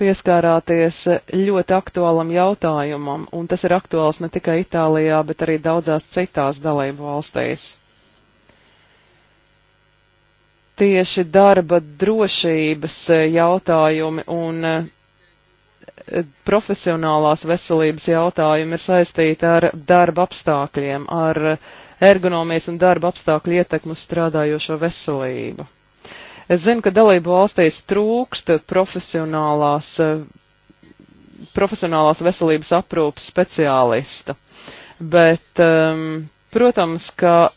pieskārāties ļoti aktuālam jautājumam, un tas ir aktuāls ne tikai Itālijā, bet arī daudzās citās dalību valstīs tieši darba drošības jautājumi un eh, profesionālās veselības jautājumi ir saistīti ar darba apstākļiem, ar ergonomijas un darba apstākļu ietekmu uz strādājošo veselību. Es zinu, ka dalību valstīs trūkst profesionālās, eh, profesionālās veselības aprūpas speciālista, bet, um, protams, ka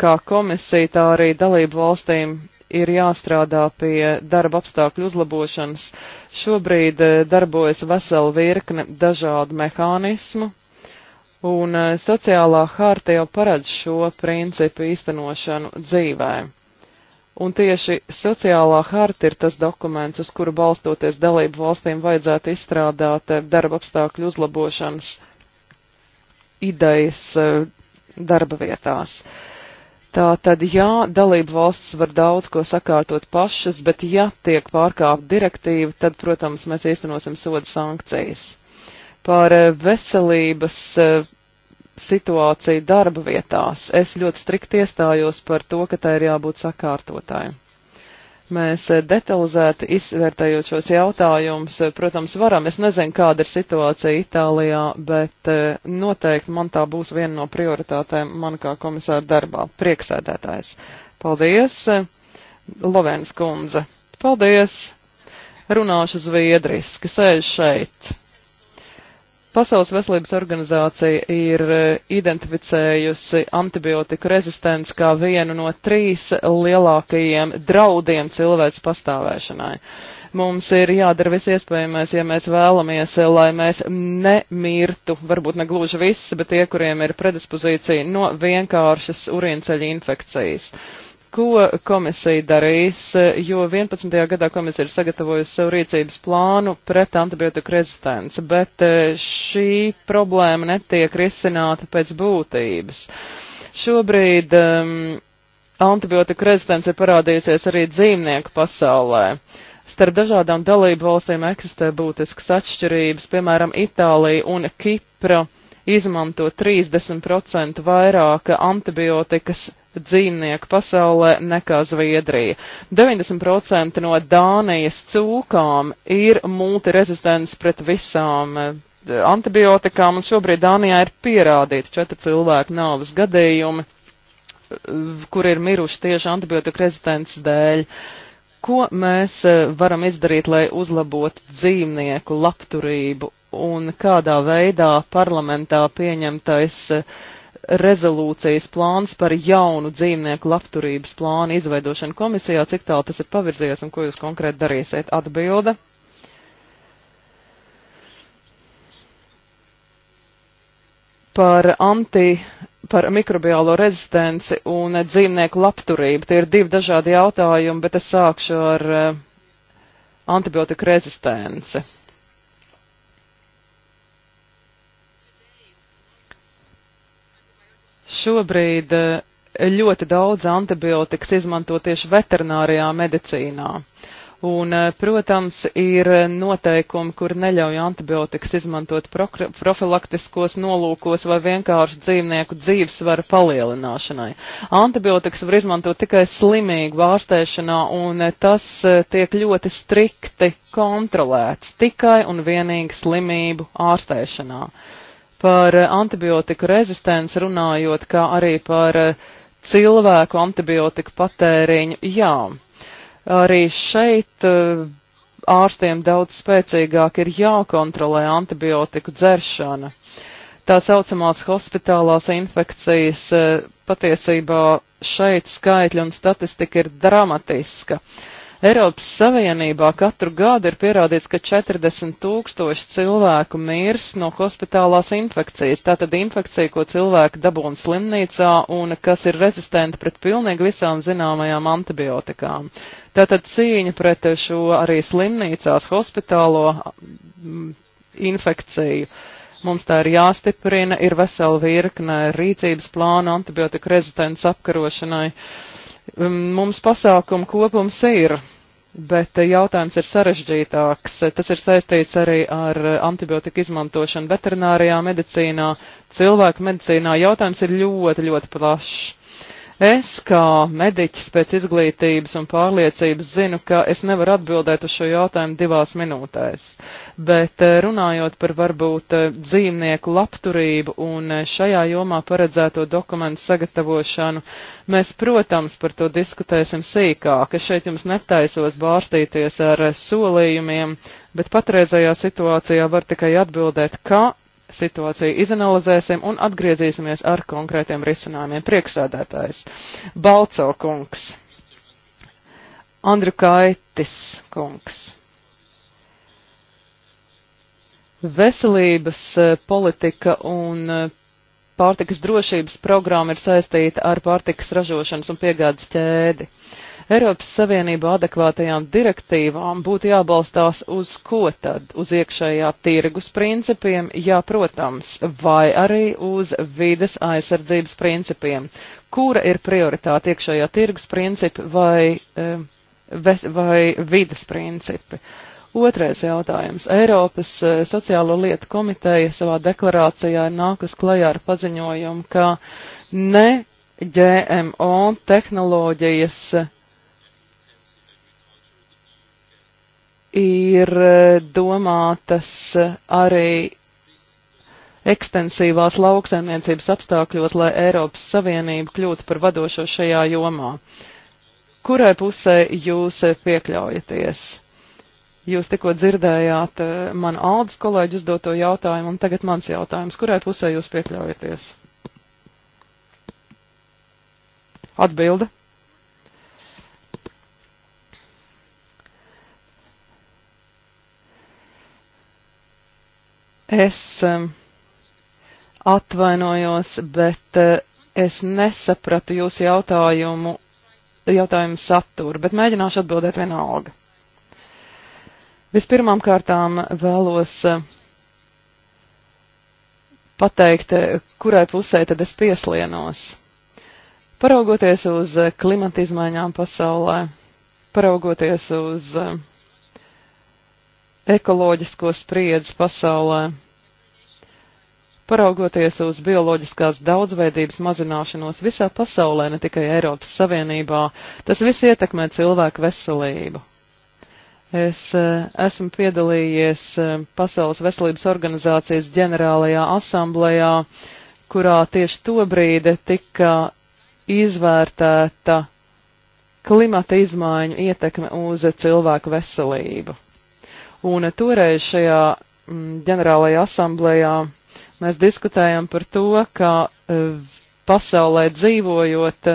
kā komisija, tā arī dalību valstīm ir jāstrādā pie darba apstākļu uzlabošanas. Šobrīd eh, darbojas vesela virkne dažādu mehānismu, un eh, sociālā harta jau paredz šo principu īstenošanu dzīvē. Un tieši sociālā harta ir tas dokuments, uz kuru balstoties dalību valstīm vajadzētu izstrādāt eh, darba apstākļu uzlabošanas idejas eh, darba vietās. Tā tad, jā, dalību valsts var daudz ko sakārtot pašas, bet ja tiek pārkāpta direktīva, tad, protams, mēs īstenosim soda sankcijas par eh, veselības eh, situāciju darba vietās. Es ļoti strikti iestājos par to, ka tai ir jābūt sakārtotāji. Mēs eh, detalizēti izvērtējot šos jautājumus, protams, varam. Es nezinu, kāda ir situācija Itālijā, bet noteikti man tā būs viena no prioritātēm man kā komisāra darbā. Prieksēdētājs. Paldies, Lovēns kundze. Paldies. Runāšu zviedriski, sēž šeit. Pasaules veselības organizācija ir e, identificējusi antibiotiku rezistenci kā vienu no trīs lielākajiem draudiem cilvēks pastāvēšanai. Mums ir jādara viss iespējamais, ja mēs vēlamies, e, lai mēs nemirtu, varbūt ne gluži visi, bet tie, kuriem ir predispozīcija no vienkāršas urīnceļa infekcijas. Uh, ko komisija darīs, jo 11. gadā komisija ir sagatavojusi savu rīcības plānu pret antibiotiku rezistenci, bet eh, šī problēma netiek risināta pēc būtības. Šobrīd um, antibiotiku rezistence ir parādījusies arī dzīvnieku pasaulē. Starp dažādām dalību valstīm eksistē būtiskas atšķirības, piemēram, Itālija un Kipra izmanto 30% vairāk antibiotikas dzīvnieku pasaulē nekā Zviedrija. 90% no Dānijas cūkām ir multirezistents pret visām eh, antibiotikām, un šobrīd Dānijā ir pierādīti četri cilvēku nāves gadījumi, eh, kur ir miruši tieši antibiotika rezistents dēļ. Ko mēs eh, varam izdarīt, lai uzlabotu dzīvnieku labturību un kādā veidā parlamentā pieņemtais uh, rezolūcijas plāns par jaunu dzīvnieku labturības plānu izveidošanu komisijā, cik tālu tas ir pavirzījies un ko jūs konkrēti darīsiet? Atbilde. Par anti, par mikrobiālo rezistenci un dzīvnieku labturību. Tie ir divi dažādi jautājumi, bet es sākšu ar eh, antibiotika rezistenci. Šobrīd eh, ļoti daudz antibiotikas izmanto tieši veterinārijā medicīnā. Un, eh, protams, ir noteikumi, kur neļauj antibiotikas izmantot profilaktiskos nolūkos vai vienkārši dzīvnieku dzīvesvara palielināšanai. Antibiotikas var izmantot tikai slimīgu ārstēšanā, un eh, tas tiek ļoti strikti kontrolēts tikai un vienīgi slimību ārstēšanā. Uh, par eh, antibiotiku rezistenci runājot, kā arī par eh, cilvēku antibiotiku patēriņu. Jā, arī šeit eh, ārstiem daudz spēcīgāk ir jākontrolē antibiotiku dzeršana. Tā saucamās hospitālās infekcijas patiesībā šeit skaitļi un statistika ir dramatiska. Uh, Eiropas Savienībā katru gadu ir pierādīts, ka 40 tūkstoši cilvēku mirs no hospitālās infekcijas. Tātad infekcija, ko cilvēki dabūna slimnīcā un kas ir rezistenta pret pilnīgi visām zināmajām antibiotikām. Tātad cīņa pret šo arī slimnīcās hospitālo mm, infekciju. Mums tā ir jāstiprina, ir vesela virkne rīcības plāna antibiotika rezistents apkarošanai. Uh, Um, mums pasākumu kopums ir, bet uh, jautājums ir sarežģītāks. Uh, tas ir saistīts arī ar uh, antibiotiku izmantošanu veterinārijā medicīnā, cilvēku medicīnā. Jautājums ir ļoti, ļoti plašs. Es kā mediķis pēc izglītības un pārliecības zinu, ka es nevaru atbildēt uz šo jautājumu divās minūtēs, bet eh, runājot par varbūt eh, dzīvnieku labturību un eh, šajā jomā paredzēto dokumentu sagatavošanu, mēs, protams, par to diskutēsim sīkāk. Es šeit jums netaisos bārstīties ar solījumiem, bet patreizajā situācijā var tikai atbildēt, ka situāciju izanalizēsim un atgriezīsimies ar konkrētiem risinājumiem. Priekšsādātājs Balco kungs, Andru Kaitis kungs. Veselības e, politika un e, pārtikas drošības programma ir saistīta ar pārtikas ražošanas un piegādes ķēdi. Uh, Eiropas Savienība adekvātajām direktīvām būtu jābalstās uz ko tad? Uz iekšējā tirgus principiem, jā, protams, vai arī uz vides aizsardzības principiem. Kura ir prioritāte iekšējā tirgus principi vai, vai vides principi? Otrais jautājums. Eiropas eh, sociālo lietu komiteja savā deklarācijā ir nākus klajā ar paziņojumu, ka ne GMO tehnoloģijas ir e, domātas arī ekstensīvās lauksaimniecības apstākļos, lai Eiropas Savienība kļūtu par vadošo šajā jomā. Kurai pusē jūs piekļaujaties? Jūs tikko dzirdējāt e, manu Aldis kolēģi uzdoto jautājumu, un tagad mans jautājums. Kurai pusē jūs piekļaujaties? Atbilde. Es atvainojos, bet eh, es nesapratu jūsu jautājumu, jautājumu saturu, bet mēģināšu atbildēt vienalga. Vispirmām kārtām vēlos eh, pateikt, eh, kurai pusē tad es pieslienos. Paraugoties uz klimata izmaiņām pasaulē, paraugoties uz uh, ekoloģisko spriedzi pasaulē. Paraugoties uz bioloģiskās daudzveidības mazināšanos visā pasaulē, ne tikai Eiropas Savienībā, tas viss ietekmē cilvēku veselību. Es eh, esmu piedalījies eh, Pasaules veselības organizācijas ģenerālajā asamblējā, kurā tieši to brīdi tika izvērtēta klimata izmaiņu ietekme uz cilvēku veselību. Un toreiz šajā mm, ģenerālajā asamblējā mēs diskutējam par to, ka e, pasaulē dzīvojot e,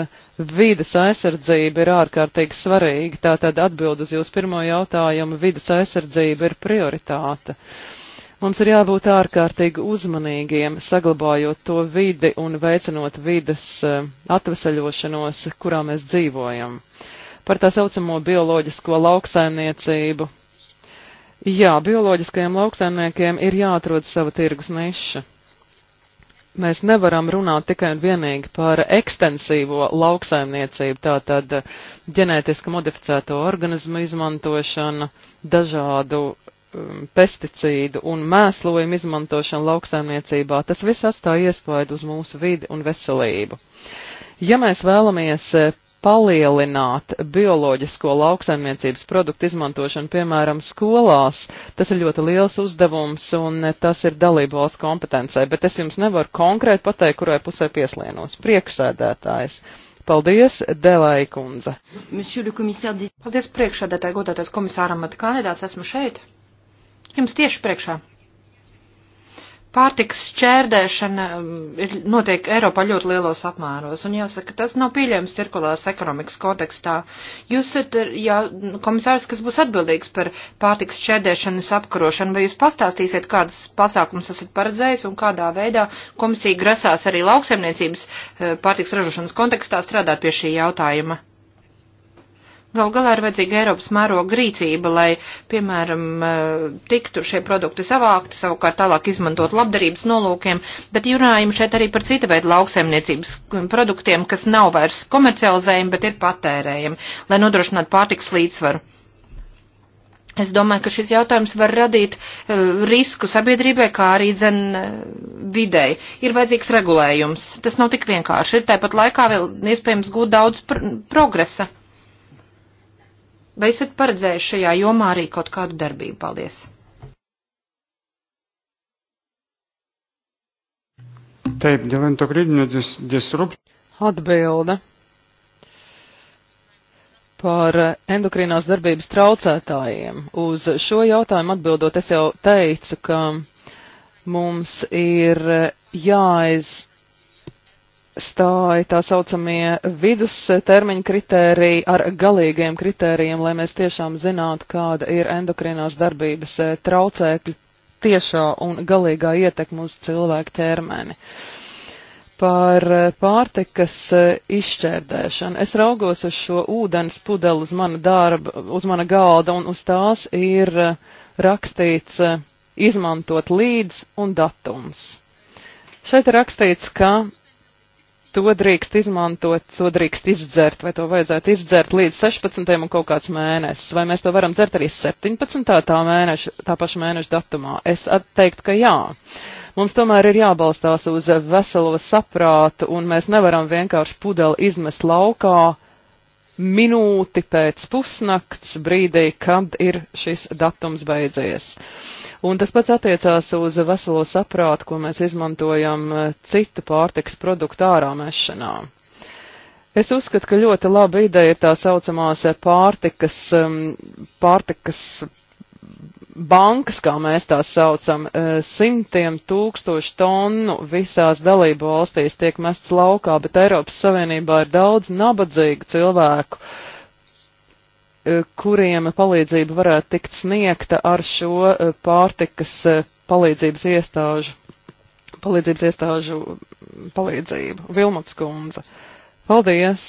vidas aizsardzība ir ārkārtīgi svarīga. Tātad atbild uz jūsu pirmo jautājumu, vidas aizsardzība ir prioritāte. Mums ir jābūt ārkārtīgi uzmanīgiem, saglabājot to vidi un veicinot vidas e, atvesaļošanos, kurā mēs dzīvojam. Par tā saucamo bioloģisko lauksaimniecību Jā, bioloģiskajiem lauksaimniekiem ir jāatrod sava tirgus niša. Mēs nevaram runāt tikai un vienīgi par ekstensīvo lauksaimniecību, tātad ģenētiski modificēto organismu izmantošanu, dažādu um, pesticīdu un mēslojumu izmantošanu lauksaimniecībā. Tas viss atstāja iespaidu uz mūsu vidi un veselību. Ja mēs vēlamies palielināt bioloģisko lauksaimniecības produktu izmantošanu, piemēram, skolās. Tas ir ļoti liels uzdevums un tas ir dalību valsts kompetencē, bet es jums nevaru konkrēti pateikt, kurai pusē pieslienos. Priekšsēdētājs. Paldies, Delai kundze. Paldies priekšsēdētāji godātais komisāram, bet kandidāts esmu šeit. Jums tieši priekšā. Pārtiks šķērdēšana um, notiek Eiropā ļoti lielos apmēros, un jāsaka, tas nav pieļams cirkulārās ekonomikas kontekstā. Jūs esat er, jā, komisārs, kas būs atbildīgs par pārtiks šķērdēšanas apkarošanu, vai jūs pastāstīsiet, kādas pasākums esat paredzējis un kādā veidā komisija grasās arī lauksaimniecības eh, pārtiks ražošanas kontekstā strādāt pie šī jautājuma? Gal galā ir vajadzīga Eiropas mēroga rīcība, lai, piemēram, eh, tiktu šie produkti savākti, savukārt tālāk izmantot labdarības nolūkiem, bet runājam šeit arī par cita veida lauksaimniecības produktiem, kas nav vairs komercializējami, bet ir patērējami, lai nodrošinātu pārtiks līdzsvaru. Es domāju, ka šis jautājums var radīt uh, risku sabiedrībai, kā arī dzen uh, eh, videi. Ir vajadzīgs regulējums. Tas nav tik vienkārši. Ir tāpat laikā vēl iespējams gūt daudz pr progresa. Uh, Vai esat paredzējuši šajā jomā arī kaut kādu darbību? Paldies! Taip, dėl endokrininio dis disrupt. Atbilde par endokrinās darbības traucētājiem. Uz šo jautājumu atbildot, es jau teicu, ka mums ir jāiz stāja tā saucamie vidustermiņa kritēriji ar galīgiem kritērijiem, lai mēs tiešām zinātu, kāda ir endokrinās darbības eh, traucēkļu tiešā un galīgā ietekme uz cilvēku ķermeni. Par eh, pārtikas eh, izšķērdēšanu. Es raugos uz šo ūdens pudeli uz mana darba, uz mana galda, un uz tās ir rakstīts izmantot līdz un datums. Šeit ir rakstīts, ka to drīkst izmantot, to drīkst izdzert, vai to vajadzētu izdzert līdz 16. un kaut kāds mēnesis, vai mēs to varam dzert arī 17. tā mēneša, tā paša mēneša datumā? Es atteiktu, ka jā. Mums tomēr ir jābalstās uz veselo saprātu, un mēs nevaram vienkārši pudeli izmest laukā, minūti pēc pusnakts brīdī, kad ir šis datums beidzies. Un tas pats attiecās uz veselo saprātu, ko mēs izmantojam eh, citu pārtiks produktu ārā mešanā. Es uzskatu, ka ļoti laba ideja ir tā saucamās pārtikas, um, pārtikas bankas, kā mēs tās saucam, e, simtiem tūkstošu tonu visās dalību valstīs tiek mests laukā, bet Eiropas Savienībā ir daudz nabadzīgu cilvēku, e, kuriem palīdzība varētu tikt sniegta ar šo e, pārtikas palīdzības iestāžu, palīdzības iestāžu palīdzību. Vilmots Kunze. Paldies!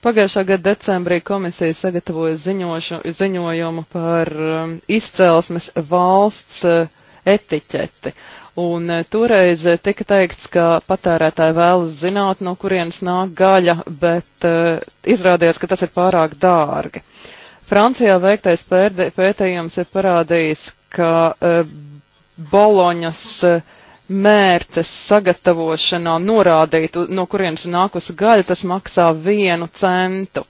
Pagājušā gada decembrī komisija sagatavoja ziņošu, ziņojumu par um, izcelsmes valsts uh, etiķeti. Un uh, toreiz uh, tika teikts, ka patērētāji vēlas zināt, no kurienes nāk gaļa, bet uh, izrādījās, ka tas ir pārāk dārgi. Francijā veiktais pētījums ir parādījis, ka uh, Boloņas uh, mērces sagatavošanā norādīt, no kurienes nākusi gaļa, tas maksā vienu centu.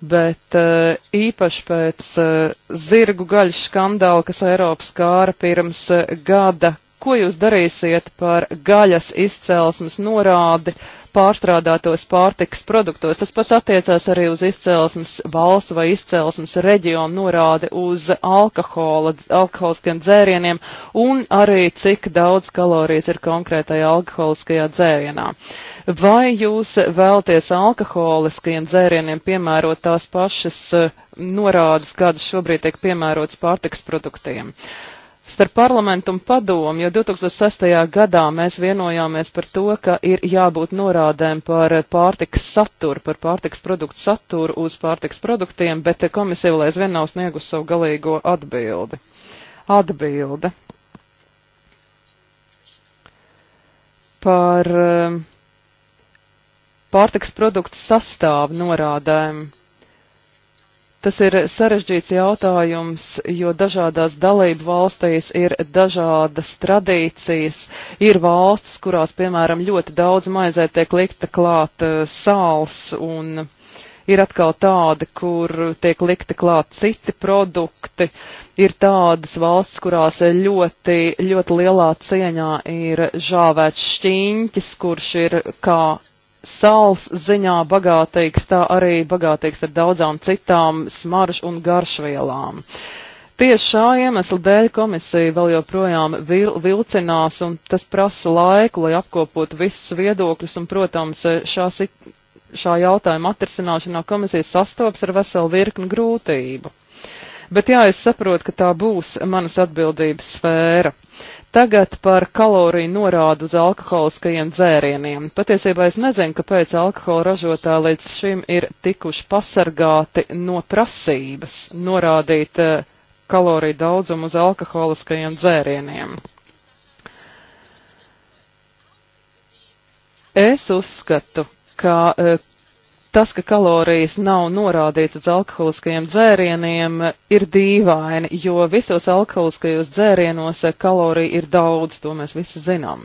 Bet uh, īpaši pēc uh, zirgu gaļas skandāla, kas Eiropas kāra pirms uh, gada, ko jūs darīsiet par gaļas izcelsmes norādi pārstrādātos pārtikas produktos. Tas pats attiecās arī uz izcelsmes valsts vai izcelsmes reģionu norādi uz alkohola, alkoholiskiem dzērieniem un arī cik daudz kalorijas ir konkrētajā alkoholiskajā dzērienā. Vai jūs vēlties alkoholiskajiem dzērieniem piemērot tās pašas eh, norādes, kādas šobrīd tiek piemērotas pārtikas produktiem? starp parlamentu un padomu, jo 2006. gadā mēs vienojāmies par to, ka ir jābūt norādēm par pārtiks saturu, par pārtiks produktu saturu uz pārtiks produktiem, bet komisija vēl aizvien nav sniegusi savu galīgo atbildi. Atbilde. Par eh, pārtiks produktu sastāvu norādēm Tas ir sarežģīts jautājums, jo dažādās dalību valstīs ir dažādas tradīcijas. Ir valsts, kurās, piemēram, ļoti daudz maizē tiek likta klāt eh, sāls, un ir atkal tādi, kur tiek likta klāt citi produkti. Ir tādas valsts, kurās ļoti, ļoti lielā cieņā ir žāvēts šķīņķis, kurš ir kā sāls ziņā bagātīgs, tā arī bagātīgs ar daudzām citām smarž un garšvielām. Tieši šā iemesla dēļ komisija vēl joprojām vil, vilcinās, un tas prasa laiku, lai apkopotu visus viedokļus, un, protams, šā, šā jautājuma atrisināšanā komisija sastops ar veselu virkni grūtību. Bet jā, es saprotu, ka tā būs manas atbildības sfēra. Tagad par kaloriju norādu uz alkoholiskajiem dzērieniem. Patiesībā es nezinu, kāpēc alkohola ražotā līdz šim ir tikuši pasargāti no prasības norādīt eh, kaloriju daudzumu uz alkoholiskajiem dzērieniem. Es uzskatu, ka eh, tas, ka kalorijas nav norādīts uz alkoholiskajiem dzērieniem, ir dīvaini, jo visos alkoholiskajos dzērienos kaloriju ir daudz, to mēs visi zinām.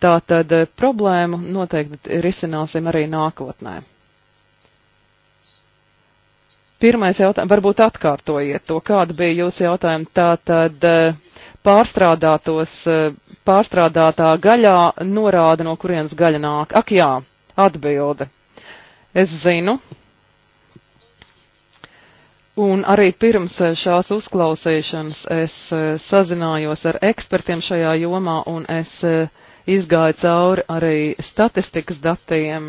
Tātad eh, problēmu noteikti risināsim arī nākotnē. Pirmais jautājums, varbūt atkārtojiet to, kāda bija jūsu jautājuma. Tātad eh, pārstrādātos, eh, pārstrādātā gaļā norāda, no kurienes gaļa nāk. Ak jā, atbilde Es zinu. Un arī pirms eh, šās uzklausīšanas es eh, sazinājos ar ekspertiem šajā jomā un es eh, izgāju cauri arī statistikas datiem.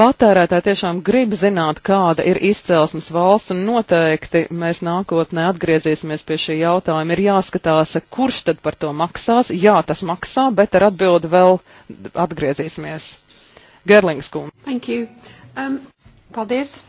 Patērētāji tiešām grib zināt, kāda ir izcelsmes valsts, un noteikti mēs nākotnē atgriezīsimies pie šī jautājuma. Ir jāskatās, kurš tad par to maksās. Jā, tas maksā, bet ar atbildi vēl atgriezīsimies. Gerlings kundze. Thank you. Um, paldies.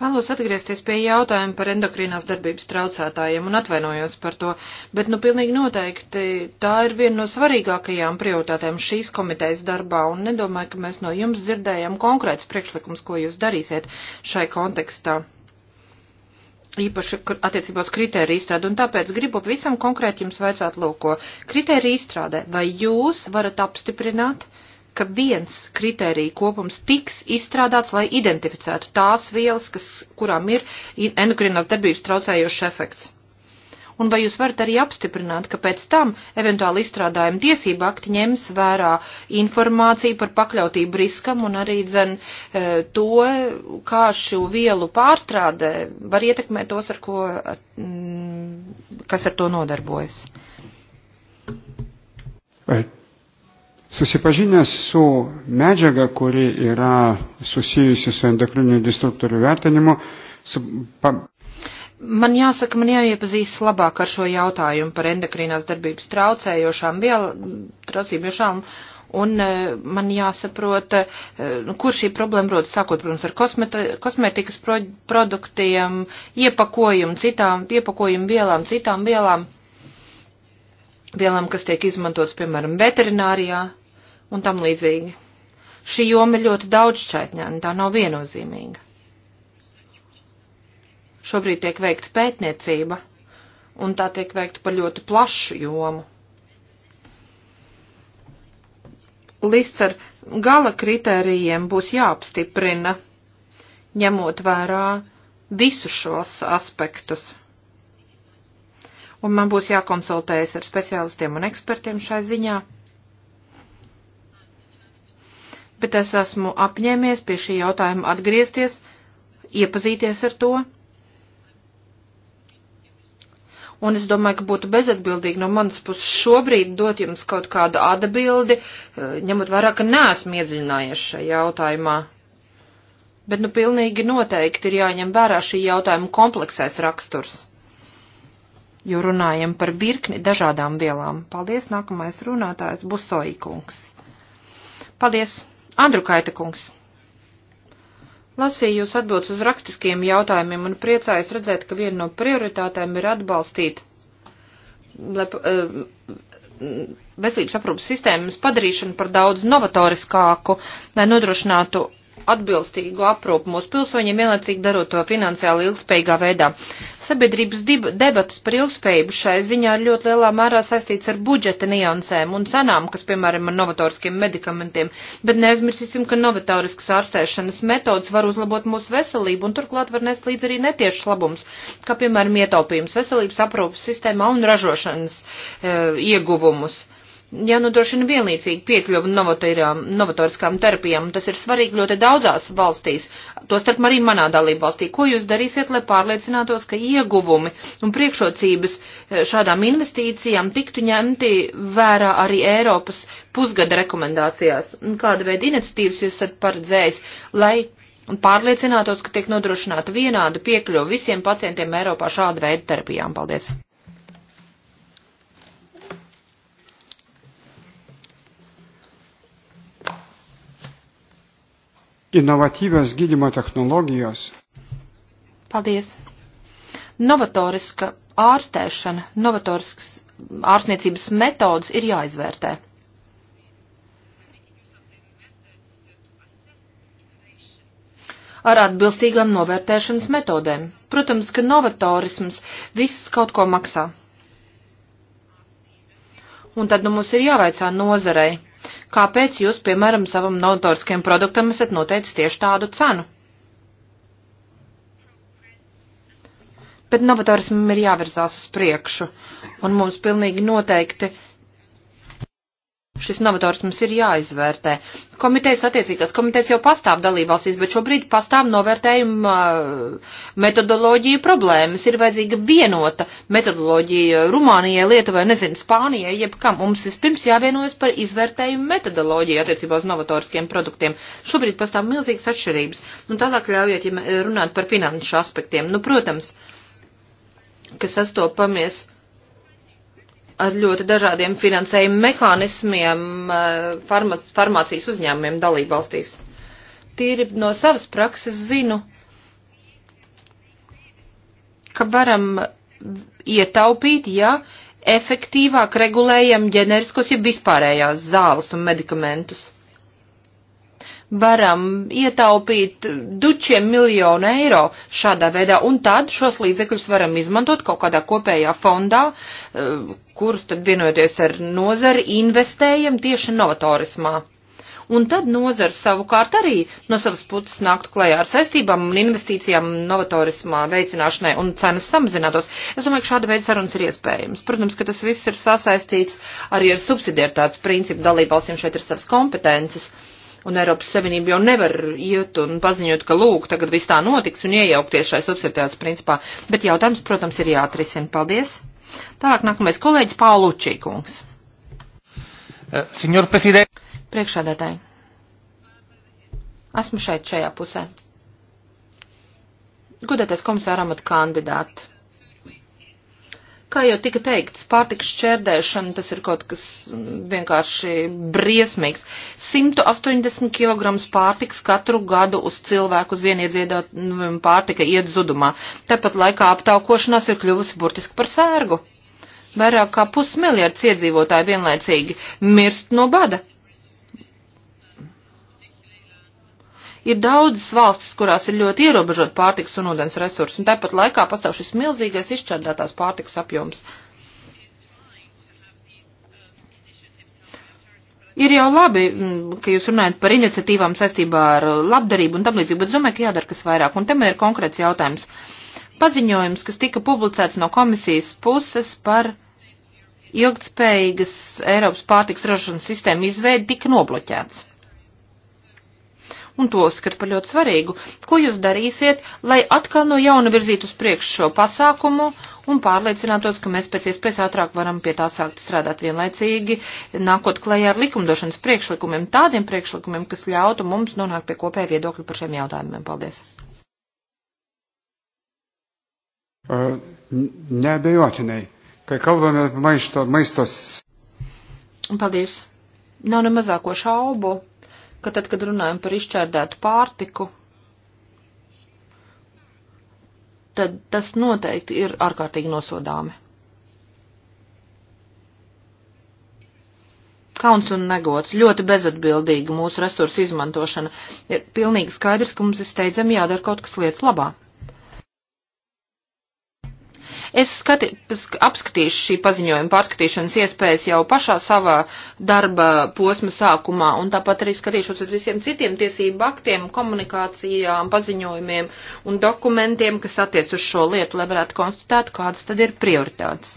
Vēlos atgriezties pie jautājuma par endokrīnās darbības traucētājiem un atvainojos par to, bet nu pilnīgi noteikti tā ir viena no svarīgākajām prioritātēm šīs komitejas darbā un nedomāju, ka mēs no jums dzirdējam konkrēts priekšlikums, ko jūs darīsiet šai kontekstā. Īpaši attiecībā uz kritēriju izstrādi, un tāpēc gribu visam konkrēti jums vajadzētu lūko. Kritēriju izstrādē, vai jūs varat apstiprināt? Uh, ka viens kritērija kopums tiks izstrādāts, lai identificētu tās vielas, kas, kurām ir endokrinās darbības traucējošs efekts un vai jūs varat arī apstiprināt, ka pēc tam eventuāli izstrādājuma tiesība akti ņems vērā informāciju par pakļautību riskam un arī dzen e, to, kā šo vielu pārstrādē var ietekmēt tos, ar ko, mm, kas ar to nodarbojas. Right. Susipažinęs su medžiaga, kuri yra susijusi su endokrinių destruktorių vertinimu, su, pa... Man jāsaka, man jāiepazīst labāk ar šo jautājumu par endokrinās darbības traucējošām vielu, traucījumiešām Un e, man jāsaprot, e, nu, kur šī problēma rodas, sākot, protams, ar kosmeta, kosmetikas pro, produktiem, iepakojumu, citām, iepakojumu vielām, citām vielām, vielām, kas tiek izmantotas, piemēram, veterinārijā un tam līdzīgi. Šī joma ir ļoti daudzšķaitņēna, tā nav viennozīmīga. Šobrīd tiek veikta pētniecība, un tā tiek veikta par ļoti plašu jomu. Lists ar gala kritērijiem būs jāapstiprina, ņemot vērā visus šos aspektus. Un man būs jākonsultējas ar speciālistiem un ekspertiem šai ziņā bet es esmu apņēmies pie šī jautājuma atgriezties, iepazīties ar to. Un es domāju, ka būtu bezatbildīgi no manas puses šobrīd dot jums kaut kādu atbildi, eh, ņemot vairāk, ka neesmu iedziļinājies šajā jautājumā. Bet nu pilnīgi noteikti ir jāņem vērā šī jautājuma kompleksais raksturs. Jo runājam par virkni dažādām vielām. Paldies, nākamais runātājs Busoikungs. Paldies! Andru Kaita kungs. Lasīju jūs atbildes uz rakstiskiem jautājumiem un priecājos redzēt, ka viena no prioritātēm ir atbalstīt le, eh, veselības aprūpas sistēmas padarīšanu par daudz novatoriskāku, lai nodrošinātu atbilstīgu aprūpu mūsu pilsoņiem, vienlaicīgi darot to finansiāli ilgspējīgā veidā. Sabiedrības debatas par ilgspējību šai ziņā ir ļoti lielā mērā saistīts ar budžeta niansēm un cenām, kas, piemēram, ar novatoriskiem medikamentiem, bet neaizmirsīsim, ka novatoriskas ārstēšanas metodas var uzlabot mūsu veselību un turklāt var nest līdz arī netiešas labums, kā, piemēram, ietaupījums veselības aprūpas sistēmā un ražošanas e, ieguvumus jānodrošina ja vienlīdzīgi piekļuvu novatoriskām terapijām. Tas ir svarīgi ļoti daudzās valstīs, tostarp arī manā dalību valstī. Ko jūs darīsiet, lai pārliecinātos, ka ieguvumi un priekšrocības eh, šādām investīcijām tiktu ņemti vērā arī Eiropas pusgada rekomendācijās? Kāda veida iniciatīvas jūs esat paredzējis, lai pārliecinātos, ka tiek nodrošināta vienāda piekļuva visiem pacientiem Eiropā šāda veida terapijām? Paldies! Inovatīvas gydymo tehnologijos. Paldies. Novatoriska ārstēšana, novatorisks ārstniecības metodas ir jāizvērtē. ar atbilstīgām novērtēšanas metodēm. Protams, ka novatorisms viss kaut ko maksā. Un tad nu, mums ir jāvaicā nozarei, kāpēc jūs, piemēram, savam notoriskiem produktam esat noteicis tieši tādu cenu? Bet novatorismam ir jāvirzās uz priekšu, un mums pilnīgi noteikti Šis novatorisms ir jāizvērtē. Komitejas attiecīgās komitejas jau pastāv dalībvalstīs, bet šobrīd pastāv novērtējuma uh, metodoloģija problēmas. Ir vajadzīga vienota metodoloģija Rumānijai, Lietuvai, nezinu, Spānijai, jebkam. Mums vispirms jāvienojas par izvērtējumu metodoloģiju attiecībā uz novatoriskiem produktiem. Šobrīd pastāv milzīgas atšķirības. Nu, tālāk ļaujiet, ja runāt par finanšu aspektiem. Nu, protams, ka sastopamies ar ļoti dažādiem finansējuma mehānismiem eh, farmac, farmācijas uzņēmumiem dalībvalstīs. Tīri no savas prakses zinu, ka varam ietaupīt, ja efektīvāk regulējam ģeneriskos, ja vispārējās zāles un medikamentus varam ietaupīt dučiem miljonu eiro šādā veidā, un tad šos līdzekļus varam izmantot kaut kādā kopējā fondā, eh, kurus tad vienoties ar nozari investējam tieši novatorismā. Un tad nozara savukārt arī no savas puses nāktu klajā ar saistībām un investīcijām novatorismā veicināšanai un cenas samazinātos. Es domāju, ka šāda veida sarunas ir iespējams. Protams, ka tas viss ir sasaistīts arī ar subsidiertāts principu dalībvalstīm šeit ir savas kompetences. Uh, Un Eiropas Savienība jau nevar iet un paziņot, ka lūk, tagad viss tā notiks un iejaukties šai subsidiāts principā. Bet jautājums, protams, ir jāatrisina. Paldies. Tālāk nākamais kolēģis Paulučī kungs. Eh, signor Presidente. Priekšādātāji. Esmu šeit šajā pusē. Godētais komisāram at kandidāti. Kā jau tika teikts, pārtiks šķērdēšana, tas ir kaut kas mm, vienkārši briesmīgs. 180 kg pārtiks katru gadu uz cilvēku uz vienu iedziedot pārtika iet zudumā. Tāpat laikā aptaukošanās ir kļuvusi burtiski par sērgu. Vairāk kā pusmiljards iedzīvotāji vienlaicīgi mirst no bada. Ir daudzas valstis, kurās ir ļoti ierobežot pārtiks un ūdens resursi, un tāpat laikā pastāv šis milzīgais izšķērdētās pārtiks apjoms. Ir jau labi, mm, ka jūs runājat par iniciatīvām saistībā ar labdarību un tamlīdzīgi, bet domāju, ka jādara kas vairāk. Un te man ir konkrēts jautājums. Paziņojums, kas tika publicēts no komisijas puses par ilgtspējīgas Eiropas pārtiks ražošanas sistēmu izveidi, tika nobloķēts un to uzskatu par ļoti svarīgu. Ko jūs darīsiet, lai atkal no jauna virzītu uz priekšu šo pasākumu un pārliecinātos, ka mēs pēc iespējas ātrāk varam pie tā sākt strādāt vienlaicīgi, nākot klajā ar likumdošanas priekšlikumiem, tādiem priekšlikumiem, kas ļautu mums nonākt pie kopēja viedokļa par šiem jautājumiem. Paldies! Neabejotinai, kai kalbame apie maisto, maistos. Paldies. Nav ne mazāko šaubu, ka tad, kad runājam par izšķērdētu pārtiku, tad tas noteikti ir ārkārtīgi nosodāmi. Kauns un negods, ļoti bezatbildīga mūsu resursu izmantošana. Ir pilnīgi skaidrs, ka mums ir steidzami jādara kaut kas lietas labā. Es skati, apskatīšu šī paziņojuma pārskatīšanas iespējas jau pašā savā darba posma sākumā, un tāpat arī skatīšos uz visiem citiem tiesību aktiem, komunikācijām, paziņojumiem un dokumentiem, kas attiec uz šo lietu, lai varētu konstatēt, kādas tad ir prioritātes.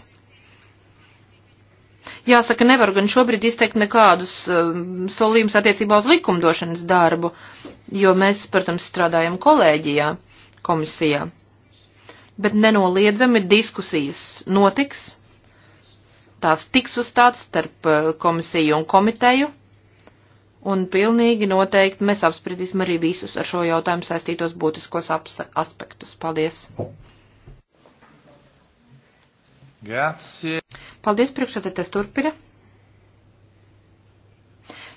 Jāsaka, nevar gan šobrīd izteikt nekādus um, solījumus attiecībā uz likumdošanas darbu, jo mēs, protams, strādājam kolēģijā, komisijā bet nenoliedzami diskusijas notiks. Tās tiks uzstāts starp eh, komisiju un komiteju. Un pilnīgi noteikti mēs apspriedīsim arī visus ar šo jautājumu saistītos būtiskos aspektus. Paldies! Grazie. Paldies, priekšsēdētājs turpina.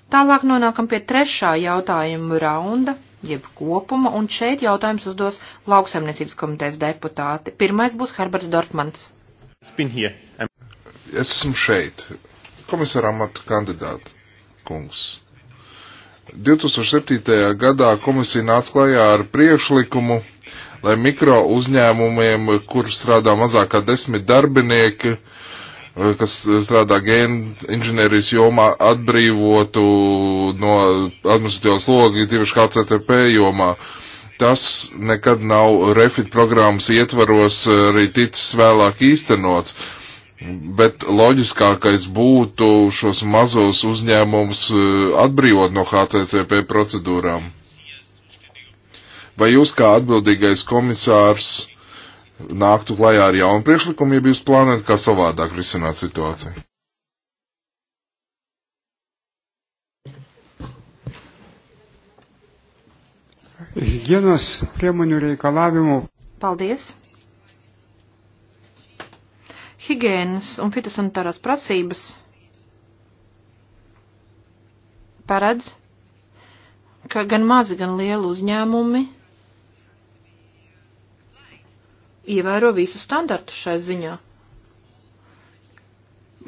Tālāk nonākam pie trešā jautājuma raunda jeb kopuma, un šeit jautājums uzdos lauksaimniecības komitejas deputāti. Pirmais būs Herberts Dorfmans. Es esmu šeit, komisāra amata kandidāta kungs. 2007. gadā komisija nāca klajā ar priekšlikumu, lai mikro uzņēmumiem, kur strādā mazāk kā desmit darbinieki, uh, Eh, kas strādā gēnu inženierijas jomā, atbrīvotu no administratīvās logi tieši kā CTP jomā. Tas nekad nav refit programmas ietvaros eh, arī ticis vēlāk īstenots. Bet loģiskākais būtu šos mazos uzņēmumus eh, atbrīvot no HCCP procedūrām. Vai jūs kā atbildīgais komisārs nāktu klajā ar jaunu priekšlikumu, ja jūs plānojat kā savādāk risināt situāciju? Higienos priemonių reikalavimų. Paldies! Higienas un fitosanitāras prasības paredz, ka gan mazi, gan lieli uzņēmumi ievēro visu standartu šai ziņā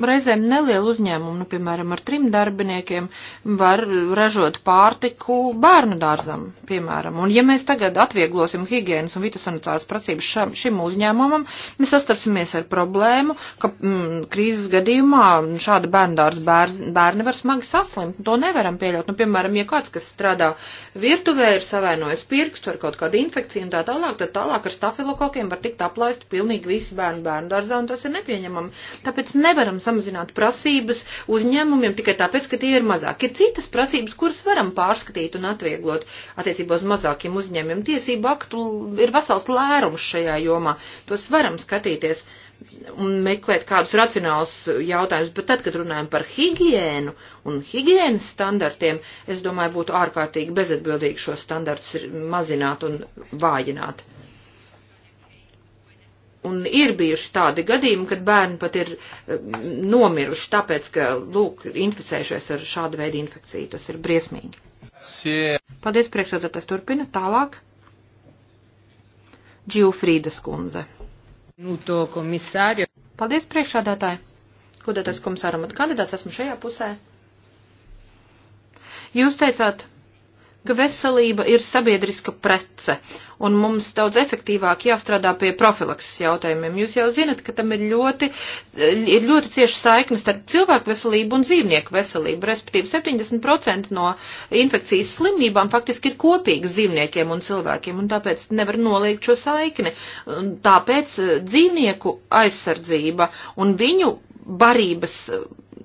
reizēm nelielu uzņēmumu, nu, piemēram, ar trim darbiniekiem, var ražot pārtiku bērnu dārzam, piemēram. Un ja mēs tagad atvieglosim higienas un fitosanitāras prasības šam, šim uzņēmumam, mēs sastapsimies ar problēmu, ka mm, krīzes gadījumā šāda bērnu dārza bēr, bērni var smagi saslimt. To nevaram pieļaut. Nu, piemēram, ja kāds, kas strādā virtuvē, ir savienojis pirkstu ar kaut kādu infekciju un tā tālāk, tad tālāk ar stafilokokiem var tikt aplaist pilnīgi visi bērnu bērnu dārzā, un tas ir nepieņemami. Tāpēc nevaram samazināt prasības uzņēmumiem tikai tāpēc, ka tie ir mazāki. Ir citas prasības, kuras varam pārskatīt un atvieglot attiecībā uz mazākiem uzņēmumiem. Tiesību aktu ir vesels lērums šajā jomā. Tos varam skatīties un meklēt kādus racionālus jautājumus, bet tad, kad runājam par higiēnu un higiēnas standartiem, es domāju, būtu ārkārtīgi bezatbildīgi šos standartus mazināt un vājināt. Un ir bijuši tādi gadījumi, kad bērni pat ir eh, nomiruši, tāpēc, ka, lūk, inficējušies ar šādu veidu infekciju. Tas ir briesmīgi. Sie. Paldies, priekšsēdētājs turpina. Tālāk. Džilfrīdas kundze. Nu, to komisāri. Paldies, priekšsādātāji. Kodētais komisāram un kandidāts esmu šajā pusē. Jūs teicāt, ka veselība ir sabiedriska prece, un mums daudz efektīvāk jāstrādā pie profilakses jautājumiem. Jūs jau zinat, ka tam ir ļoti, ir ļoti cieši saiknes starp cilvēku veselību un dzīvnieku veselību, respektīvi 70% no infekcijas slimībām faktiski ir kopīgas dzīvniekiem un cilvēkiem, un tāpēc nevar noliegt šo saikni. Tāpēc eh, dzīvnieku aizsardzība un viņu barības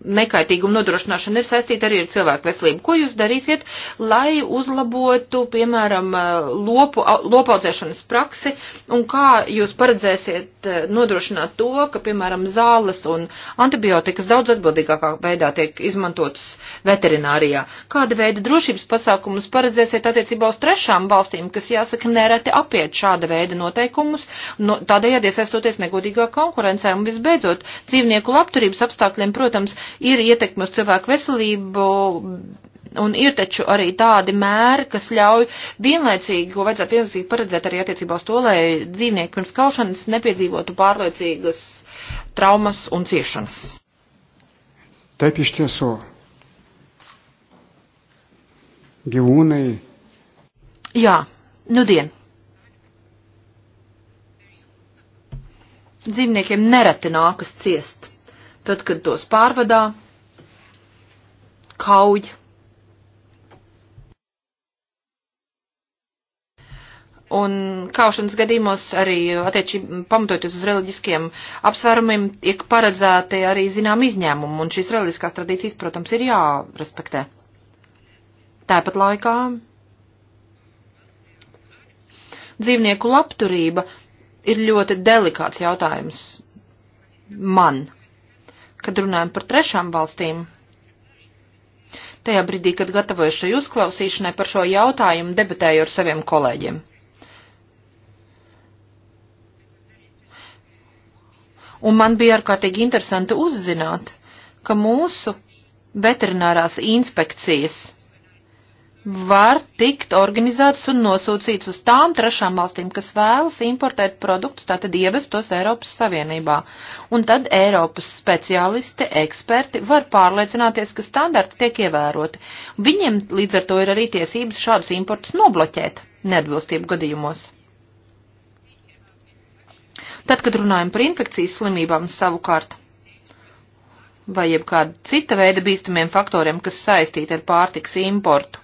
nekaitīguma nodrošināšana ir saistīta arī ar cilvēku veselību. Ko jūs darīsiet, lai uzlabotu, piemēram, eh, lopu, lopaudzēšanas praksi un kā jūs paredzēsiet eh, nodrošināt to, ka, piemēram, zāles un antibiotikas daudz atbildīgākā veidā tiek izmantotas veterinārijā? Kāda veida drošības pasākumus paredzēsiet attiecībā uz trešām valstīm, kas, jāsaka, nereti apiet šāda veida noteikumus, no, tādējādi iesaistoties negodīgā konkurencē un visbeidzot dzīvnieku labturības apstākļiem, protams, ir ietekme uz cilvēku veselību. Un ir taču arī tādi mēri, kas ļauj vienlaicīgi, ko vajadzētu vienlaicīgi paredzēt arī attiecībā uz to, lai dzīvnieki pirms kaušanas nepiedzīvotu pārlaicīgas traumas un ciešanas. Taip iš tiesų. Gyvūnai. Jā, nudien. Dzīvniekiem nereti nākas ciest tad, kad tos pārvadā, kauj. Un kaušanas gadījumos arī attiecīgi pamatoties uz reliģiskiem apsvērumiem tiek paredzēti arī zinām izņēmumi, un šīs reliģiskās tradīcijas, protams, ir jārespektē. Tāpat laikā dzīvnieku labturība ir ļoti delikāts jautājums man kad runājam par trešām valstīm. Tajā brīdī, kad gatavoju šai uzklausīšanai par šo jautājumu, debatēju ar saviem kolēģiem. Un man bija ārkārtīgi interesanti uzzināt, ka mūsu veterinārās inspekcijas var tikt organizētas un nosūcītas uz tām trešām valstīm, kas vēlas importēt produktus, tātad ievest tos Eiropas Savienībā. Un tad Eiropas speciālisti, eksperti var pārliecināties, ka standarti tiek ievēroti. Viņiem līdz ar to ir arī tiesības šādus importus nobloķēt neatbilstību gadījumos. Tad, kad runājam par infekcijas slimībām savukārt, vai jebkāda cita veida bīstamiem faktoriem, kas saistīti ar pārtiks importu,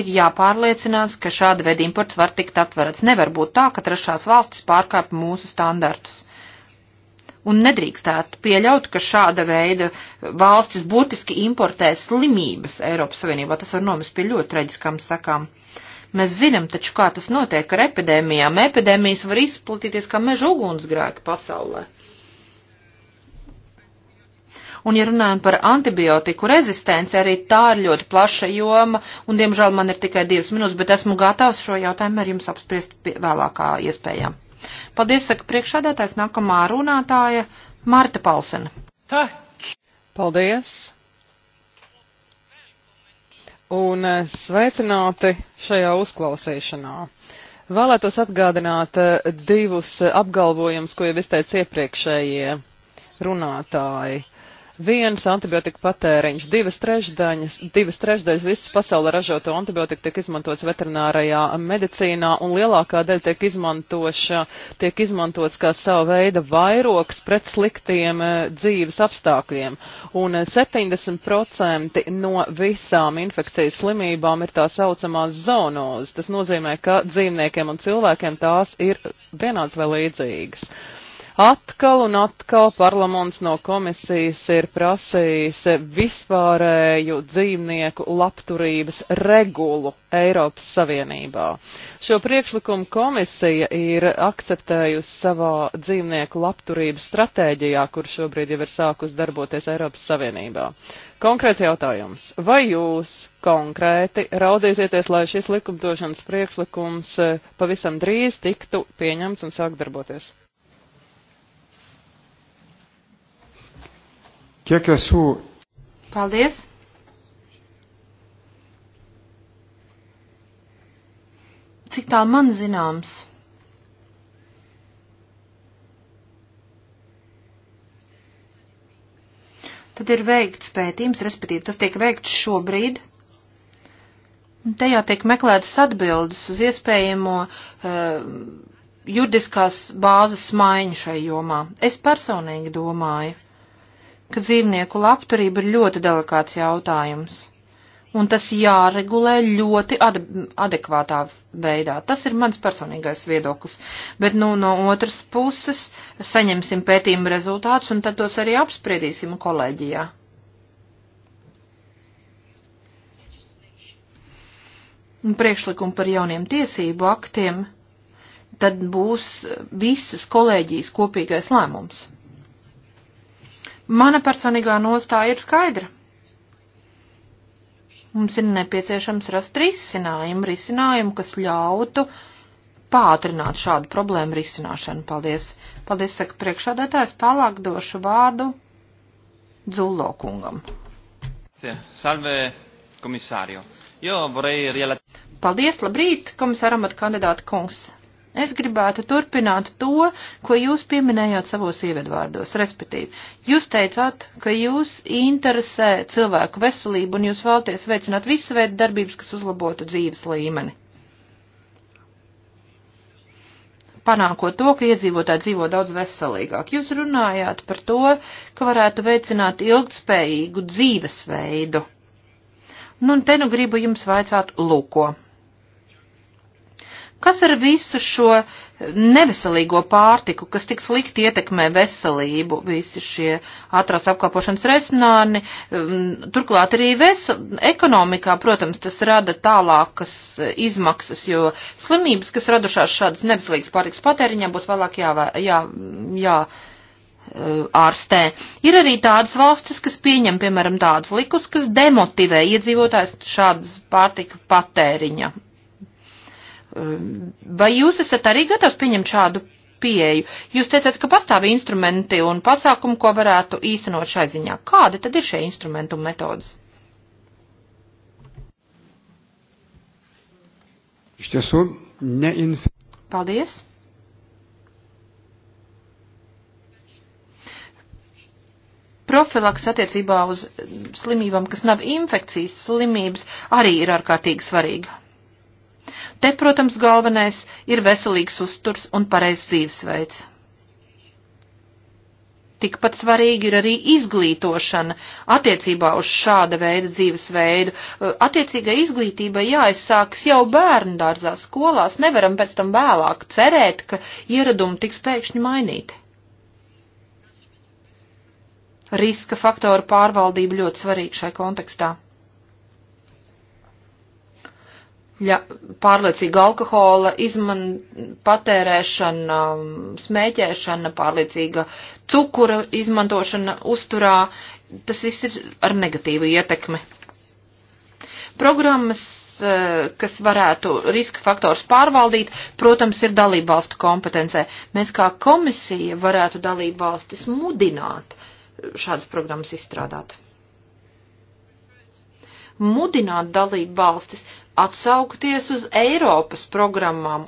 ir jāpārliecinās, ka šāda veida imports var tikt aptverts. Nevar būt tā, ka trešās valstis pārkāp mūsu standartus un nedrīkstētu pieļaut, ka šāda veida valstis būtiski importē slimības Eiropas Savienībā. Tas var novest pie ļoti traģiskām sakām. Mēs zinām taču, kā tas notiek ar epidēmijām. Epidēmijas var izplatīties kā meža ugunsgrēki pasaulē. Un, ja runājam par antibiotiku rezistenci, arī tā ir ļoti plaša joma, un, diemžēl, man ir tikai divas minūtes, bet esmu gatavs šo jautājumu ar jums apspriest vēlākā iespējā. Paldies, saka priekšādātājs, nākamā runātāja Marta Paulsena. Tā. Paldies! Un eh, sveicināti šajā uzklausīšanā. Vēlētos atgādināt eh, divus eh, apgalvojumus, ko jau izteica iepriekšējie runātāji viens antibiotika patēriņš, divas trešdaļas, divas trešdaļas visu pasauli ražoto antibiotiku tiek izmantots veterinārajā medicīnā un lielākā daļa tiek, tiek izmantots kā sava veida vairoks pret sliktiem e, dzīves apstākļiem. Un 70% e, no visām infekcijas slimībām ir tā saucamās zonozes. Tas nozīmē, ka dzīvniekiem un cilvēkiem tās ir vienāds vai līdzīgas. Atkal un atkal parlaments no komisijas ir prasījis vispārēju dzīvnieku labturības regulu Eiropas Savienībā. Šo priekšlikumu komisija ir akceptējusi savā dzīvnieku labturības stratēģijā, kur šobrīd jau ir sākus darboties Eiropas Savienībā. Konkrēts jautājums. Vai jūs konkrēti raudzīsieties, lai šis likumdošanas priekšlikums eh, pavisam drīz tiktu pieņemts un sāk darboties? Kiek esu. Paldies! Cik tā man zināms? Tad ir veikts pētījums, respektīvi tas tiek veikts šobrīd. Un tajā tiek meklētas atbildes uz iespējamo uh, juridiskās bāzes maiņu šai jomā. Es personīgi domāju, ka dzīvnieku labturība ir ļoti delikāts jautājums, un tas jāregulē ļoti ad adekvātā veidā. Tas ir mans personīgais viedoklis, bet nu no otras puses saņemsim pētījumu rezultātus, un tad tos arī apspriedīsim kolēģijā. Un priekšlikumu par jauniem tiesību aktiem, tad būs visas kolēģijas kopīgais lēmums. Mana personīgā nostāja ir skaidra. Mums ir nepieciešams rast risinājumu, risinājumu, kas ļautu pātrināt šādu problēmu risināšanu. Paldies. Paldies, saka priekšādātājs. Tālāk došu vārdu Dzullo kungam. Salve, komisārio. Jo, varēja rielat. Paldies, labrīt, komisāram at kandidātu kungs. Es gribētu turpināt to, ko jūs pieminējāt savos ievedvārdos, respektīvi. Jūs teicāt, ka jūs interesē cilvēku veselību un jūs vēlties veicināt visu veidu darbības, kas uzlabotu dzīves līmeni. Panākot to, ka iedzīvotāji dzīvo daudz veselīgāk. Jūs runājāt par to, ka varētu veicināt ilgtspējīgu dzīvesveidu. Nu, un te nu gribu jums vaicāt lūko. Kas ar visu šo neveselīgo pārtiku, kas tik slikti ietekmē veselību, visi šie ātrās apkalpošanas resināni, um, turklāt arī vesel, ekonomikā, protams, tas rada tālākas eh, izmaksas, jo slimības, kas radušās šādas neveselīgas pārtikas patēriņā, būs vēlāk jā, jā, jā eh, ārstē. Ir arī tādas valstis, kas pieņem, piemēram, tādus likus, kas demotivē iedzīvotājs šādas pārtika patēriņa Ehm, vai jūs esat arī gatavs pieņemt šādu pieeju? Jūs teicat, ka pastāv instrumenti un pasākumi, ko varētu īstenot šai ziņā. Kādi tad ir šie instrumenti un metodas? Paldies! profilaks attiecībā uz slimībām, kas nav infekcijas slimības, arī ir ārkārtīgi svarīga. Te, protams, galvenais ir veselīgs uzturs un pareizs dzīvesveids. Tikpat svarīgi ir arī izglītošana attiecībā uz šāda veida dzīvesveidu. Uh, attiecīgai izglītībai jāizsākas jau bērndārzā skolās, nevaram pēc tam vēlāk cerēt, ka ieradumi tiks pēkšņi mainīti. Riska faktoru pārvaldība ļoti svarīga šai kontekstā. ja, pārliecīga alkohola izman, patērēšana, smēķēšana, pārliecīga cukura izmantošana uzturā, tas viss ir ar negatīvu ietekmi. Programmas, eh, kas varētu riska faktors pārvaldīt, protams, ir dalību valstu kompetencē. Mēs kā komisija varētu dalību valstis mudināt eh, šādas programmas izstrādāt. Mudināt dalību valstis atsaukties uz Eiropas programmām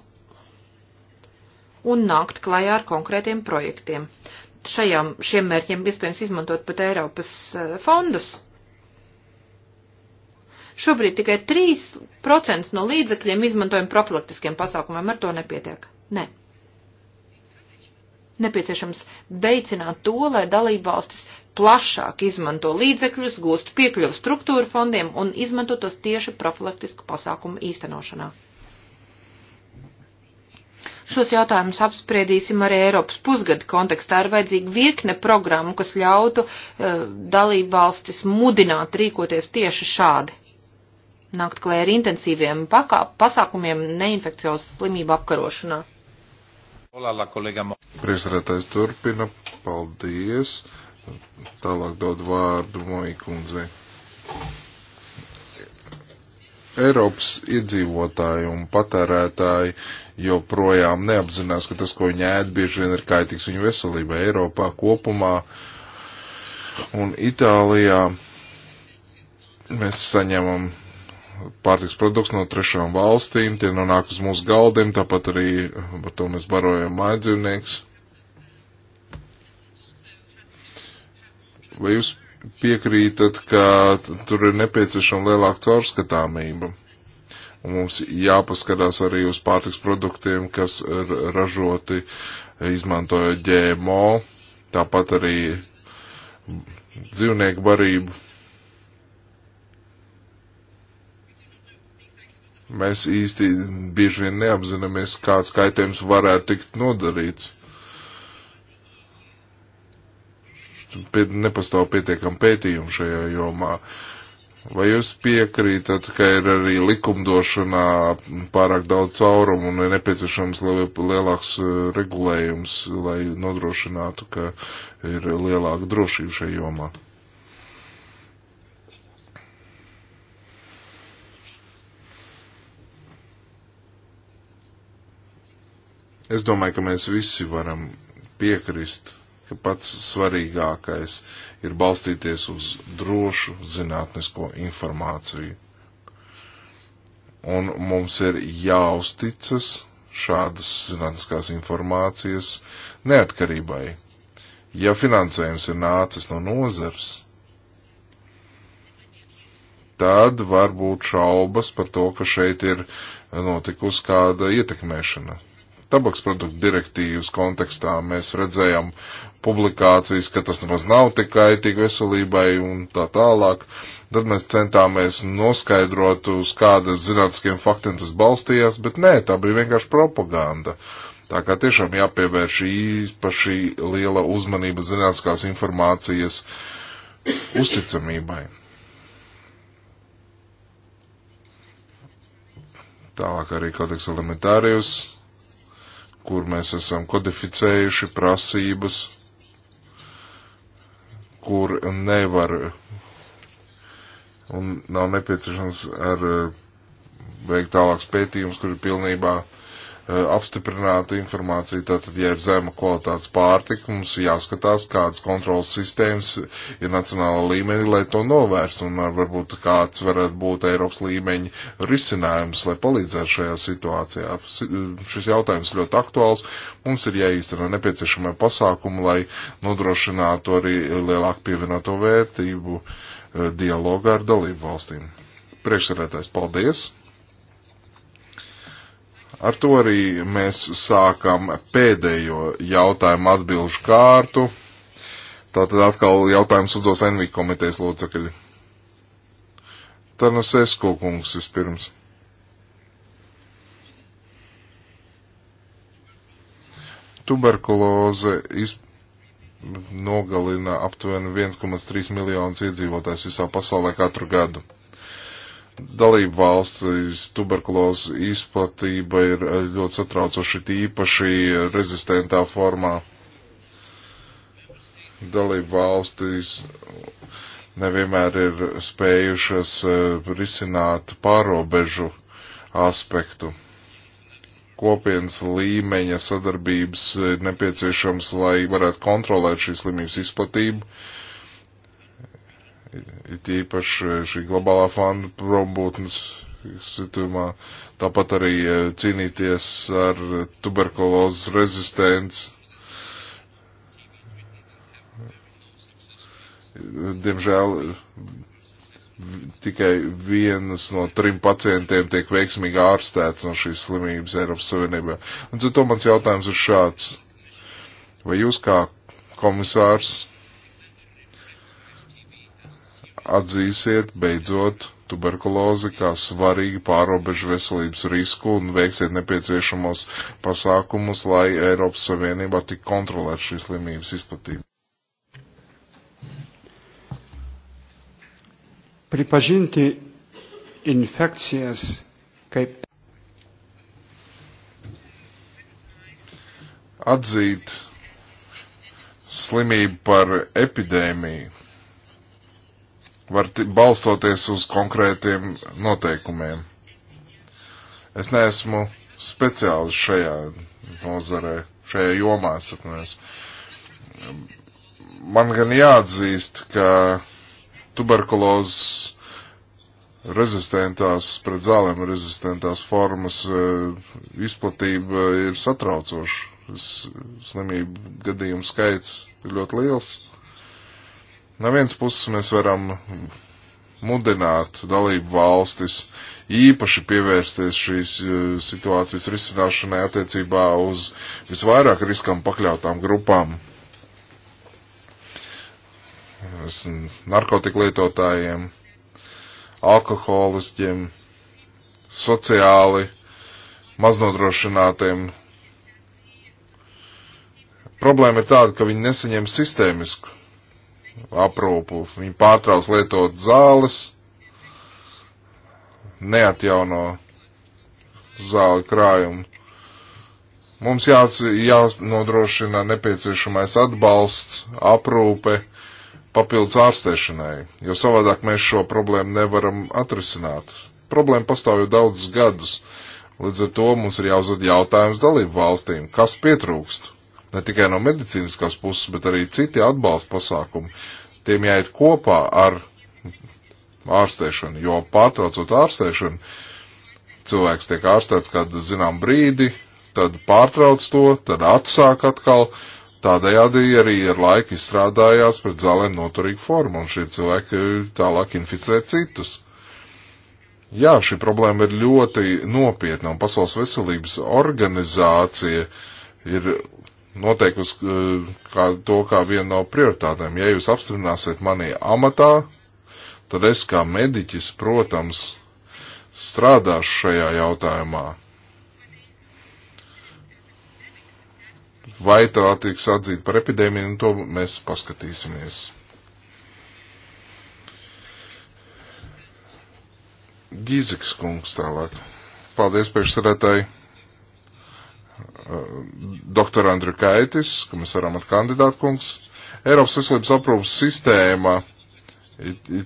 un nākt klajā ar konkrētiem projektiem. Šajām, šiem mērķiem iespējams izmantot pat Eiropas eh, fondus. Šobrīd tikai 3% no līdzekļiem izmantojam profilaktiskiem pasākumiem, ar to nepietiek. Nē. Ne nepieciešams veicināt to, lai dalībvalstis plašāk izmanto līdzekļus, gūst piekļuvu struktūru fondiem un izmanto tos tieši profilaktisku pasākumu īstenošanā. Šos jautājumus apspriedīsim arī Eiropas pusgada kontekstā. Ir vajadzīga virkne programmu, kas ļautu uh, dalībvalstis mudināt rīkoties tieši šādi nākt klē ar intensīviem pakā, pasākumiem neinfekcijos slimību apkarošanā. Priekšsarētājs turpina. Paldies. Tālāk dod vārdu Moikundzei. Eiropas iedzīvotāji un patērētāji joprojām neapzinās, ka tas, ko viņi ēd, bieži vien ir kaitīgs viņu veselībai Eiropā kopumā un Itālijā. Mēs saņemam pārtiks produkts no trešām valstīm, tie nonāk uz mūsu galdiem, tāpat arī par to mēs barojam mājdzīvnieks. Vai jūs piekrītat, ka tur ir nepieciešama lielāka caurskatāmība? Un mums jāpaskatās arī uz pārtiks produktiem, kas ir ražoti izmantojot ģēmo, tāpat arī dzīvnieku barību Mēs īsti bieži vien neapzināmies, kāds kaitējums varētu tikt nodarīts. Piet, nepastāv pietiekam pētījumu šajā jomā. Vai jūs piekrītat, ka ir arī likumdošanā pārāk daudz caurumu un ir nepieciešams lielāks eh, regulējums, lai nodrošinātu, ka ir lielāka drošība šajā jomā? Es domāju, ka mēs visi varam piekrist, ka pats svarīgākais ir balstīties uz drošu zinātnisko informāciju. Un mums ir jāuzticas šādas zinātniskās informācijas neatkarībai. Ja finansējums ir nācis no nozars, tad var būt šaubas par to, ka šeit ir notikusi kāda ietekmēšana tabaks produktu direktīvas kontekstā mēs redzējām publikācijas, ka tas nemaz nav tik kaitīgi veselībai un tā tālāk. Tad mēs centāmies noskaidrot, uz kādas zinātniskiem faktiem tas balstījās, bet nē, tā bija vienkārši propaganda. Tā kā tiešām jāpievērš īpaši liela uzmanība zinātniskās informācijas uzticamībai. Tālāk arī kodeks elementārijus kur mēs esam kodificējuši prasības, kur nevar un nav nepieciešams ar eh, veikt tālāks pētījums, kur ir pilnībā Eh, apstiprinātu informāciju. Tātad, ja ir zema kvalitātes pārtika, mums jāskatās, kādas kontrolas sistēmas ir nacionāla līmenī, lai to novērstu, un eh, varbūt kāds varētu būt Eiropas līmeņa risinājums, lai palīdzētu šajā situācijā. Eh, šis jautājums ļoti aktuāls. Mums ir jāīsteno nepieciešamie pasākumi, lai nodrošinātu arī lielāku pievienoto vērtību dialogā ar dalību valstīm. Priekšsarētājs, paldies! Ar to arī mēs sākam pēdējo jautājumu atbilžu kārtu. Tātad atkal jautājums uzdos Envī komitejas locekļi. Tarnas Esko kungs vispirms. Tuberkuloze iz... nogalina aptuveni 1,3 miljonus iedzīvotājs visā pasaulē katru gadu dalību valstīs tuberkulozes izplatība ir eh, ļoti satraucoši, tīpaši rezistentā formā. Dalību valstīs nevienmēr ir spējušas eh, risināt pārobežu aspektu. Kopienas līmeņa sadarbības ir eh, nepieciešams, lai varētu kontrolēt šīs slimības izplatību it īpaši šī globālā fonda prombūtnes situmā, tāpat arī e, cīnīties ar tuberkulozes rezistents. Diemžēl tikai vienas no trim pacientiem tiek veiksmīgi ārstēts no šīs slimības Eiropas Savienībā. Un to mans jautājums ir šāds. Vai jūs kā komisārs atzīsiet beidzot tuberkulozi kā svarīgu pārobežu veselības risku un veiksiet nepieciešamos pasākumus, lai Eiropas Savienībā tik kontrolēt šīs slimības izplatību. Pripažinti infekcijas kaip. Atzīt slimību par epidēmiju var balstoties uz konkrētiem noteikumiem. Es neesmu speciālis šajā nozarē, šajā jomā, atsakunājos. Man gan jāatzīst, ka tuberkulozes rezistentās, pret zālēm rezistentās formas e, izplatība ir satraucoša. Slimību gadījumu skaits ir ļoti liels. No vienas puses mēs varam mudināt dalību valstis īpaši pievērsties šīs e, situācijas risināšanai attiecībā uz visvairāk riskam pakļautām grupām. Es, narkotiku lietotājiem, alkoholiķiem, sociāli maznodrošinātiem. Problēma ir tāda, ka viņi nesaņem sistēmisku aprūpu. Viņi pārtrauc lietot zāles, neatjauno zāļu krājumu. Mums jāc, jānodrošina nepieciešamais atbalsts, aprūpe, papildus ārstēšanai, jo savādāk mēs šo problēmu nevaram atrisināt. Problēma pastāv jau daudzus gadus, līdz ar to mums ir jāuzdod jautājums dalību valstīm, kas pietrūkst ne tikai no medicīniskās puses, bet arī citi atbalsta pasākumi, tiem jāiet kopā ar ārstēšanu, jo pārtraucot ārstēšanu, cilvēks tiek ārstēts kādu zinām brīdi, tad pārtrauc to, tad atsāk atkal, tādējādi arī ar laiku izstrādājās pret zālēm noturīgu formu, un šie cilvēki tālāk inficē citus. Jā, šī problēma ir ļoti nopietna, un Pasaules veselības organizācija ir noteikusi eh, kā, to kā vienu no prioritātēm. Ja jūs apstiprināsiet mani amatā, tad es kā mediķis, protams, strādāšu šajā jautājumā. Vai tā tiks atzīta par epidēmiju, to mēs paskatīsimies. Gīziks kungs tālāk. Paldies priekšsarētāji. Eh, doktora Andru Kaitis, komisāra amata kandidāta kungs. Eiropas veselības aprūpas sistēma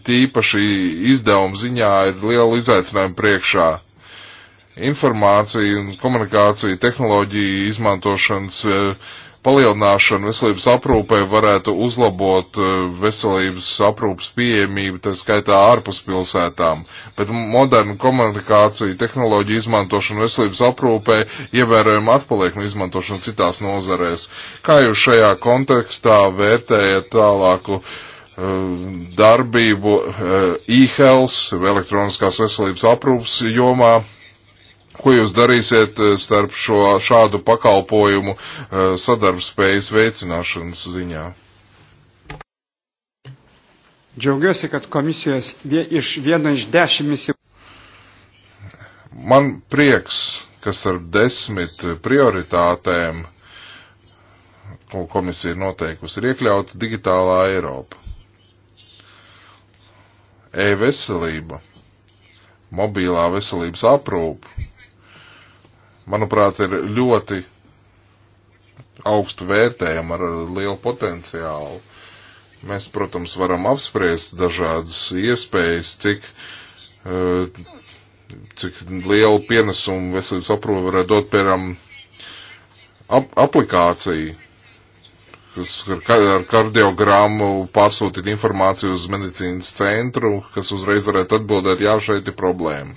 tīpaši izdevuma ziņā ir liela izaicinājuma priekšā. Informācija un komunikācija tehnoloģija izmantošanas uh, palielināšana veselības aprūpē varētu uzlabot eh, veselības aprūpas pieejamību, tā skaitā ārpus pilsētām. Bet modernu komunikāciju tehnoloģiju izmantošana veselības aprūpē ievērojami atpaliek no izmantošana citās nozarēs. Kā jūs šajā kontekstā vērtējat tālāku eh, darbību eh, e-health, elektroniskās veselības aprūpas jomā, ko jūs darīsiet eh, starp šo šādu pakalpojumu eh, sadarbspējas veicināšanas ziņā? Džiaugiuosi, kad komisijos vie, iš vieno iš dešimt Man prieks, ka starp desmit prioritātēm, ko komisija noteikusi, ir iekļauta digitālā Eiropa. E-veselība, mobilā veselības aprūpa, manuprāt, ir ļoti augstu vērtējama ar lielu potenciālu. Mēs, protams, varam apspriest dažādas iespējas, cik, eh, cik lielu pienesumu veselības aprūpe varētu dot, piemēram, ap aplikācija, kas ar kardiogrammu pārsūtīt informāciju uz medicīnas centru, kas uzreiz varētu atbildēt, jā, šeit ir problēma.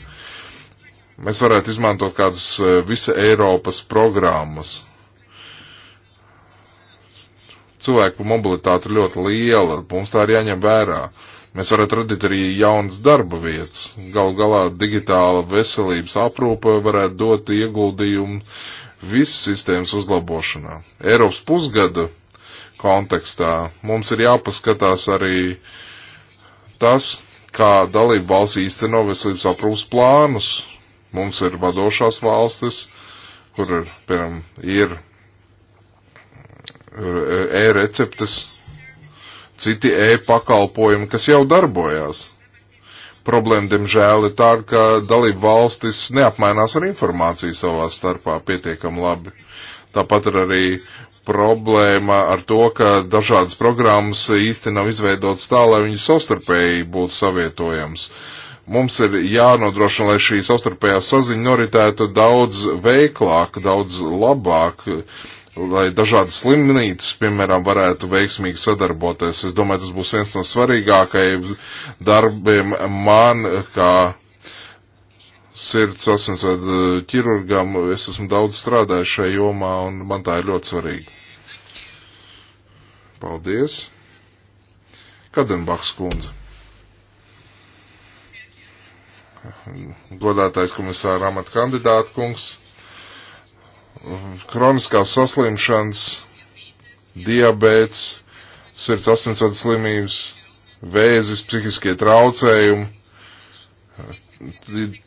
Mēs varētu izmantot kādas e, visa Eiropas programmas. Cilvēku mobilitāte ir ļoti liela, mums tā ir jāņem vērā. Mēs varētu radīt arī jaunas darba vietas. Galu galā digitāla veselības aprūpe varētu dot ieguldījumu visas sistēmas uzlabošanā. Eiropas pusgada kontekstā mums ir jāpaskatās arī tas, kā dalība valsts īsteno veselības aprūpas plānus Mums ir vadošās valstis, kur ir, piemēram, ir e-receptes, citi e-pakalpojumi, kas jau darbojās. Problēma, diemžēl, ir tāda, ka dalību valstis neapmainās ar informāciju savā starpā pietiekam labi. Tāpat ir arī problēma ar to, ka dažādas programmas īsti nav izveidotas tā, lai viņas savstarpēji būtu savietojams. Uh, Mums ir jānodrošina, lai šī savstarpējā saziņa noritētu daudz veiklāk, daudz labāk, lai dažādas slimnīcas, piemēram, varētu veiksmīgi sadarboties. Es domāju, tas būs viens no svarīgākajiem darbiem man, kā sirds asinsvadu e, ķirurgam. Es esmu daudz strādājis šajā jomā un man tā ir ļoti svarīga. Paldies! Kadenbachs kundze godātais komisāra amata kandidāta kungs. Kroniskās saslimšanas, diabēts, sirds asinsvadu slimības, vēzis, psihiskie traucējumi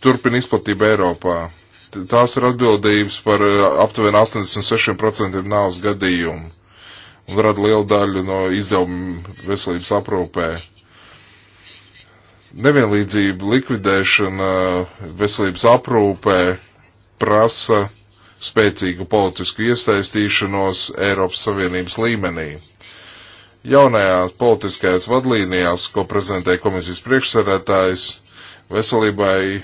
turpina izplatība Eiropā. Tās ir atbildības par eh, aptuveni 86% nāves gadījumu un rada lielu daļu no izdevumu veselības aprūpē nevienlīdzību likvidēšana veselības aprūpē prasa spēcīgu politisku iesaistīšanos Eiropas Savienības līmenī. Jaunajās politiskajās vadlīnijās, ko prezentē komisijas priekšsēdētājs, veselībai e,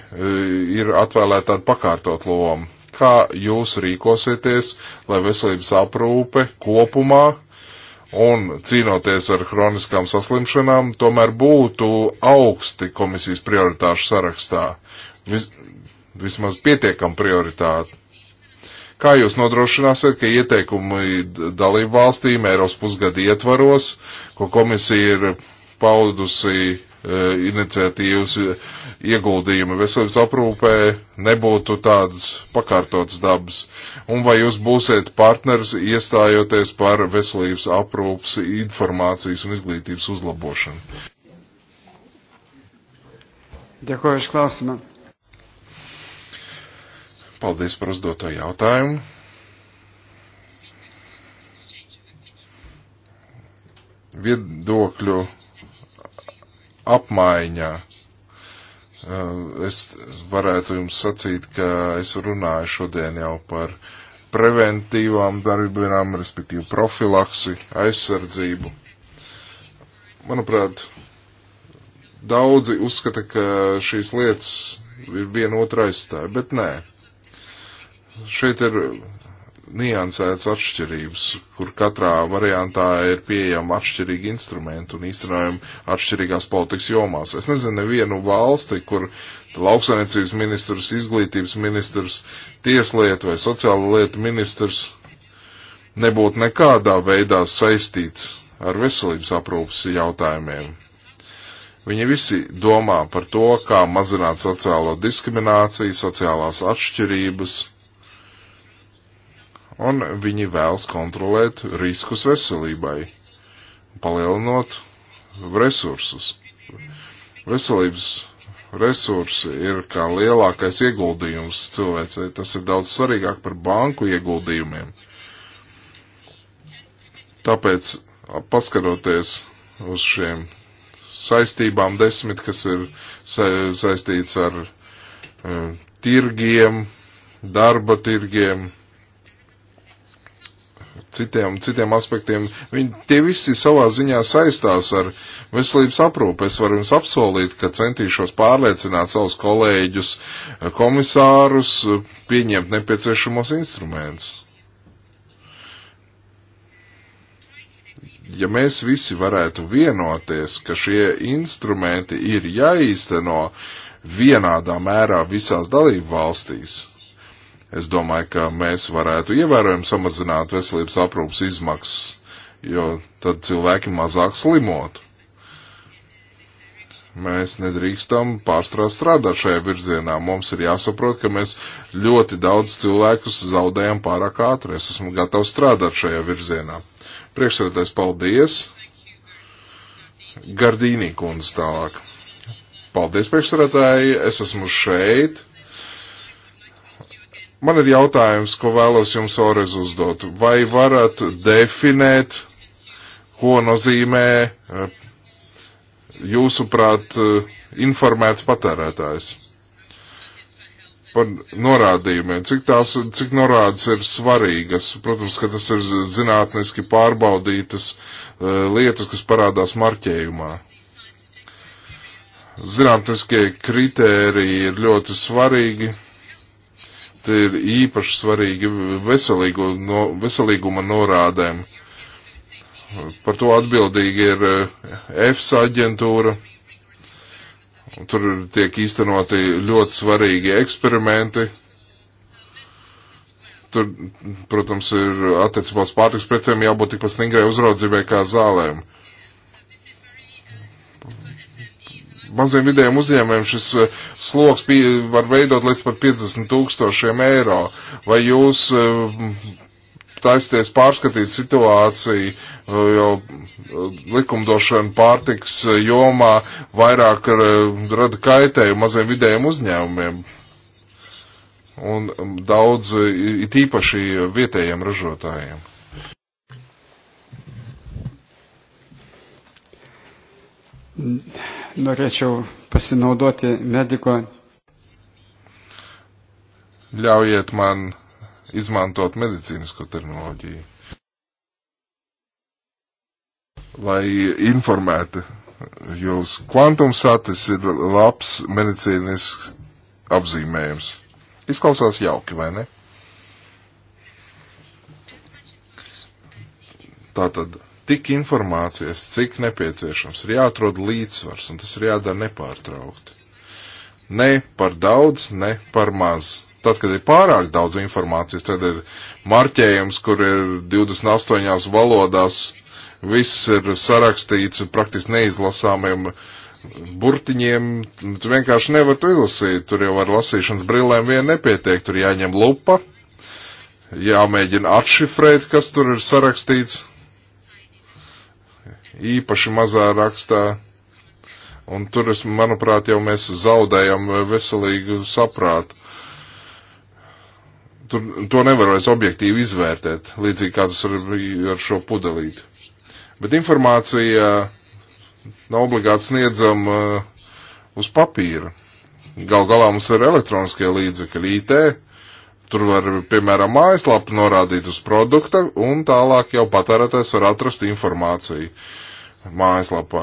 ir atvēlēta tāda pakārtot loma. Kā jūs rīkosieties, lai veselības aprūpe kopumā un cīnoties ar hroniskām saslimšanām, tomēr būtu augsti komisijas prioritāšu sarakstā. Vis, vismaz pietiekam prioritāti. Kā jūs nodrošināsiet, ka ieteikumi dalību valstīm Eiropas pusgada ietvaros, ko komisija ir paudusi Eh, iniciatīvas eh, ieguldījumi veselības aprūpē nebūtu tādas pakārtotas dabas? Un vai jūs būsiet partners iestājoties par veselības aprūpas informācijas un izglītības uzlabošanu? Ďakujem uz klausimā. Paldies par uzdoto jautājumu. Viedokļu apmaiņā. Eh, es varētu jums sacīt, ka es runāju šodien jau par preventīvām darbībām, respektīvi profilaksi, aizsardzību. Manuprāt, daudzi uzskata, ka šīs lietas ir viena otra aizstāja, bet nē. Šeit ir niansēts atšķirības, kur katrā variantā ir pieejama atšķirīga instrumenta un īstenojama atšķirīgās politikas jomās. Es nezinu nevienu valsti, kur lauksainiecības ministrs, izglītības ministrs, tieslietu vai sociālo lietu ministrs nebūtu nekādā veidā saistīts ar veselības aprūpas jautājumiem. Viņi visi domā par to, kā mazināt sociālo diskrimināciju, sociālās atšķirības un viņi vēlas kontrolēt riskus veselībai, palielinot resursus. Veselības resursi ir kā lielākais ieguldījums cilvēcei. Tas ir daudz svarīgāk par banku ieguldījumiem. Tāpēc, paskatoties uz šiem saistībām, desmit, kas ir sa saistīts ar um, tirgiem, darba tirgiem, citiem, citiem aspektiem, viņi tie visi savā ziņā saistās ar veselības aprūpi. Es varu jums apsolīt, ka centīšos pārliecināt savus kolēģus, komisārus, pieņemt nepieciešamos instrumentus. ja mēs visi varētu vienoties, ka šie instrumenti ir jāīsteno vienādā mērā visās dalību valstīs, Es domāju, ka mēs varētu ievērojami samazināt veselības aprūpas izmaksas, jo tad cilvēki mazāk slimotu. Mēs nedrīkstam pārstrādāt strādāt šajā virzienā. Mums ir jāsaprot, ka mēs ļoti daudz cilvēkus zaudējam pārāk ātri. Es esmu gatavs strādāt šajā virzienā. Priekšsēdētājs, paldies! Gardīnī kundze tālāk. Paldies, priekšsarētāji, es esmu šeit. Man ir jautājums, ko vēlos jums vēlreiz uzdot. Vai varat definēt, ko nozīmē eh, jūsuprāt eh, informēts patērētājs? Par norādījumiem, cik tās, cik norādes ir svarīgas. Protams, ka tas ir zinātniski pārbaudītas eh, lietas, kas parādās marķējumā zinātniskie kritēriji ir ļoti svarīgi, te ir īpaši svarīgi veselīgu, no, veselīguma norādēm. Par to atbildīgi ir eh, EFSA aģentūra. Tur tiek īstenoti ļoti svarīgi eksperimenti. Tur, protams, ir attiecībās pārtiks precēm jābūt tikpat stingrai uzraudzībai kā zālēm. Uh, Maziem vidējiem uzņēmējiem šis eh, sloks var veidot līdz pat 50 tūkstošiem eiro. Vai jūs eh, taisties pārskatīt situāciju, eh, jo likumdošana pārtiks jomā vairāk rada kaitējumu maziem vidējiem uzņēmumiem un um, daudz it īpaši vietējiem ražotājiem. Mm norėčiau pasinaudoti mediko. Ļaujiet man izmantot medicīnisko terminoloģiju, lai informētu jūs. Kvantum satis ir labs medicīnisks apzīmējums. Izklausās jauki, vai ne? Tātad tik informācijas, cik nepieciešams. Ir jāatrod līdzsvars, un tas ir jādara nepārtraukti. Ne par daudz, ne par maz. Tad, kad ir pārāk daudz informācijas, tad ir marķējums, kur ir 28 valodās, viss ir sarakstīts praktiski neizlasāmiem burtiņiem. Tu vienkārši nevar to izlasīt, tur jau ar lasīšanas brillēm vien nepietiek, tur jāņem lupa, jāmēģina atšifrēt, kas tur ir sarakstīts īpaši mazā rakstā. Un tur, es, manuprāt, jau mēs zaudējam veselīgu saprātu. Tur, to nevaru es objektīvi izvērtēt, līdzīgi kā tas ar, ar šo pudelīti. Bet informācija nav obligāti sniedzama uh, uz papīra. Gal galā mums ir elektroniskie līdzekļi, IT, Tur var, piemēram, mājaslapu norādīt uz produkta, un tālāk jau patērētājs var atrast informāciju mājaslapā.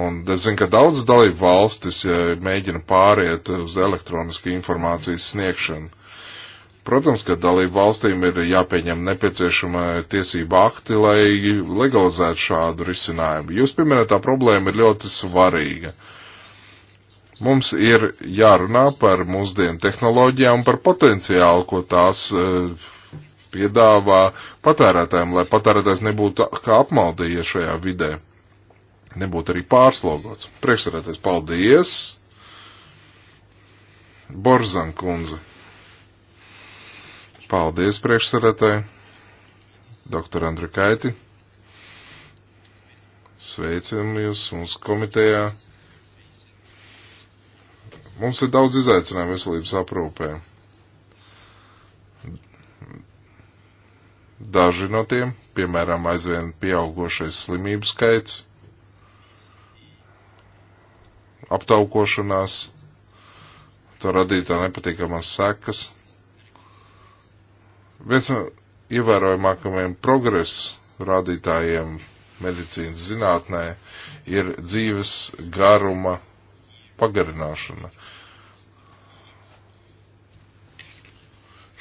Un es zinu, ka daudzas dalību valstis mēģina pāriet uz elektronisku informācijas sniegšanu. Protams, ka dalību valstīm ir jāpieņem nepieciešama tiesība akti, lai legalizētu šādu risinājumu. Jūs pieminētā problēma ir ļoti svarīga. Uh, Mums ir jārunā par mūsdienu tehnoloģijām un par potenciālu, ko tās e, piedāvā patērētājiem, lai patērētājs nebūtu kā apmaldījies šajā vidē, nebūtu arī pārslogots. Priekšsarētais, paldies! Borzan kundze. Paldies priekšsarētāji, doktor Andru Kaiti. Sveicam jūs mums komitejā. Mums ir daudz izaicinājumu veselības aprūpē. Daži no tiem, piemēram, aizvien pieaugošais slimību skaits, aptaukošanās, to radītā nepatīkamās sekas. Viens no ievērojamākajiem progresu rādītājiem medicīnas zinātnē ir dzīves garuma pagarināšana.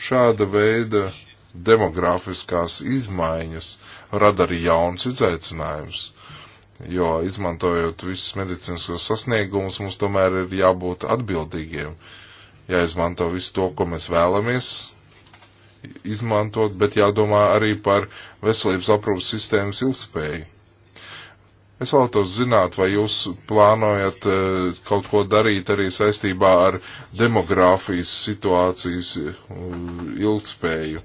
Šāda veida demografiskās izmaiņas rada arī jauns izaicinājums, jo izmantojot visus medicīniskos sasniegumus, mums tomēr ir jābūt atbildīgiem, jāizmanto visu to, ko mēs vēlamies izmantot, bet jādomā arī par veselības aprūpas sistēmas ilgspēju. Es vēlētos zināt, vai jūs plānojat eh, kaut ko darīt arī saistībā ar demogrāfijas situācijas eh, ilgspēju.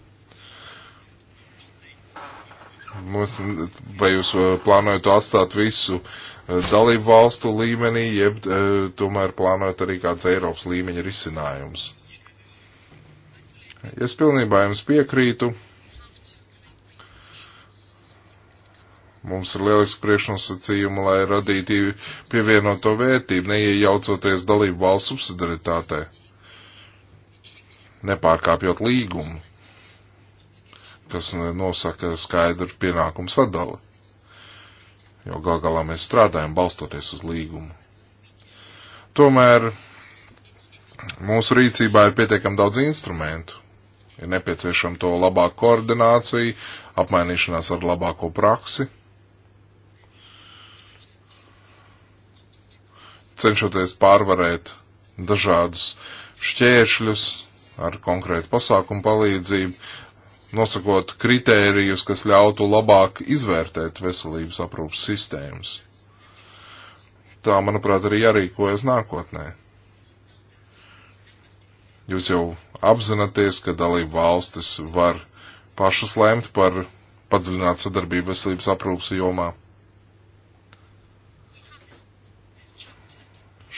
Mums, vai jūs eh, plānojat atstāt visu dalību valstu līmenī, jeb tomēr plānojat arī kāds Eiropas līmeņa risinājums? Es pilnībā jums piekrītu. Mums ir lieliski priekšnosacījumi, lai radītu pievienoto vērtību, neiejaucoties dalību valsts subsidaritātē, nepārkāpjot līgumu, kas nosaka skaidru pienākumu sadali, jo gal galā mēs strādājam balstoties uz līgumu. Tomēr mūsu rīcībā ir pietiekami daudz instrumentu. Ir nepieciešama to labāka koordinācija, apmainīšanās ar labāko praksi cenšoties pārvarēt dažādus šķēršļus ar konkrētu pasākumu palīdzību, nosakot kritērijus, kas ļautu labāk izvērtēt veselības aprūpas sistēmas. Tā, manuprāt, arī jārīkojas nākotnē. Jūs jau apzināties, ka dalību valstis var pašas lēmt par padziļinātu sadarbību veselības aprūpas jomā.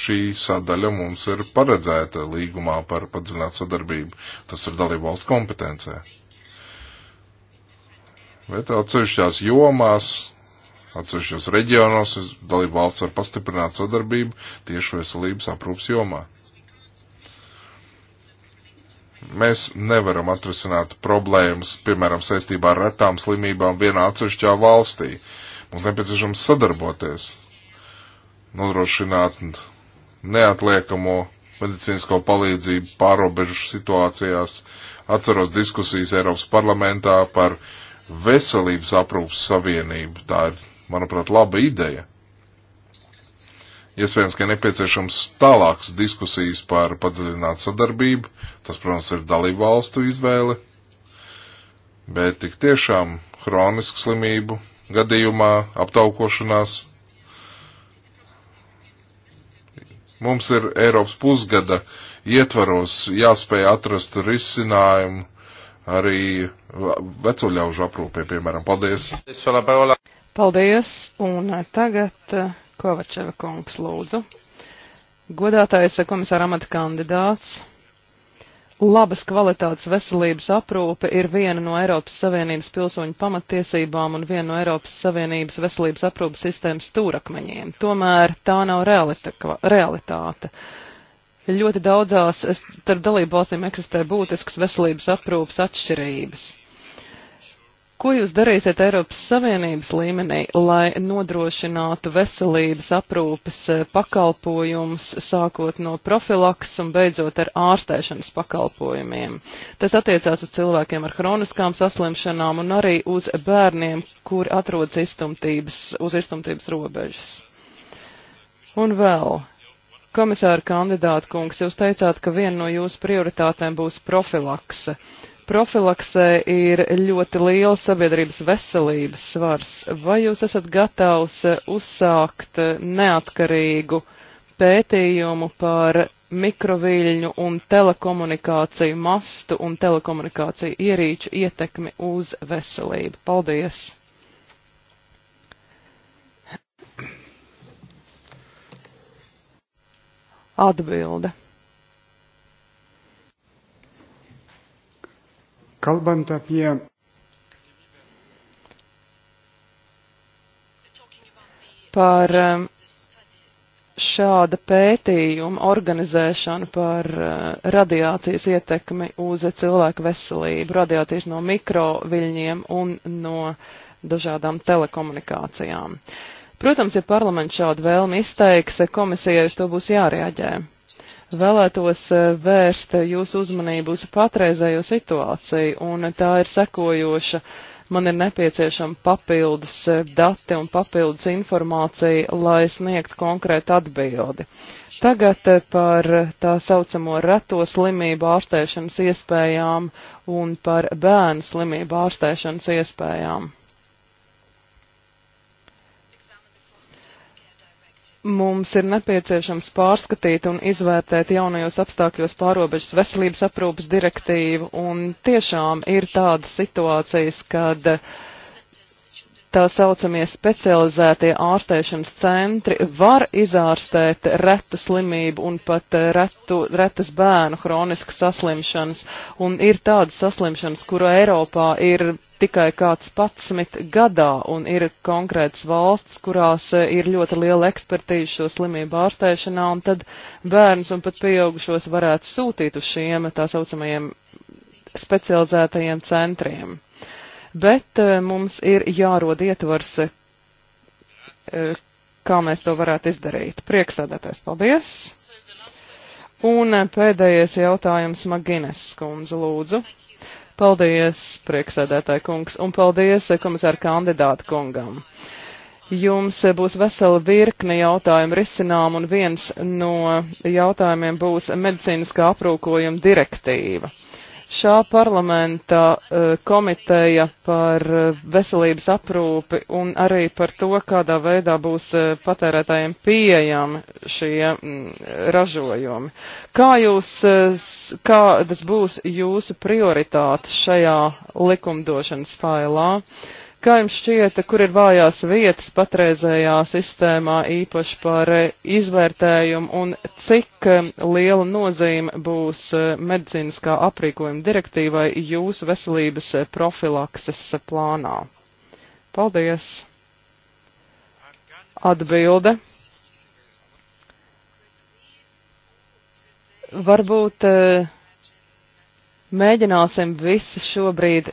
šī sadaļa mums ir paredzēta līgumā par padziļinātu sadarbību. Tas ir dalību valsts kompetencē. Bet atsevišķās jomās, atsevišķos reģionos dalību valsts var pastiprināt sadarbību tieši veselības aprūpas jomā. Mēs nevaram atrisināt problēmas, piemēram, saistībā ar retām slimībām vienā atsevišķā valstī. Mums nepieciešams sadarboties, nodrošināt neatliekamo medicīnisko palīdzību pārobežu situācijās. Atceros diskusijas Eiropas parlamentā par veselības aprūpas savienību. Tā ir, manuprāt, laba ideja. Iespējams, ka nepieciešams tālākas diskusijas par padziļinātu sadarbību. Tas, protams, ir dalību valstu izvēle. Bet tik tiešām hronisku slimību gadījumā aptaukošanās Mums ir Eiropas pusgada ietvaros jāspēj atrast risinājumu arī vecoļaužu aprūpē, piemēram. Paldies! Paldies! Un tagad eh, Kovačeva kungs lūdzu. Godātais komisāra amata kandidāts labas kvalitātes veselības aprūpe ir viena no Eiropas Savienības pilsoņu pamatiesībām un viena no Eiropas Savienības veselības aprūpas sistēmas stūrakmeņiem. Tomēr tā nav realita, realitāte. Ļoti daudzās starp dalību valstīm eksistē būtiskas veselības aprūpas atšķirības. Ko jūs darīsiet Eiropas Savienības līmenī, lai nodrošinātu veselības aprūpes eh, pakalpojumus, sākot no profilaks un beidzot ar ārstēšanas pakalpojumiem? Tas attiecās uz cilvēkiem ar hroniskām saslimšanām un arī uz bērniem, kuri atrodas istumtības, uz istumtības robežas. Un vēl. Komisāra kandidāta kungs, jūs teicāt, ka viena no jūsu prioritātēm būs profilakse. Profilaksē ir ļoti liela sabiedrības veselības svars. Vai jūs esat gatavs uzsākt neatkarīgu pētījumu par mikroviļņu un telekomunikāciju mastu un telekomunikāciju ierīču ietekmi uz veselību? Paldies! Atbilde. Kalbant apie par eh, šāda pētījuma organizēšanu par eh, radiācijas ietekmi uz cilvēku veselību, radiācijas no mikroviļņiem un no dažādām telekomunikācijām. Protams, ja parlaments šādu vēlmi izteiks, eh, komisijai uz to būs jārēģē. Vēlētos eh, vērst jūsu uzmanību uz patreizējo situāciju, un tā ir sekojoša. Man ir nepieciešama papildus eh, dati un papildus informācija, lai sniegtu konkrētu atbildi. Tagad eh, par tā saucamo reto slimību ārstēšanas iespējām un par bērnu slimību ārstēšanas iespējām. mums ir nepieciešams pārskatīt un izvērtēt jaunajos apstākļos pārobežas veselības aprūpas direktīvu, un tiešām ir tādas situācijas, kad uh, tā saucamie specializētie ārstēšanas centri var izārstēt retu slimību un pat retu, retas bērnu hroniskas saslimšanas. Un ir tādas saslimšanas, kuru Eiropā ir tikai kāds patsmit gadā, un ir konkrētas valsts, kurās ir ļoti liela ekspertīze šo slimību ārstēšanā, un tad bērns un pat pieaugušos varētu sūtīt uz šiem tā saucamajiem specializētajiem centriem bet eh, mums ir jārod ietvars, eh, kā mēs to varētu izdarīt. Prieksēdētais, paldies! Un eh, pēdējais jautājums Magines skundze lūdzu. Paldies, prieksēdētāji kungs, un paldies komisāra kandidāta kungam. Jums būs vesela virkne jautājumu risinām, un viens no jautājumiem būs medicīniskā aprūkojuma direktīva. Uh, šā parlamenta eh, komiteja par eh, veselības aprūpi un arī par to, kādā veidā būs eh, patērētājiem pieejami šie mm, ražojumi. Kā jūs, kādas būs jūsu prioritātes šajā likumdošanas failā? Kā jums šķieta, kur ir vājās vietas patreizējā sistēmā, īpaši par eh, izvērtējumu, un cik eh, liela nozīme būs eh, medicīniskā aprīkojuma direktīvai jūsu veselības profilakses plānā? Paldies! Atbilde. Varbūt mēģināsim visi šobrīd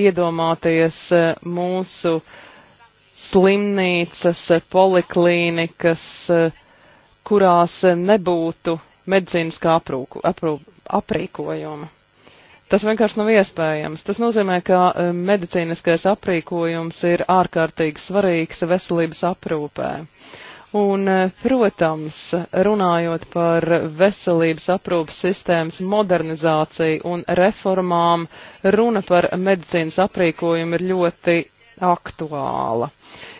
iedomāties eh, mūsu slimnīcas, eh, poliklīnikas, eh, kurās nebūtu medicīniskā aprūku, aprū, aprīkojuma. Tas vienkārši nav iespējams. Tas nozīmē, ka medicīniskais aprīkojums ir ārkārtīgi svarīgs veselības aprūpē. Un, eh, protams, runājot par veselības aprūpas sistēmas modernizāciju un reformām, runa par medicīnas aprīkojumu ir ļoti aktuāla.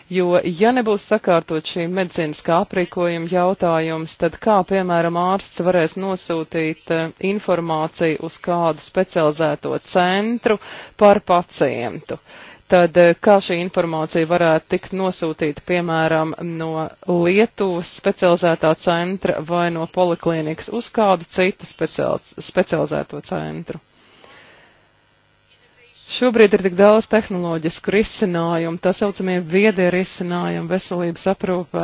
Jo, ja nebūs sakārtot šī medicīniskā aprīkojuma jautājums, tad kā, piemēram, ārsts varēs nosūtīt eh, informāciju uz kādu specializēto centru par pacientu? Uh, tad eh, kā šī informācija varētu tikt nosūtīta, piemēram, no Lietuvas specializētā centra vai no poliklīnikas uz kādu citu specializēto centru? Šobrīd ir tik daudz tehnoloģisku risinājumu, tā saucamie viedie risinājumi veselības aprūpē.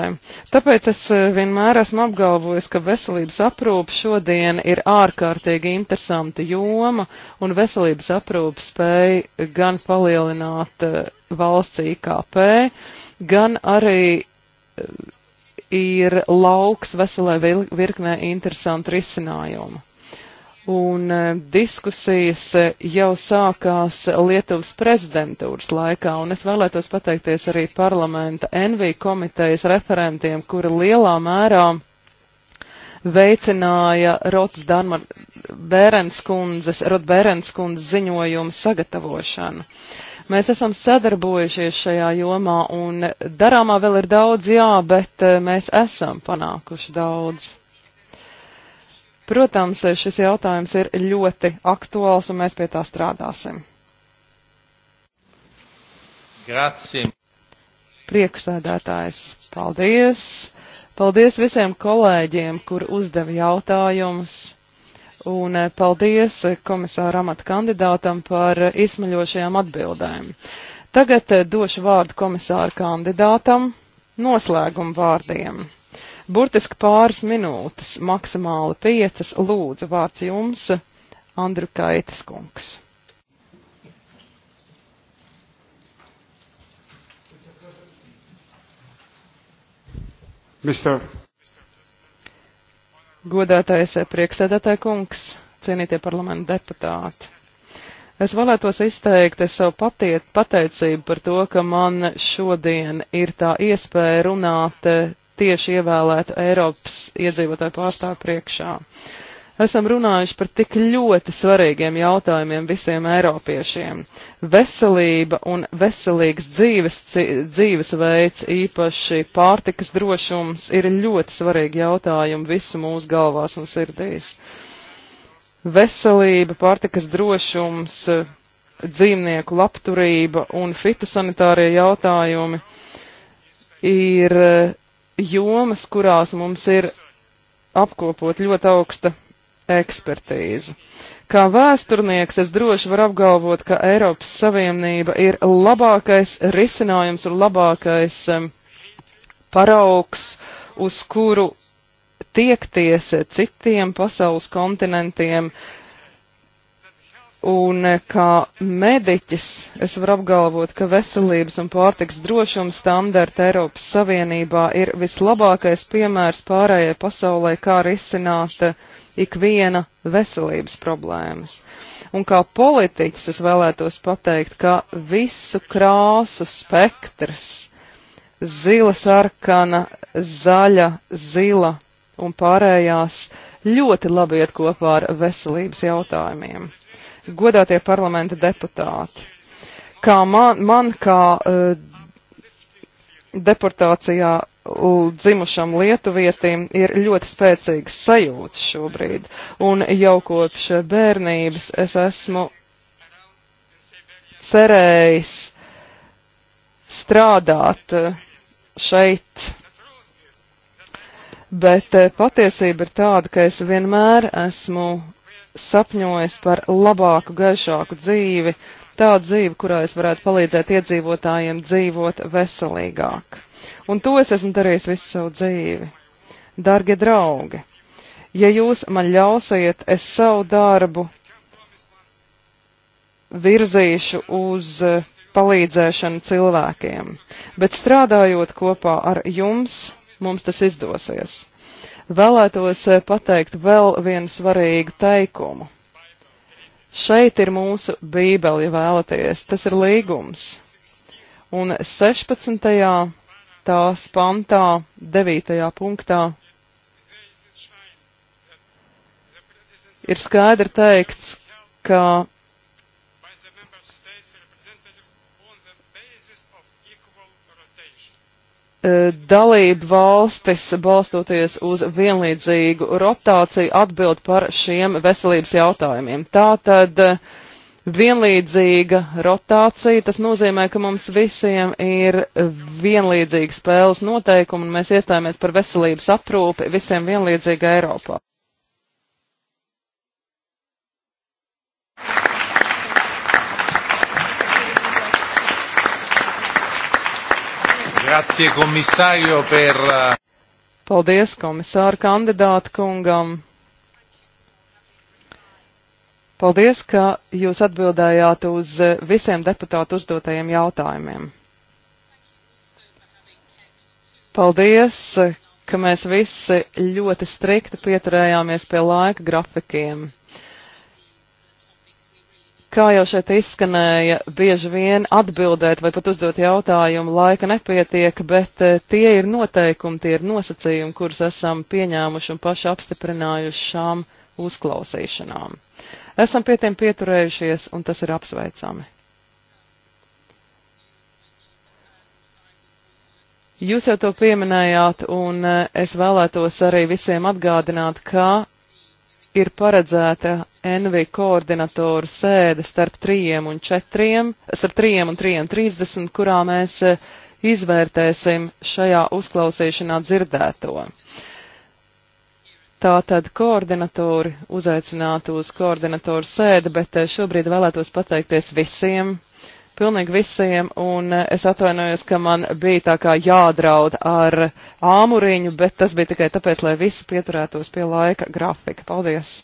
Tāpēc es eh, vienmēr esmu apgalvojis, ka veselības aprūpe šodien ir ārkārtīgi interesanta joma, un veselības aprūpe spēja gan palielināt eh, valsts IKP, gan arī eh, ir lauks veselē virknē interesanti risinājumi un e, diskusijas e, jau sākās Lietuvas prezidentūras laikā, un es vēlētos pateikties arī parlamenta NV komitejas referentiem, kuri lielā mērā veicināja Rots Danmar Bērenskundzes, Rot Bērenskundzes ziņojumu sagatavošanu. Mēs esam sadarbojušies šajā jomā, un darāmā vēl ir daudz jā, bet e, mēs esam panākuši daudz. Protams, šis jautājums ir ļoti aktuāls un mēs pie tā strādāsim. Grazie. Priekšsēdētājs, paldies! Paldies visiem kolēģiem, kur uzdeva jautājumus, un eh, paldies komisāra amata kandidātam par izsmaļošajām atbildēm. Tagad eh, došu vārdu komisāra kandidātam noslēguma vārdiem. Burtiski pāris minūtes, maksimāli piecas, lūdzu vārds jums, Andru Kaitis kungs. Mister. Godātais prieksēdētāja kungs, cienītie parlamenta deputāti. Es vēlētos izteikt savu patiet, pateicību par to, ka man šodien ir tā iespēja runāt tieši ievēlētu Eiropas iedzīvotāju pārstāvu priekšā. Esam runājuši par tik ļoti svarīgiem jautājumiem visiem eiropiešiem. Veselība un veselīgs dzīves, dzīvesveids, īpaši pārtikas drošums, ir ļoti svarīgi jautājumi visu mūsu galvās un sirdīs. Veselība, pārtikas drošums, dzīvnieku labturība un fitosanitārie jautājumi ir jomas, kurās mums ir apkopot ļoti augsta ekspertīze. Kā vēsturnieks es droši varu apgalvot, ka Eiropas Savienība ir labākais risinājums un labākais um, paraugs, uz kuru tiekties citiem pasaules kontinentiem, Un eh, kā mediķis es varu apgalvot, ka veselības un pārtiks drošuma standarta Eiropas Savienībā ir vislabākais piemērs pārējai pasaulē, kā risināt eh, ikviena veselības problēmas. Un kā politiķis es vēlētos pateikt, ka visu krāsu spektrs - zila, sarkana, zaļa, zila un pārējās ļoti labi iet kopā ar veselības jautājumiem godātie parlamenta deputāti. Kā man, man kā uh, deportācijā dzimušam lietuvietim ir ļoti spēcīgas sajūtas šobrīd, un jau kopš bērnības es esmu cerējis strādāt eh, šeit, bet eh, patiesība ir tāda, ka es vienmēr esmu sapņojis par labāku, gaišāku dzīvi, tādu dzīvi, kurā es varētu palīdzēt iedzīvotājiem dzīvot veselīgāk. Un to es esmu darījis visu savu dzīvi. Dargie draugi, ja jūs man ļausiet, es savu darbu virzīšu uz eh, palīdzēšanu cilvēkiem, bet strādājot kopā ar jums, mums tas izdosies vēlētos eh, pateikt vēl vienu svarīgu teikumu. Šeit ir mūsu bībeli, ja vēlaties. Tas ir līgums. Un 16. tās pantā, 9. punktā ir skaidri teikts, ka E, dalību valstis, balstoties uz vienlīdzīgu rotāciju, atbild par šiem veselības jautājumiem. Tātad e, vienlīdzīga rotācija, tas nozīmē, ka mums visiem ir vienlīdzīgi spēles noteikumi un mēs iestājāmies par veselības aprūpi visiem vienlīdzīga Eiropā. Grazie, komisārio, per. Eh, Paldies komisāru kandidātu kungam. Paldies, ka jūs atbildējāt uz eh, visiem deputātu uzdotajiem jautājumiem. Paldies, eh, ka mēs visi ļoti strikti pieturējāmies pie laika grafikiem. Kā jau šeit izskanēja, bieži vien atbildēt vai pat uzdot jautājumu laika nepietiek, bet eh, tie ir noteikumi, tie ir nosacījumi, kurus esam pieņēmuši un paši apstiprinājuši šām uzklausīšanām. Esam pie tiem pieturējušies, un tas ir apsveicami. Jūs jau to pieminējāt, un eh, es vēlētos arī visiem atgādināt, ka ir paredzēta NV koordinatoru sēde starp 3 un 4, starp 3 un 3.30, kurā mēs eh, izvērtēsim šajā uzklausīšanā dzirdēto. Tātad koordinatori uzaicinātu uz koordinatoru sēdi, bet eh, šobrīd vēlētos pateikties visiem, pilnīgi visiem, un eh, es atvainojos, ka man bija tā kā jādraud ar āmuriņu, bet tas bija tikai tāpēc, lai visi pieturētos pie laika grafika. Paldies!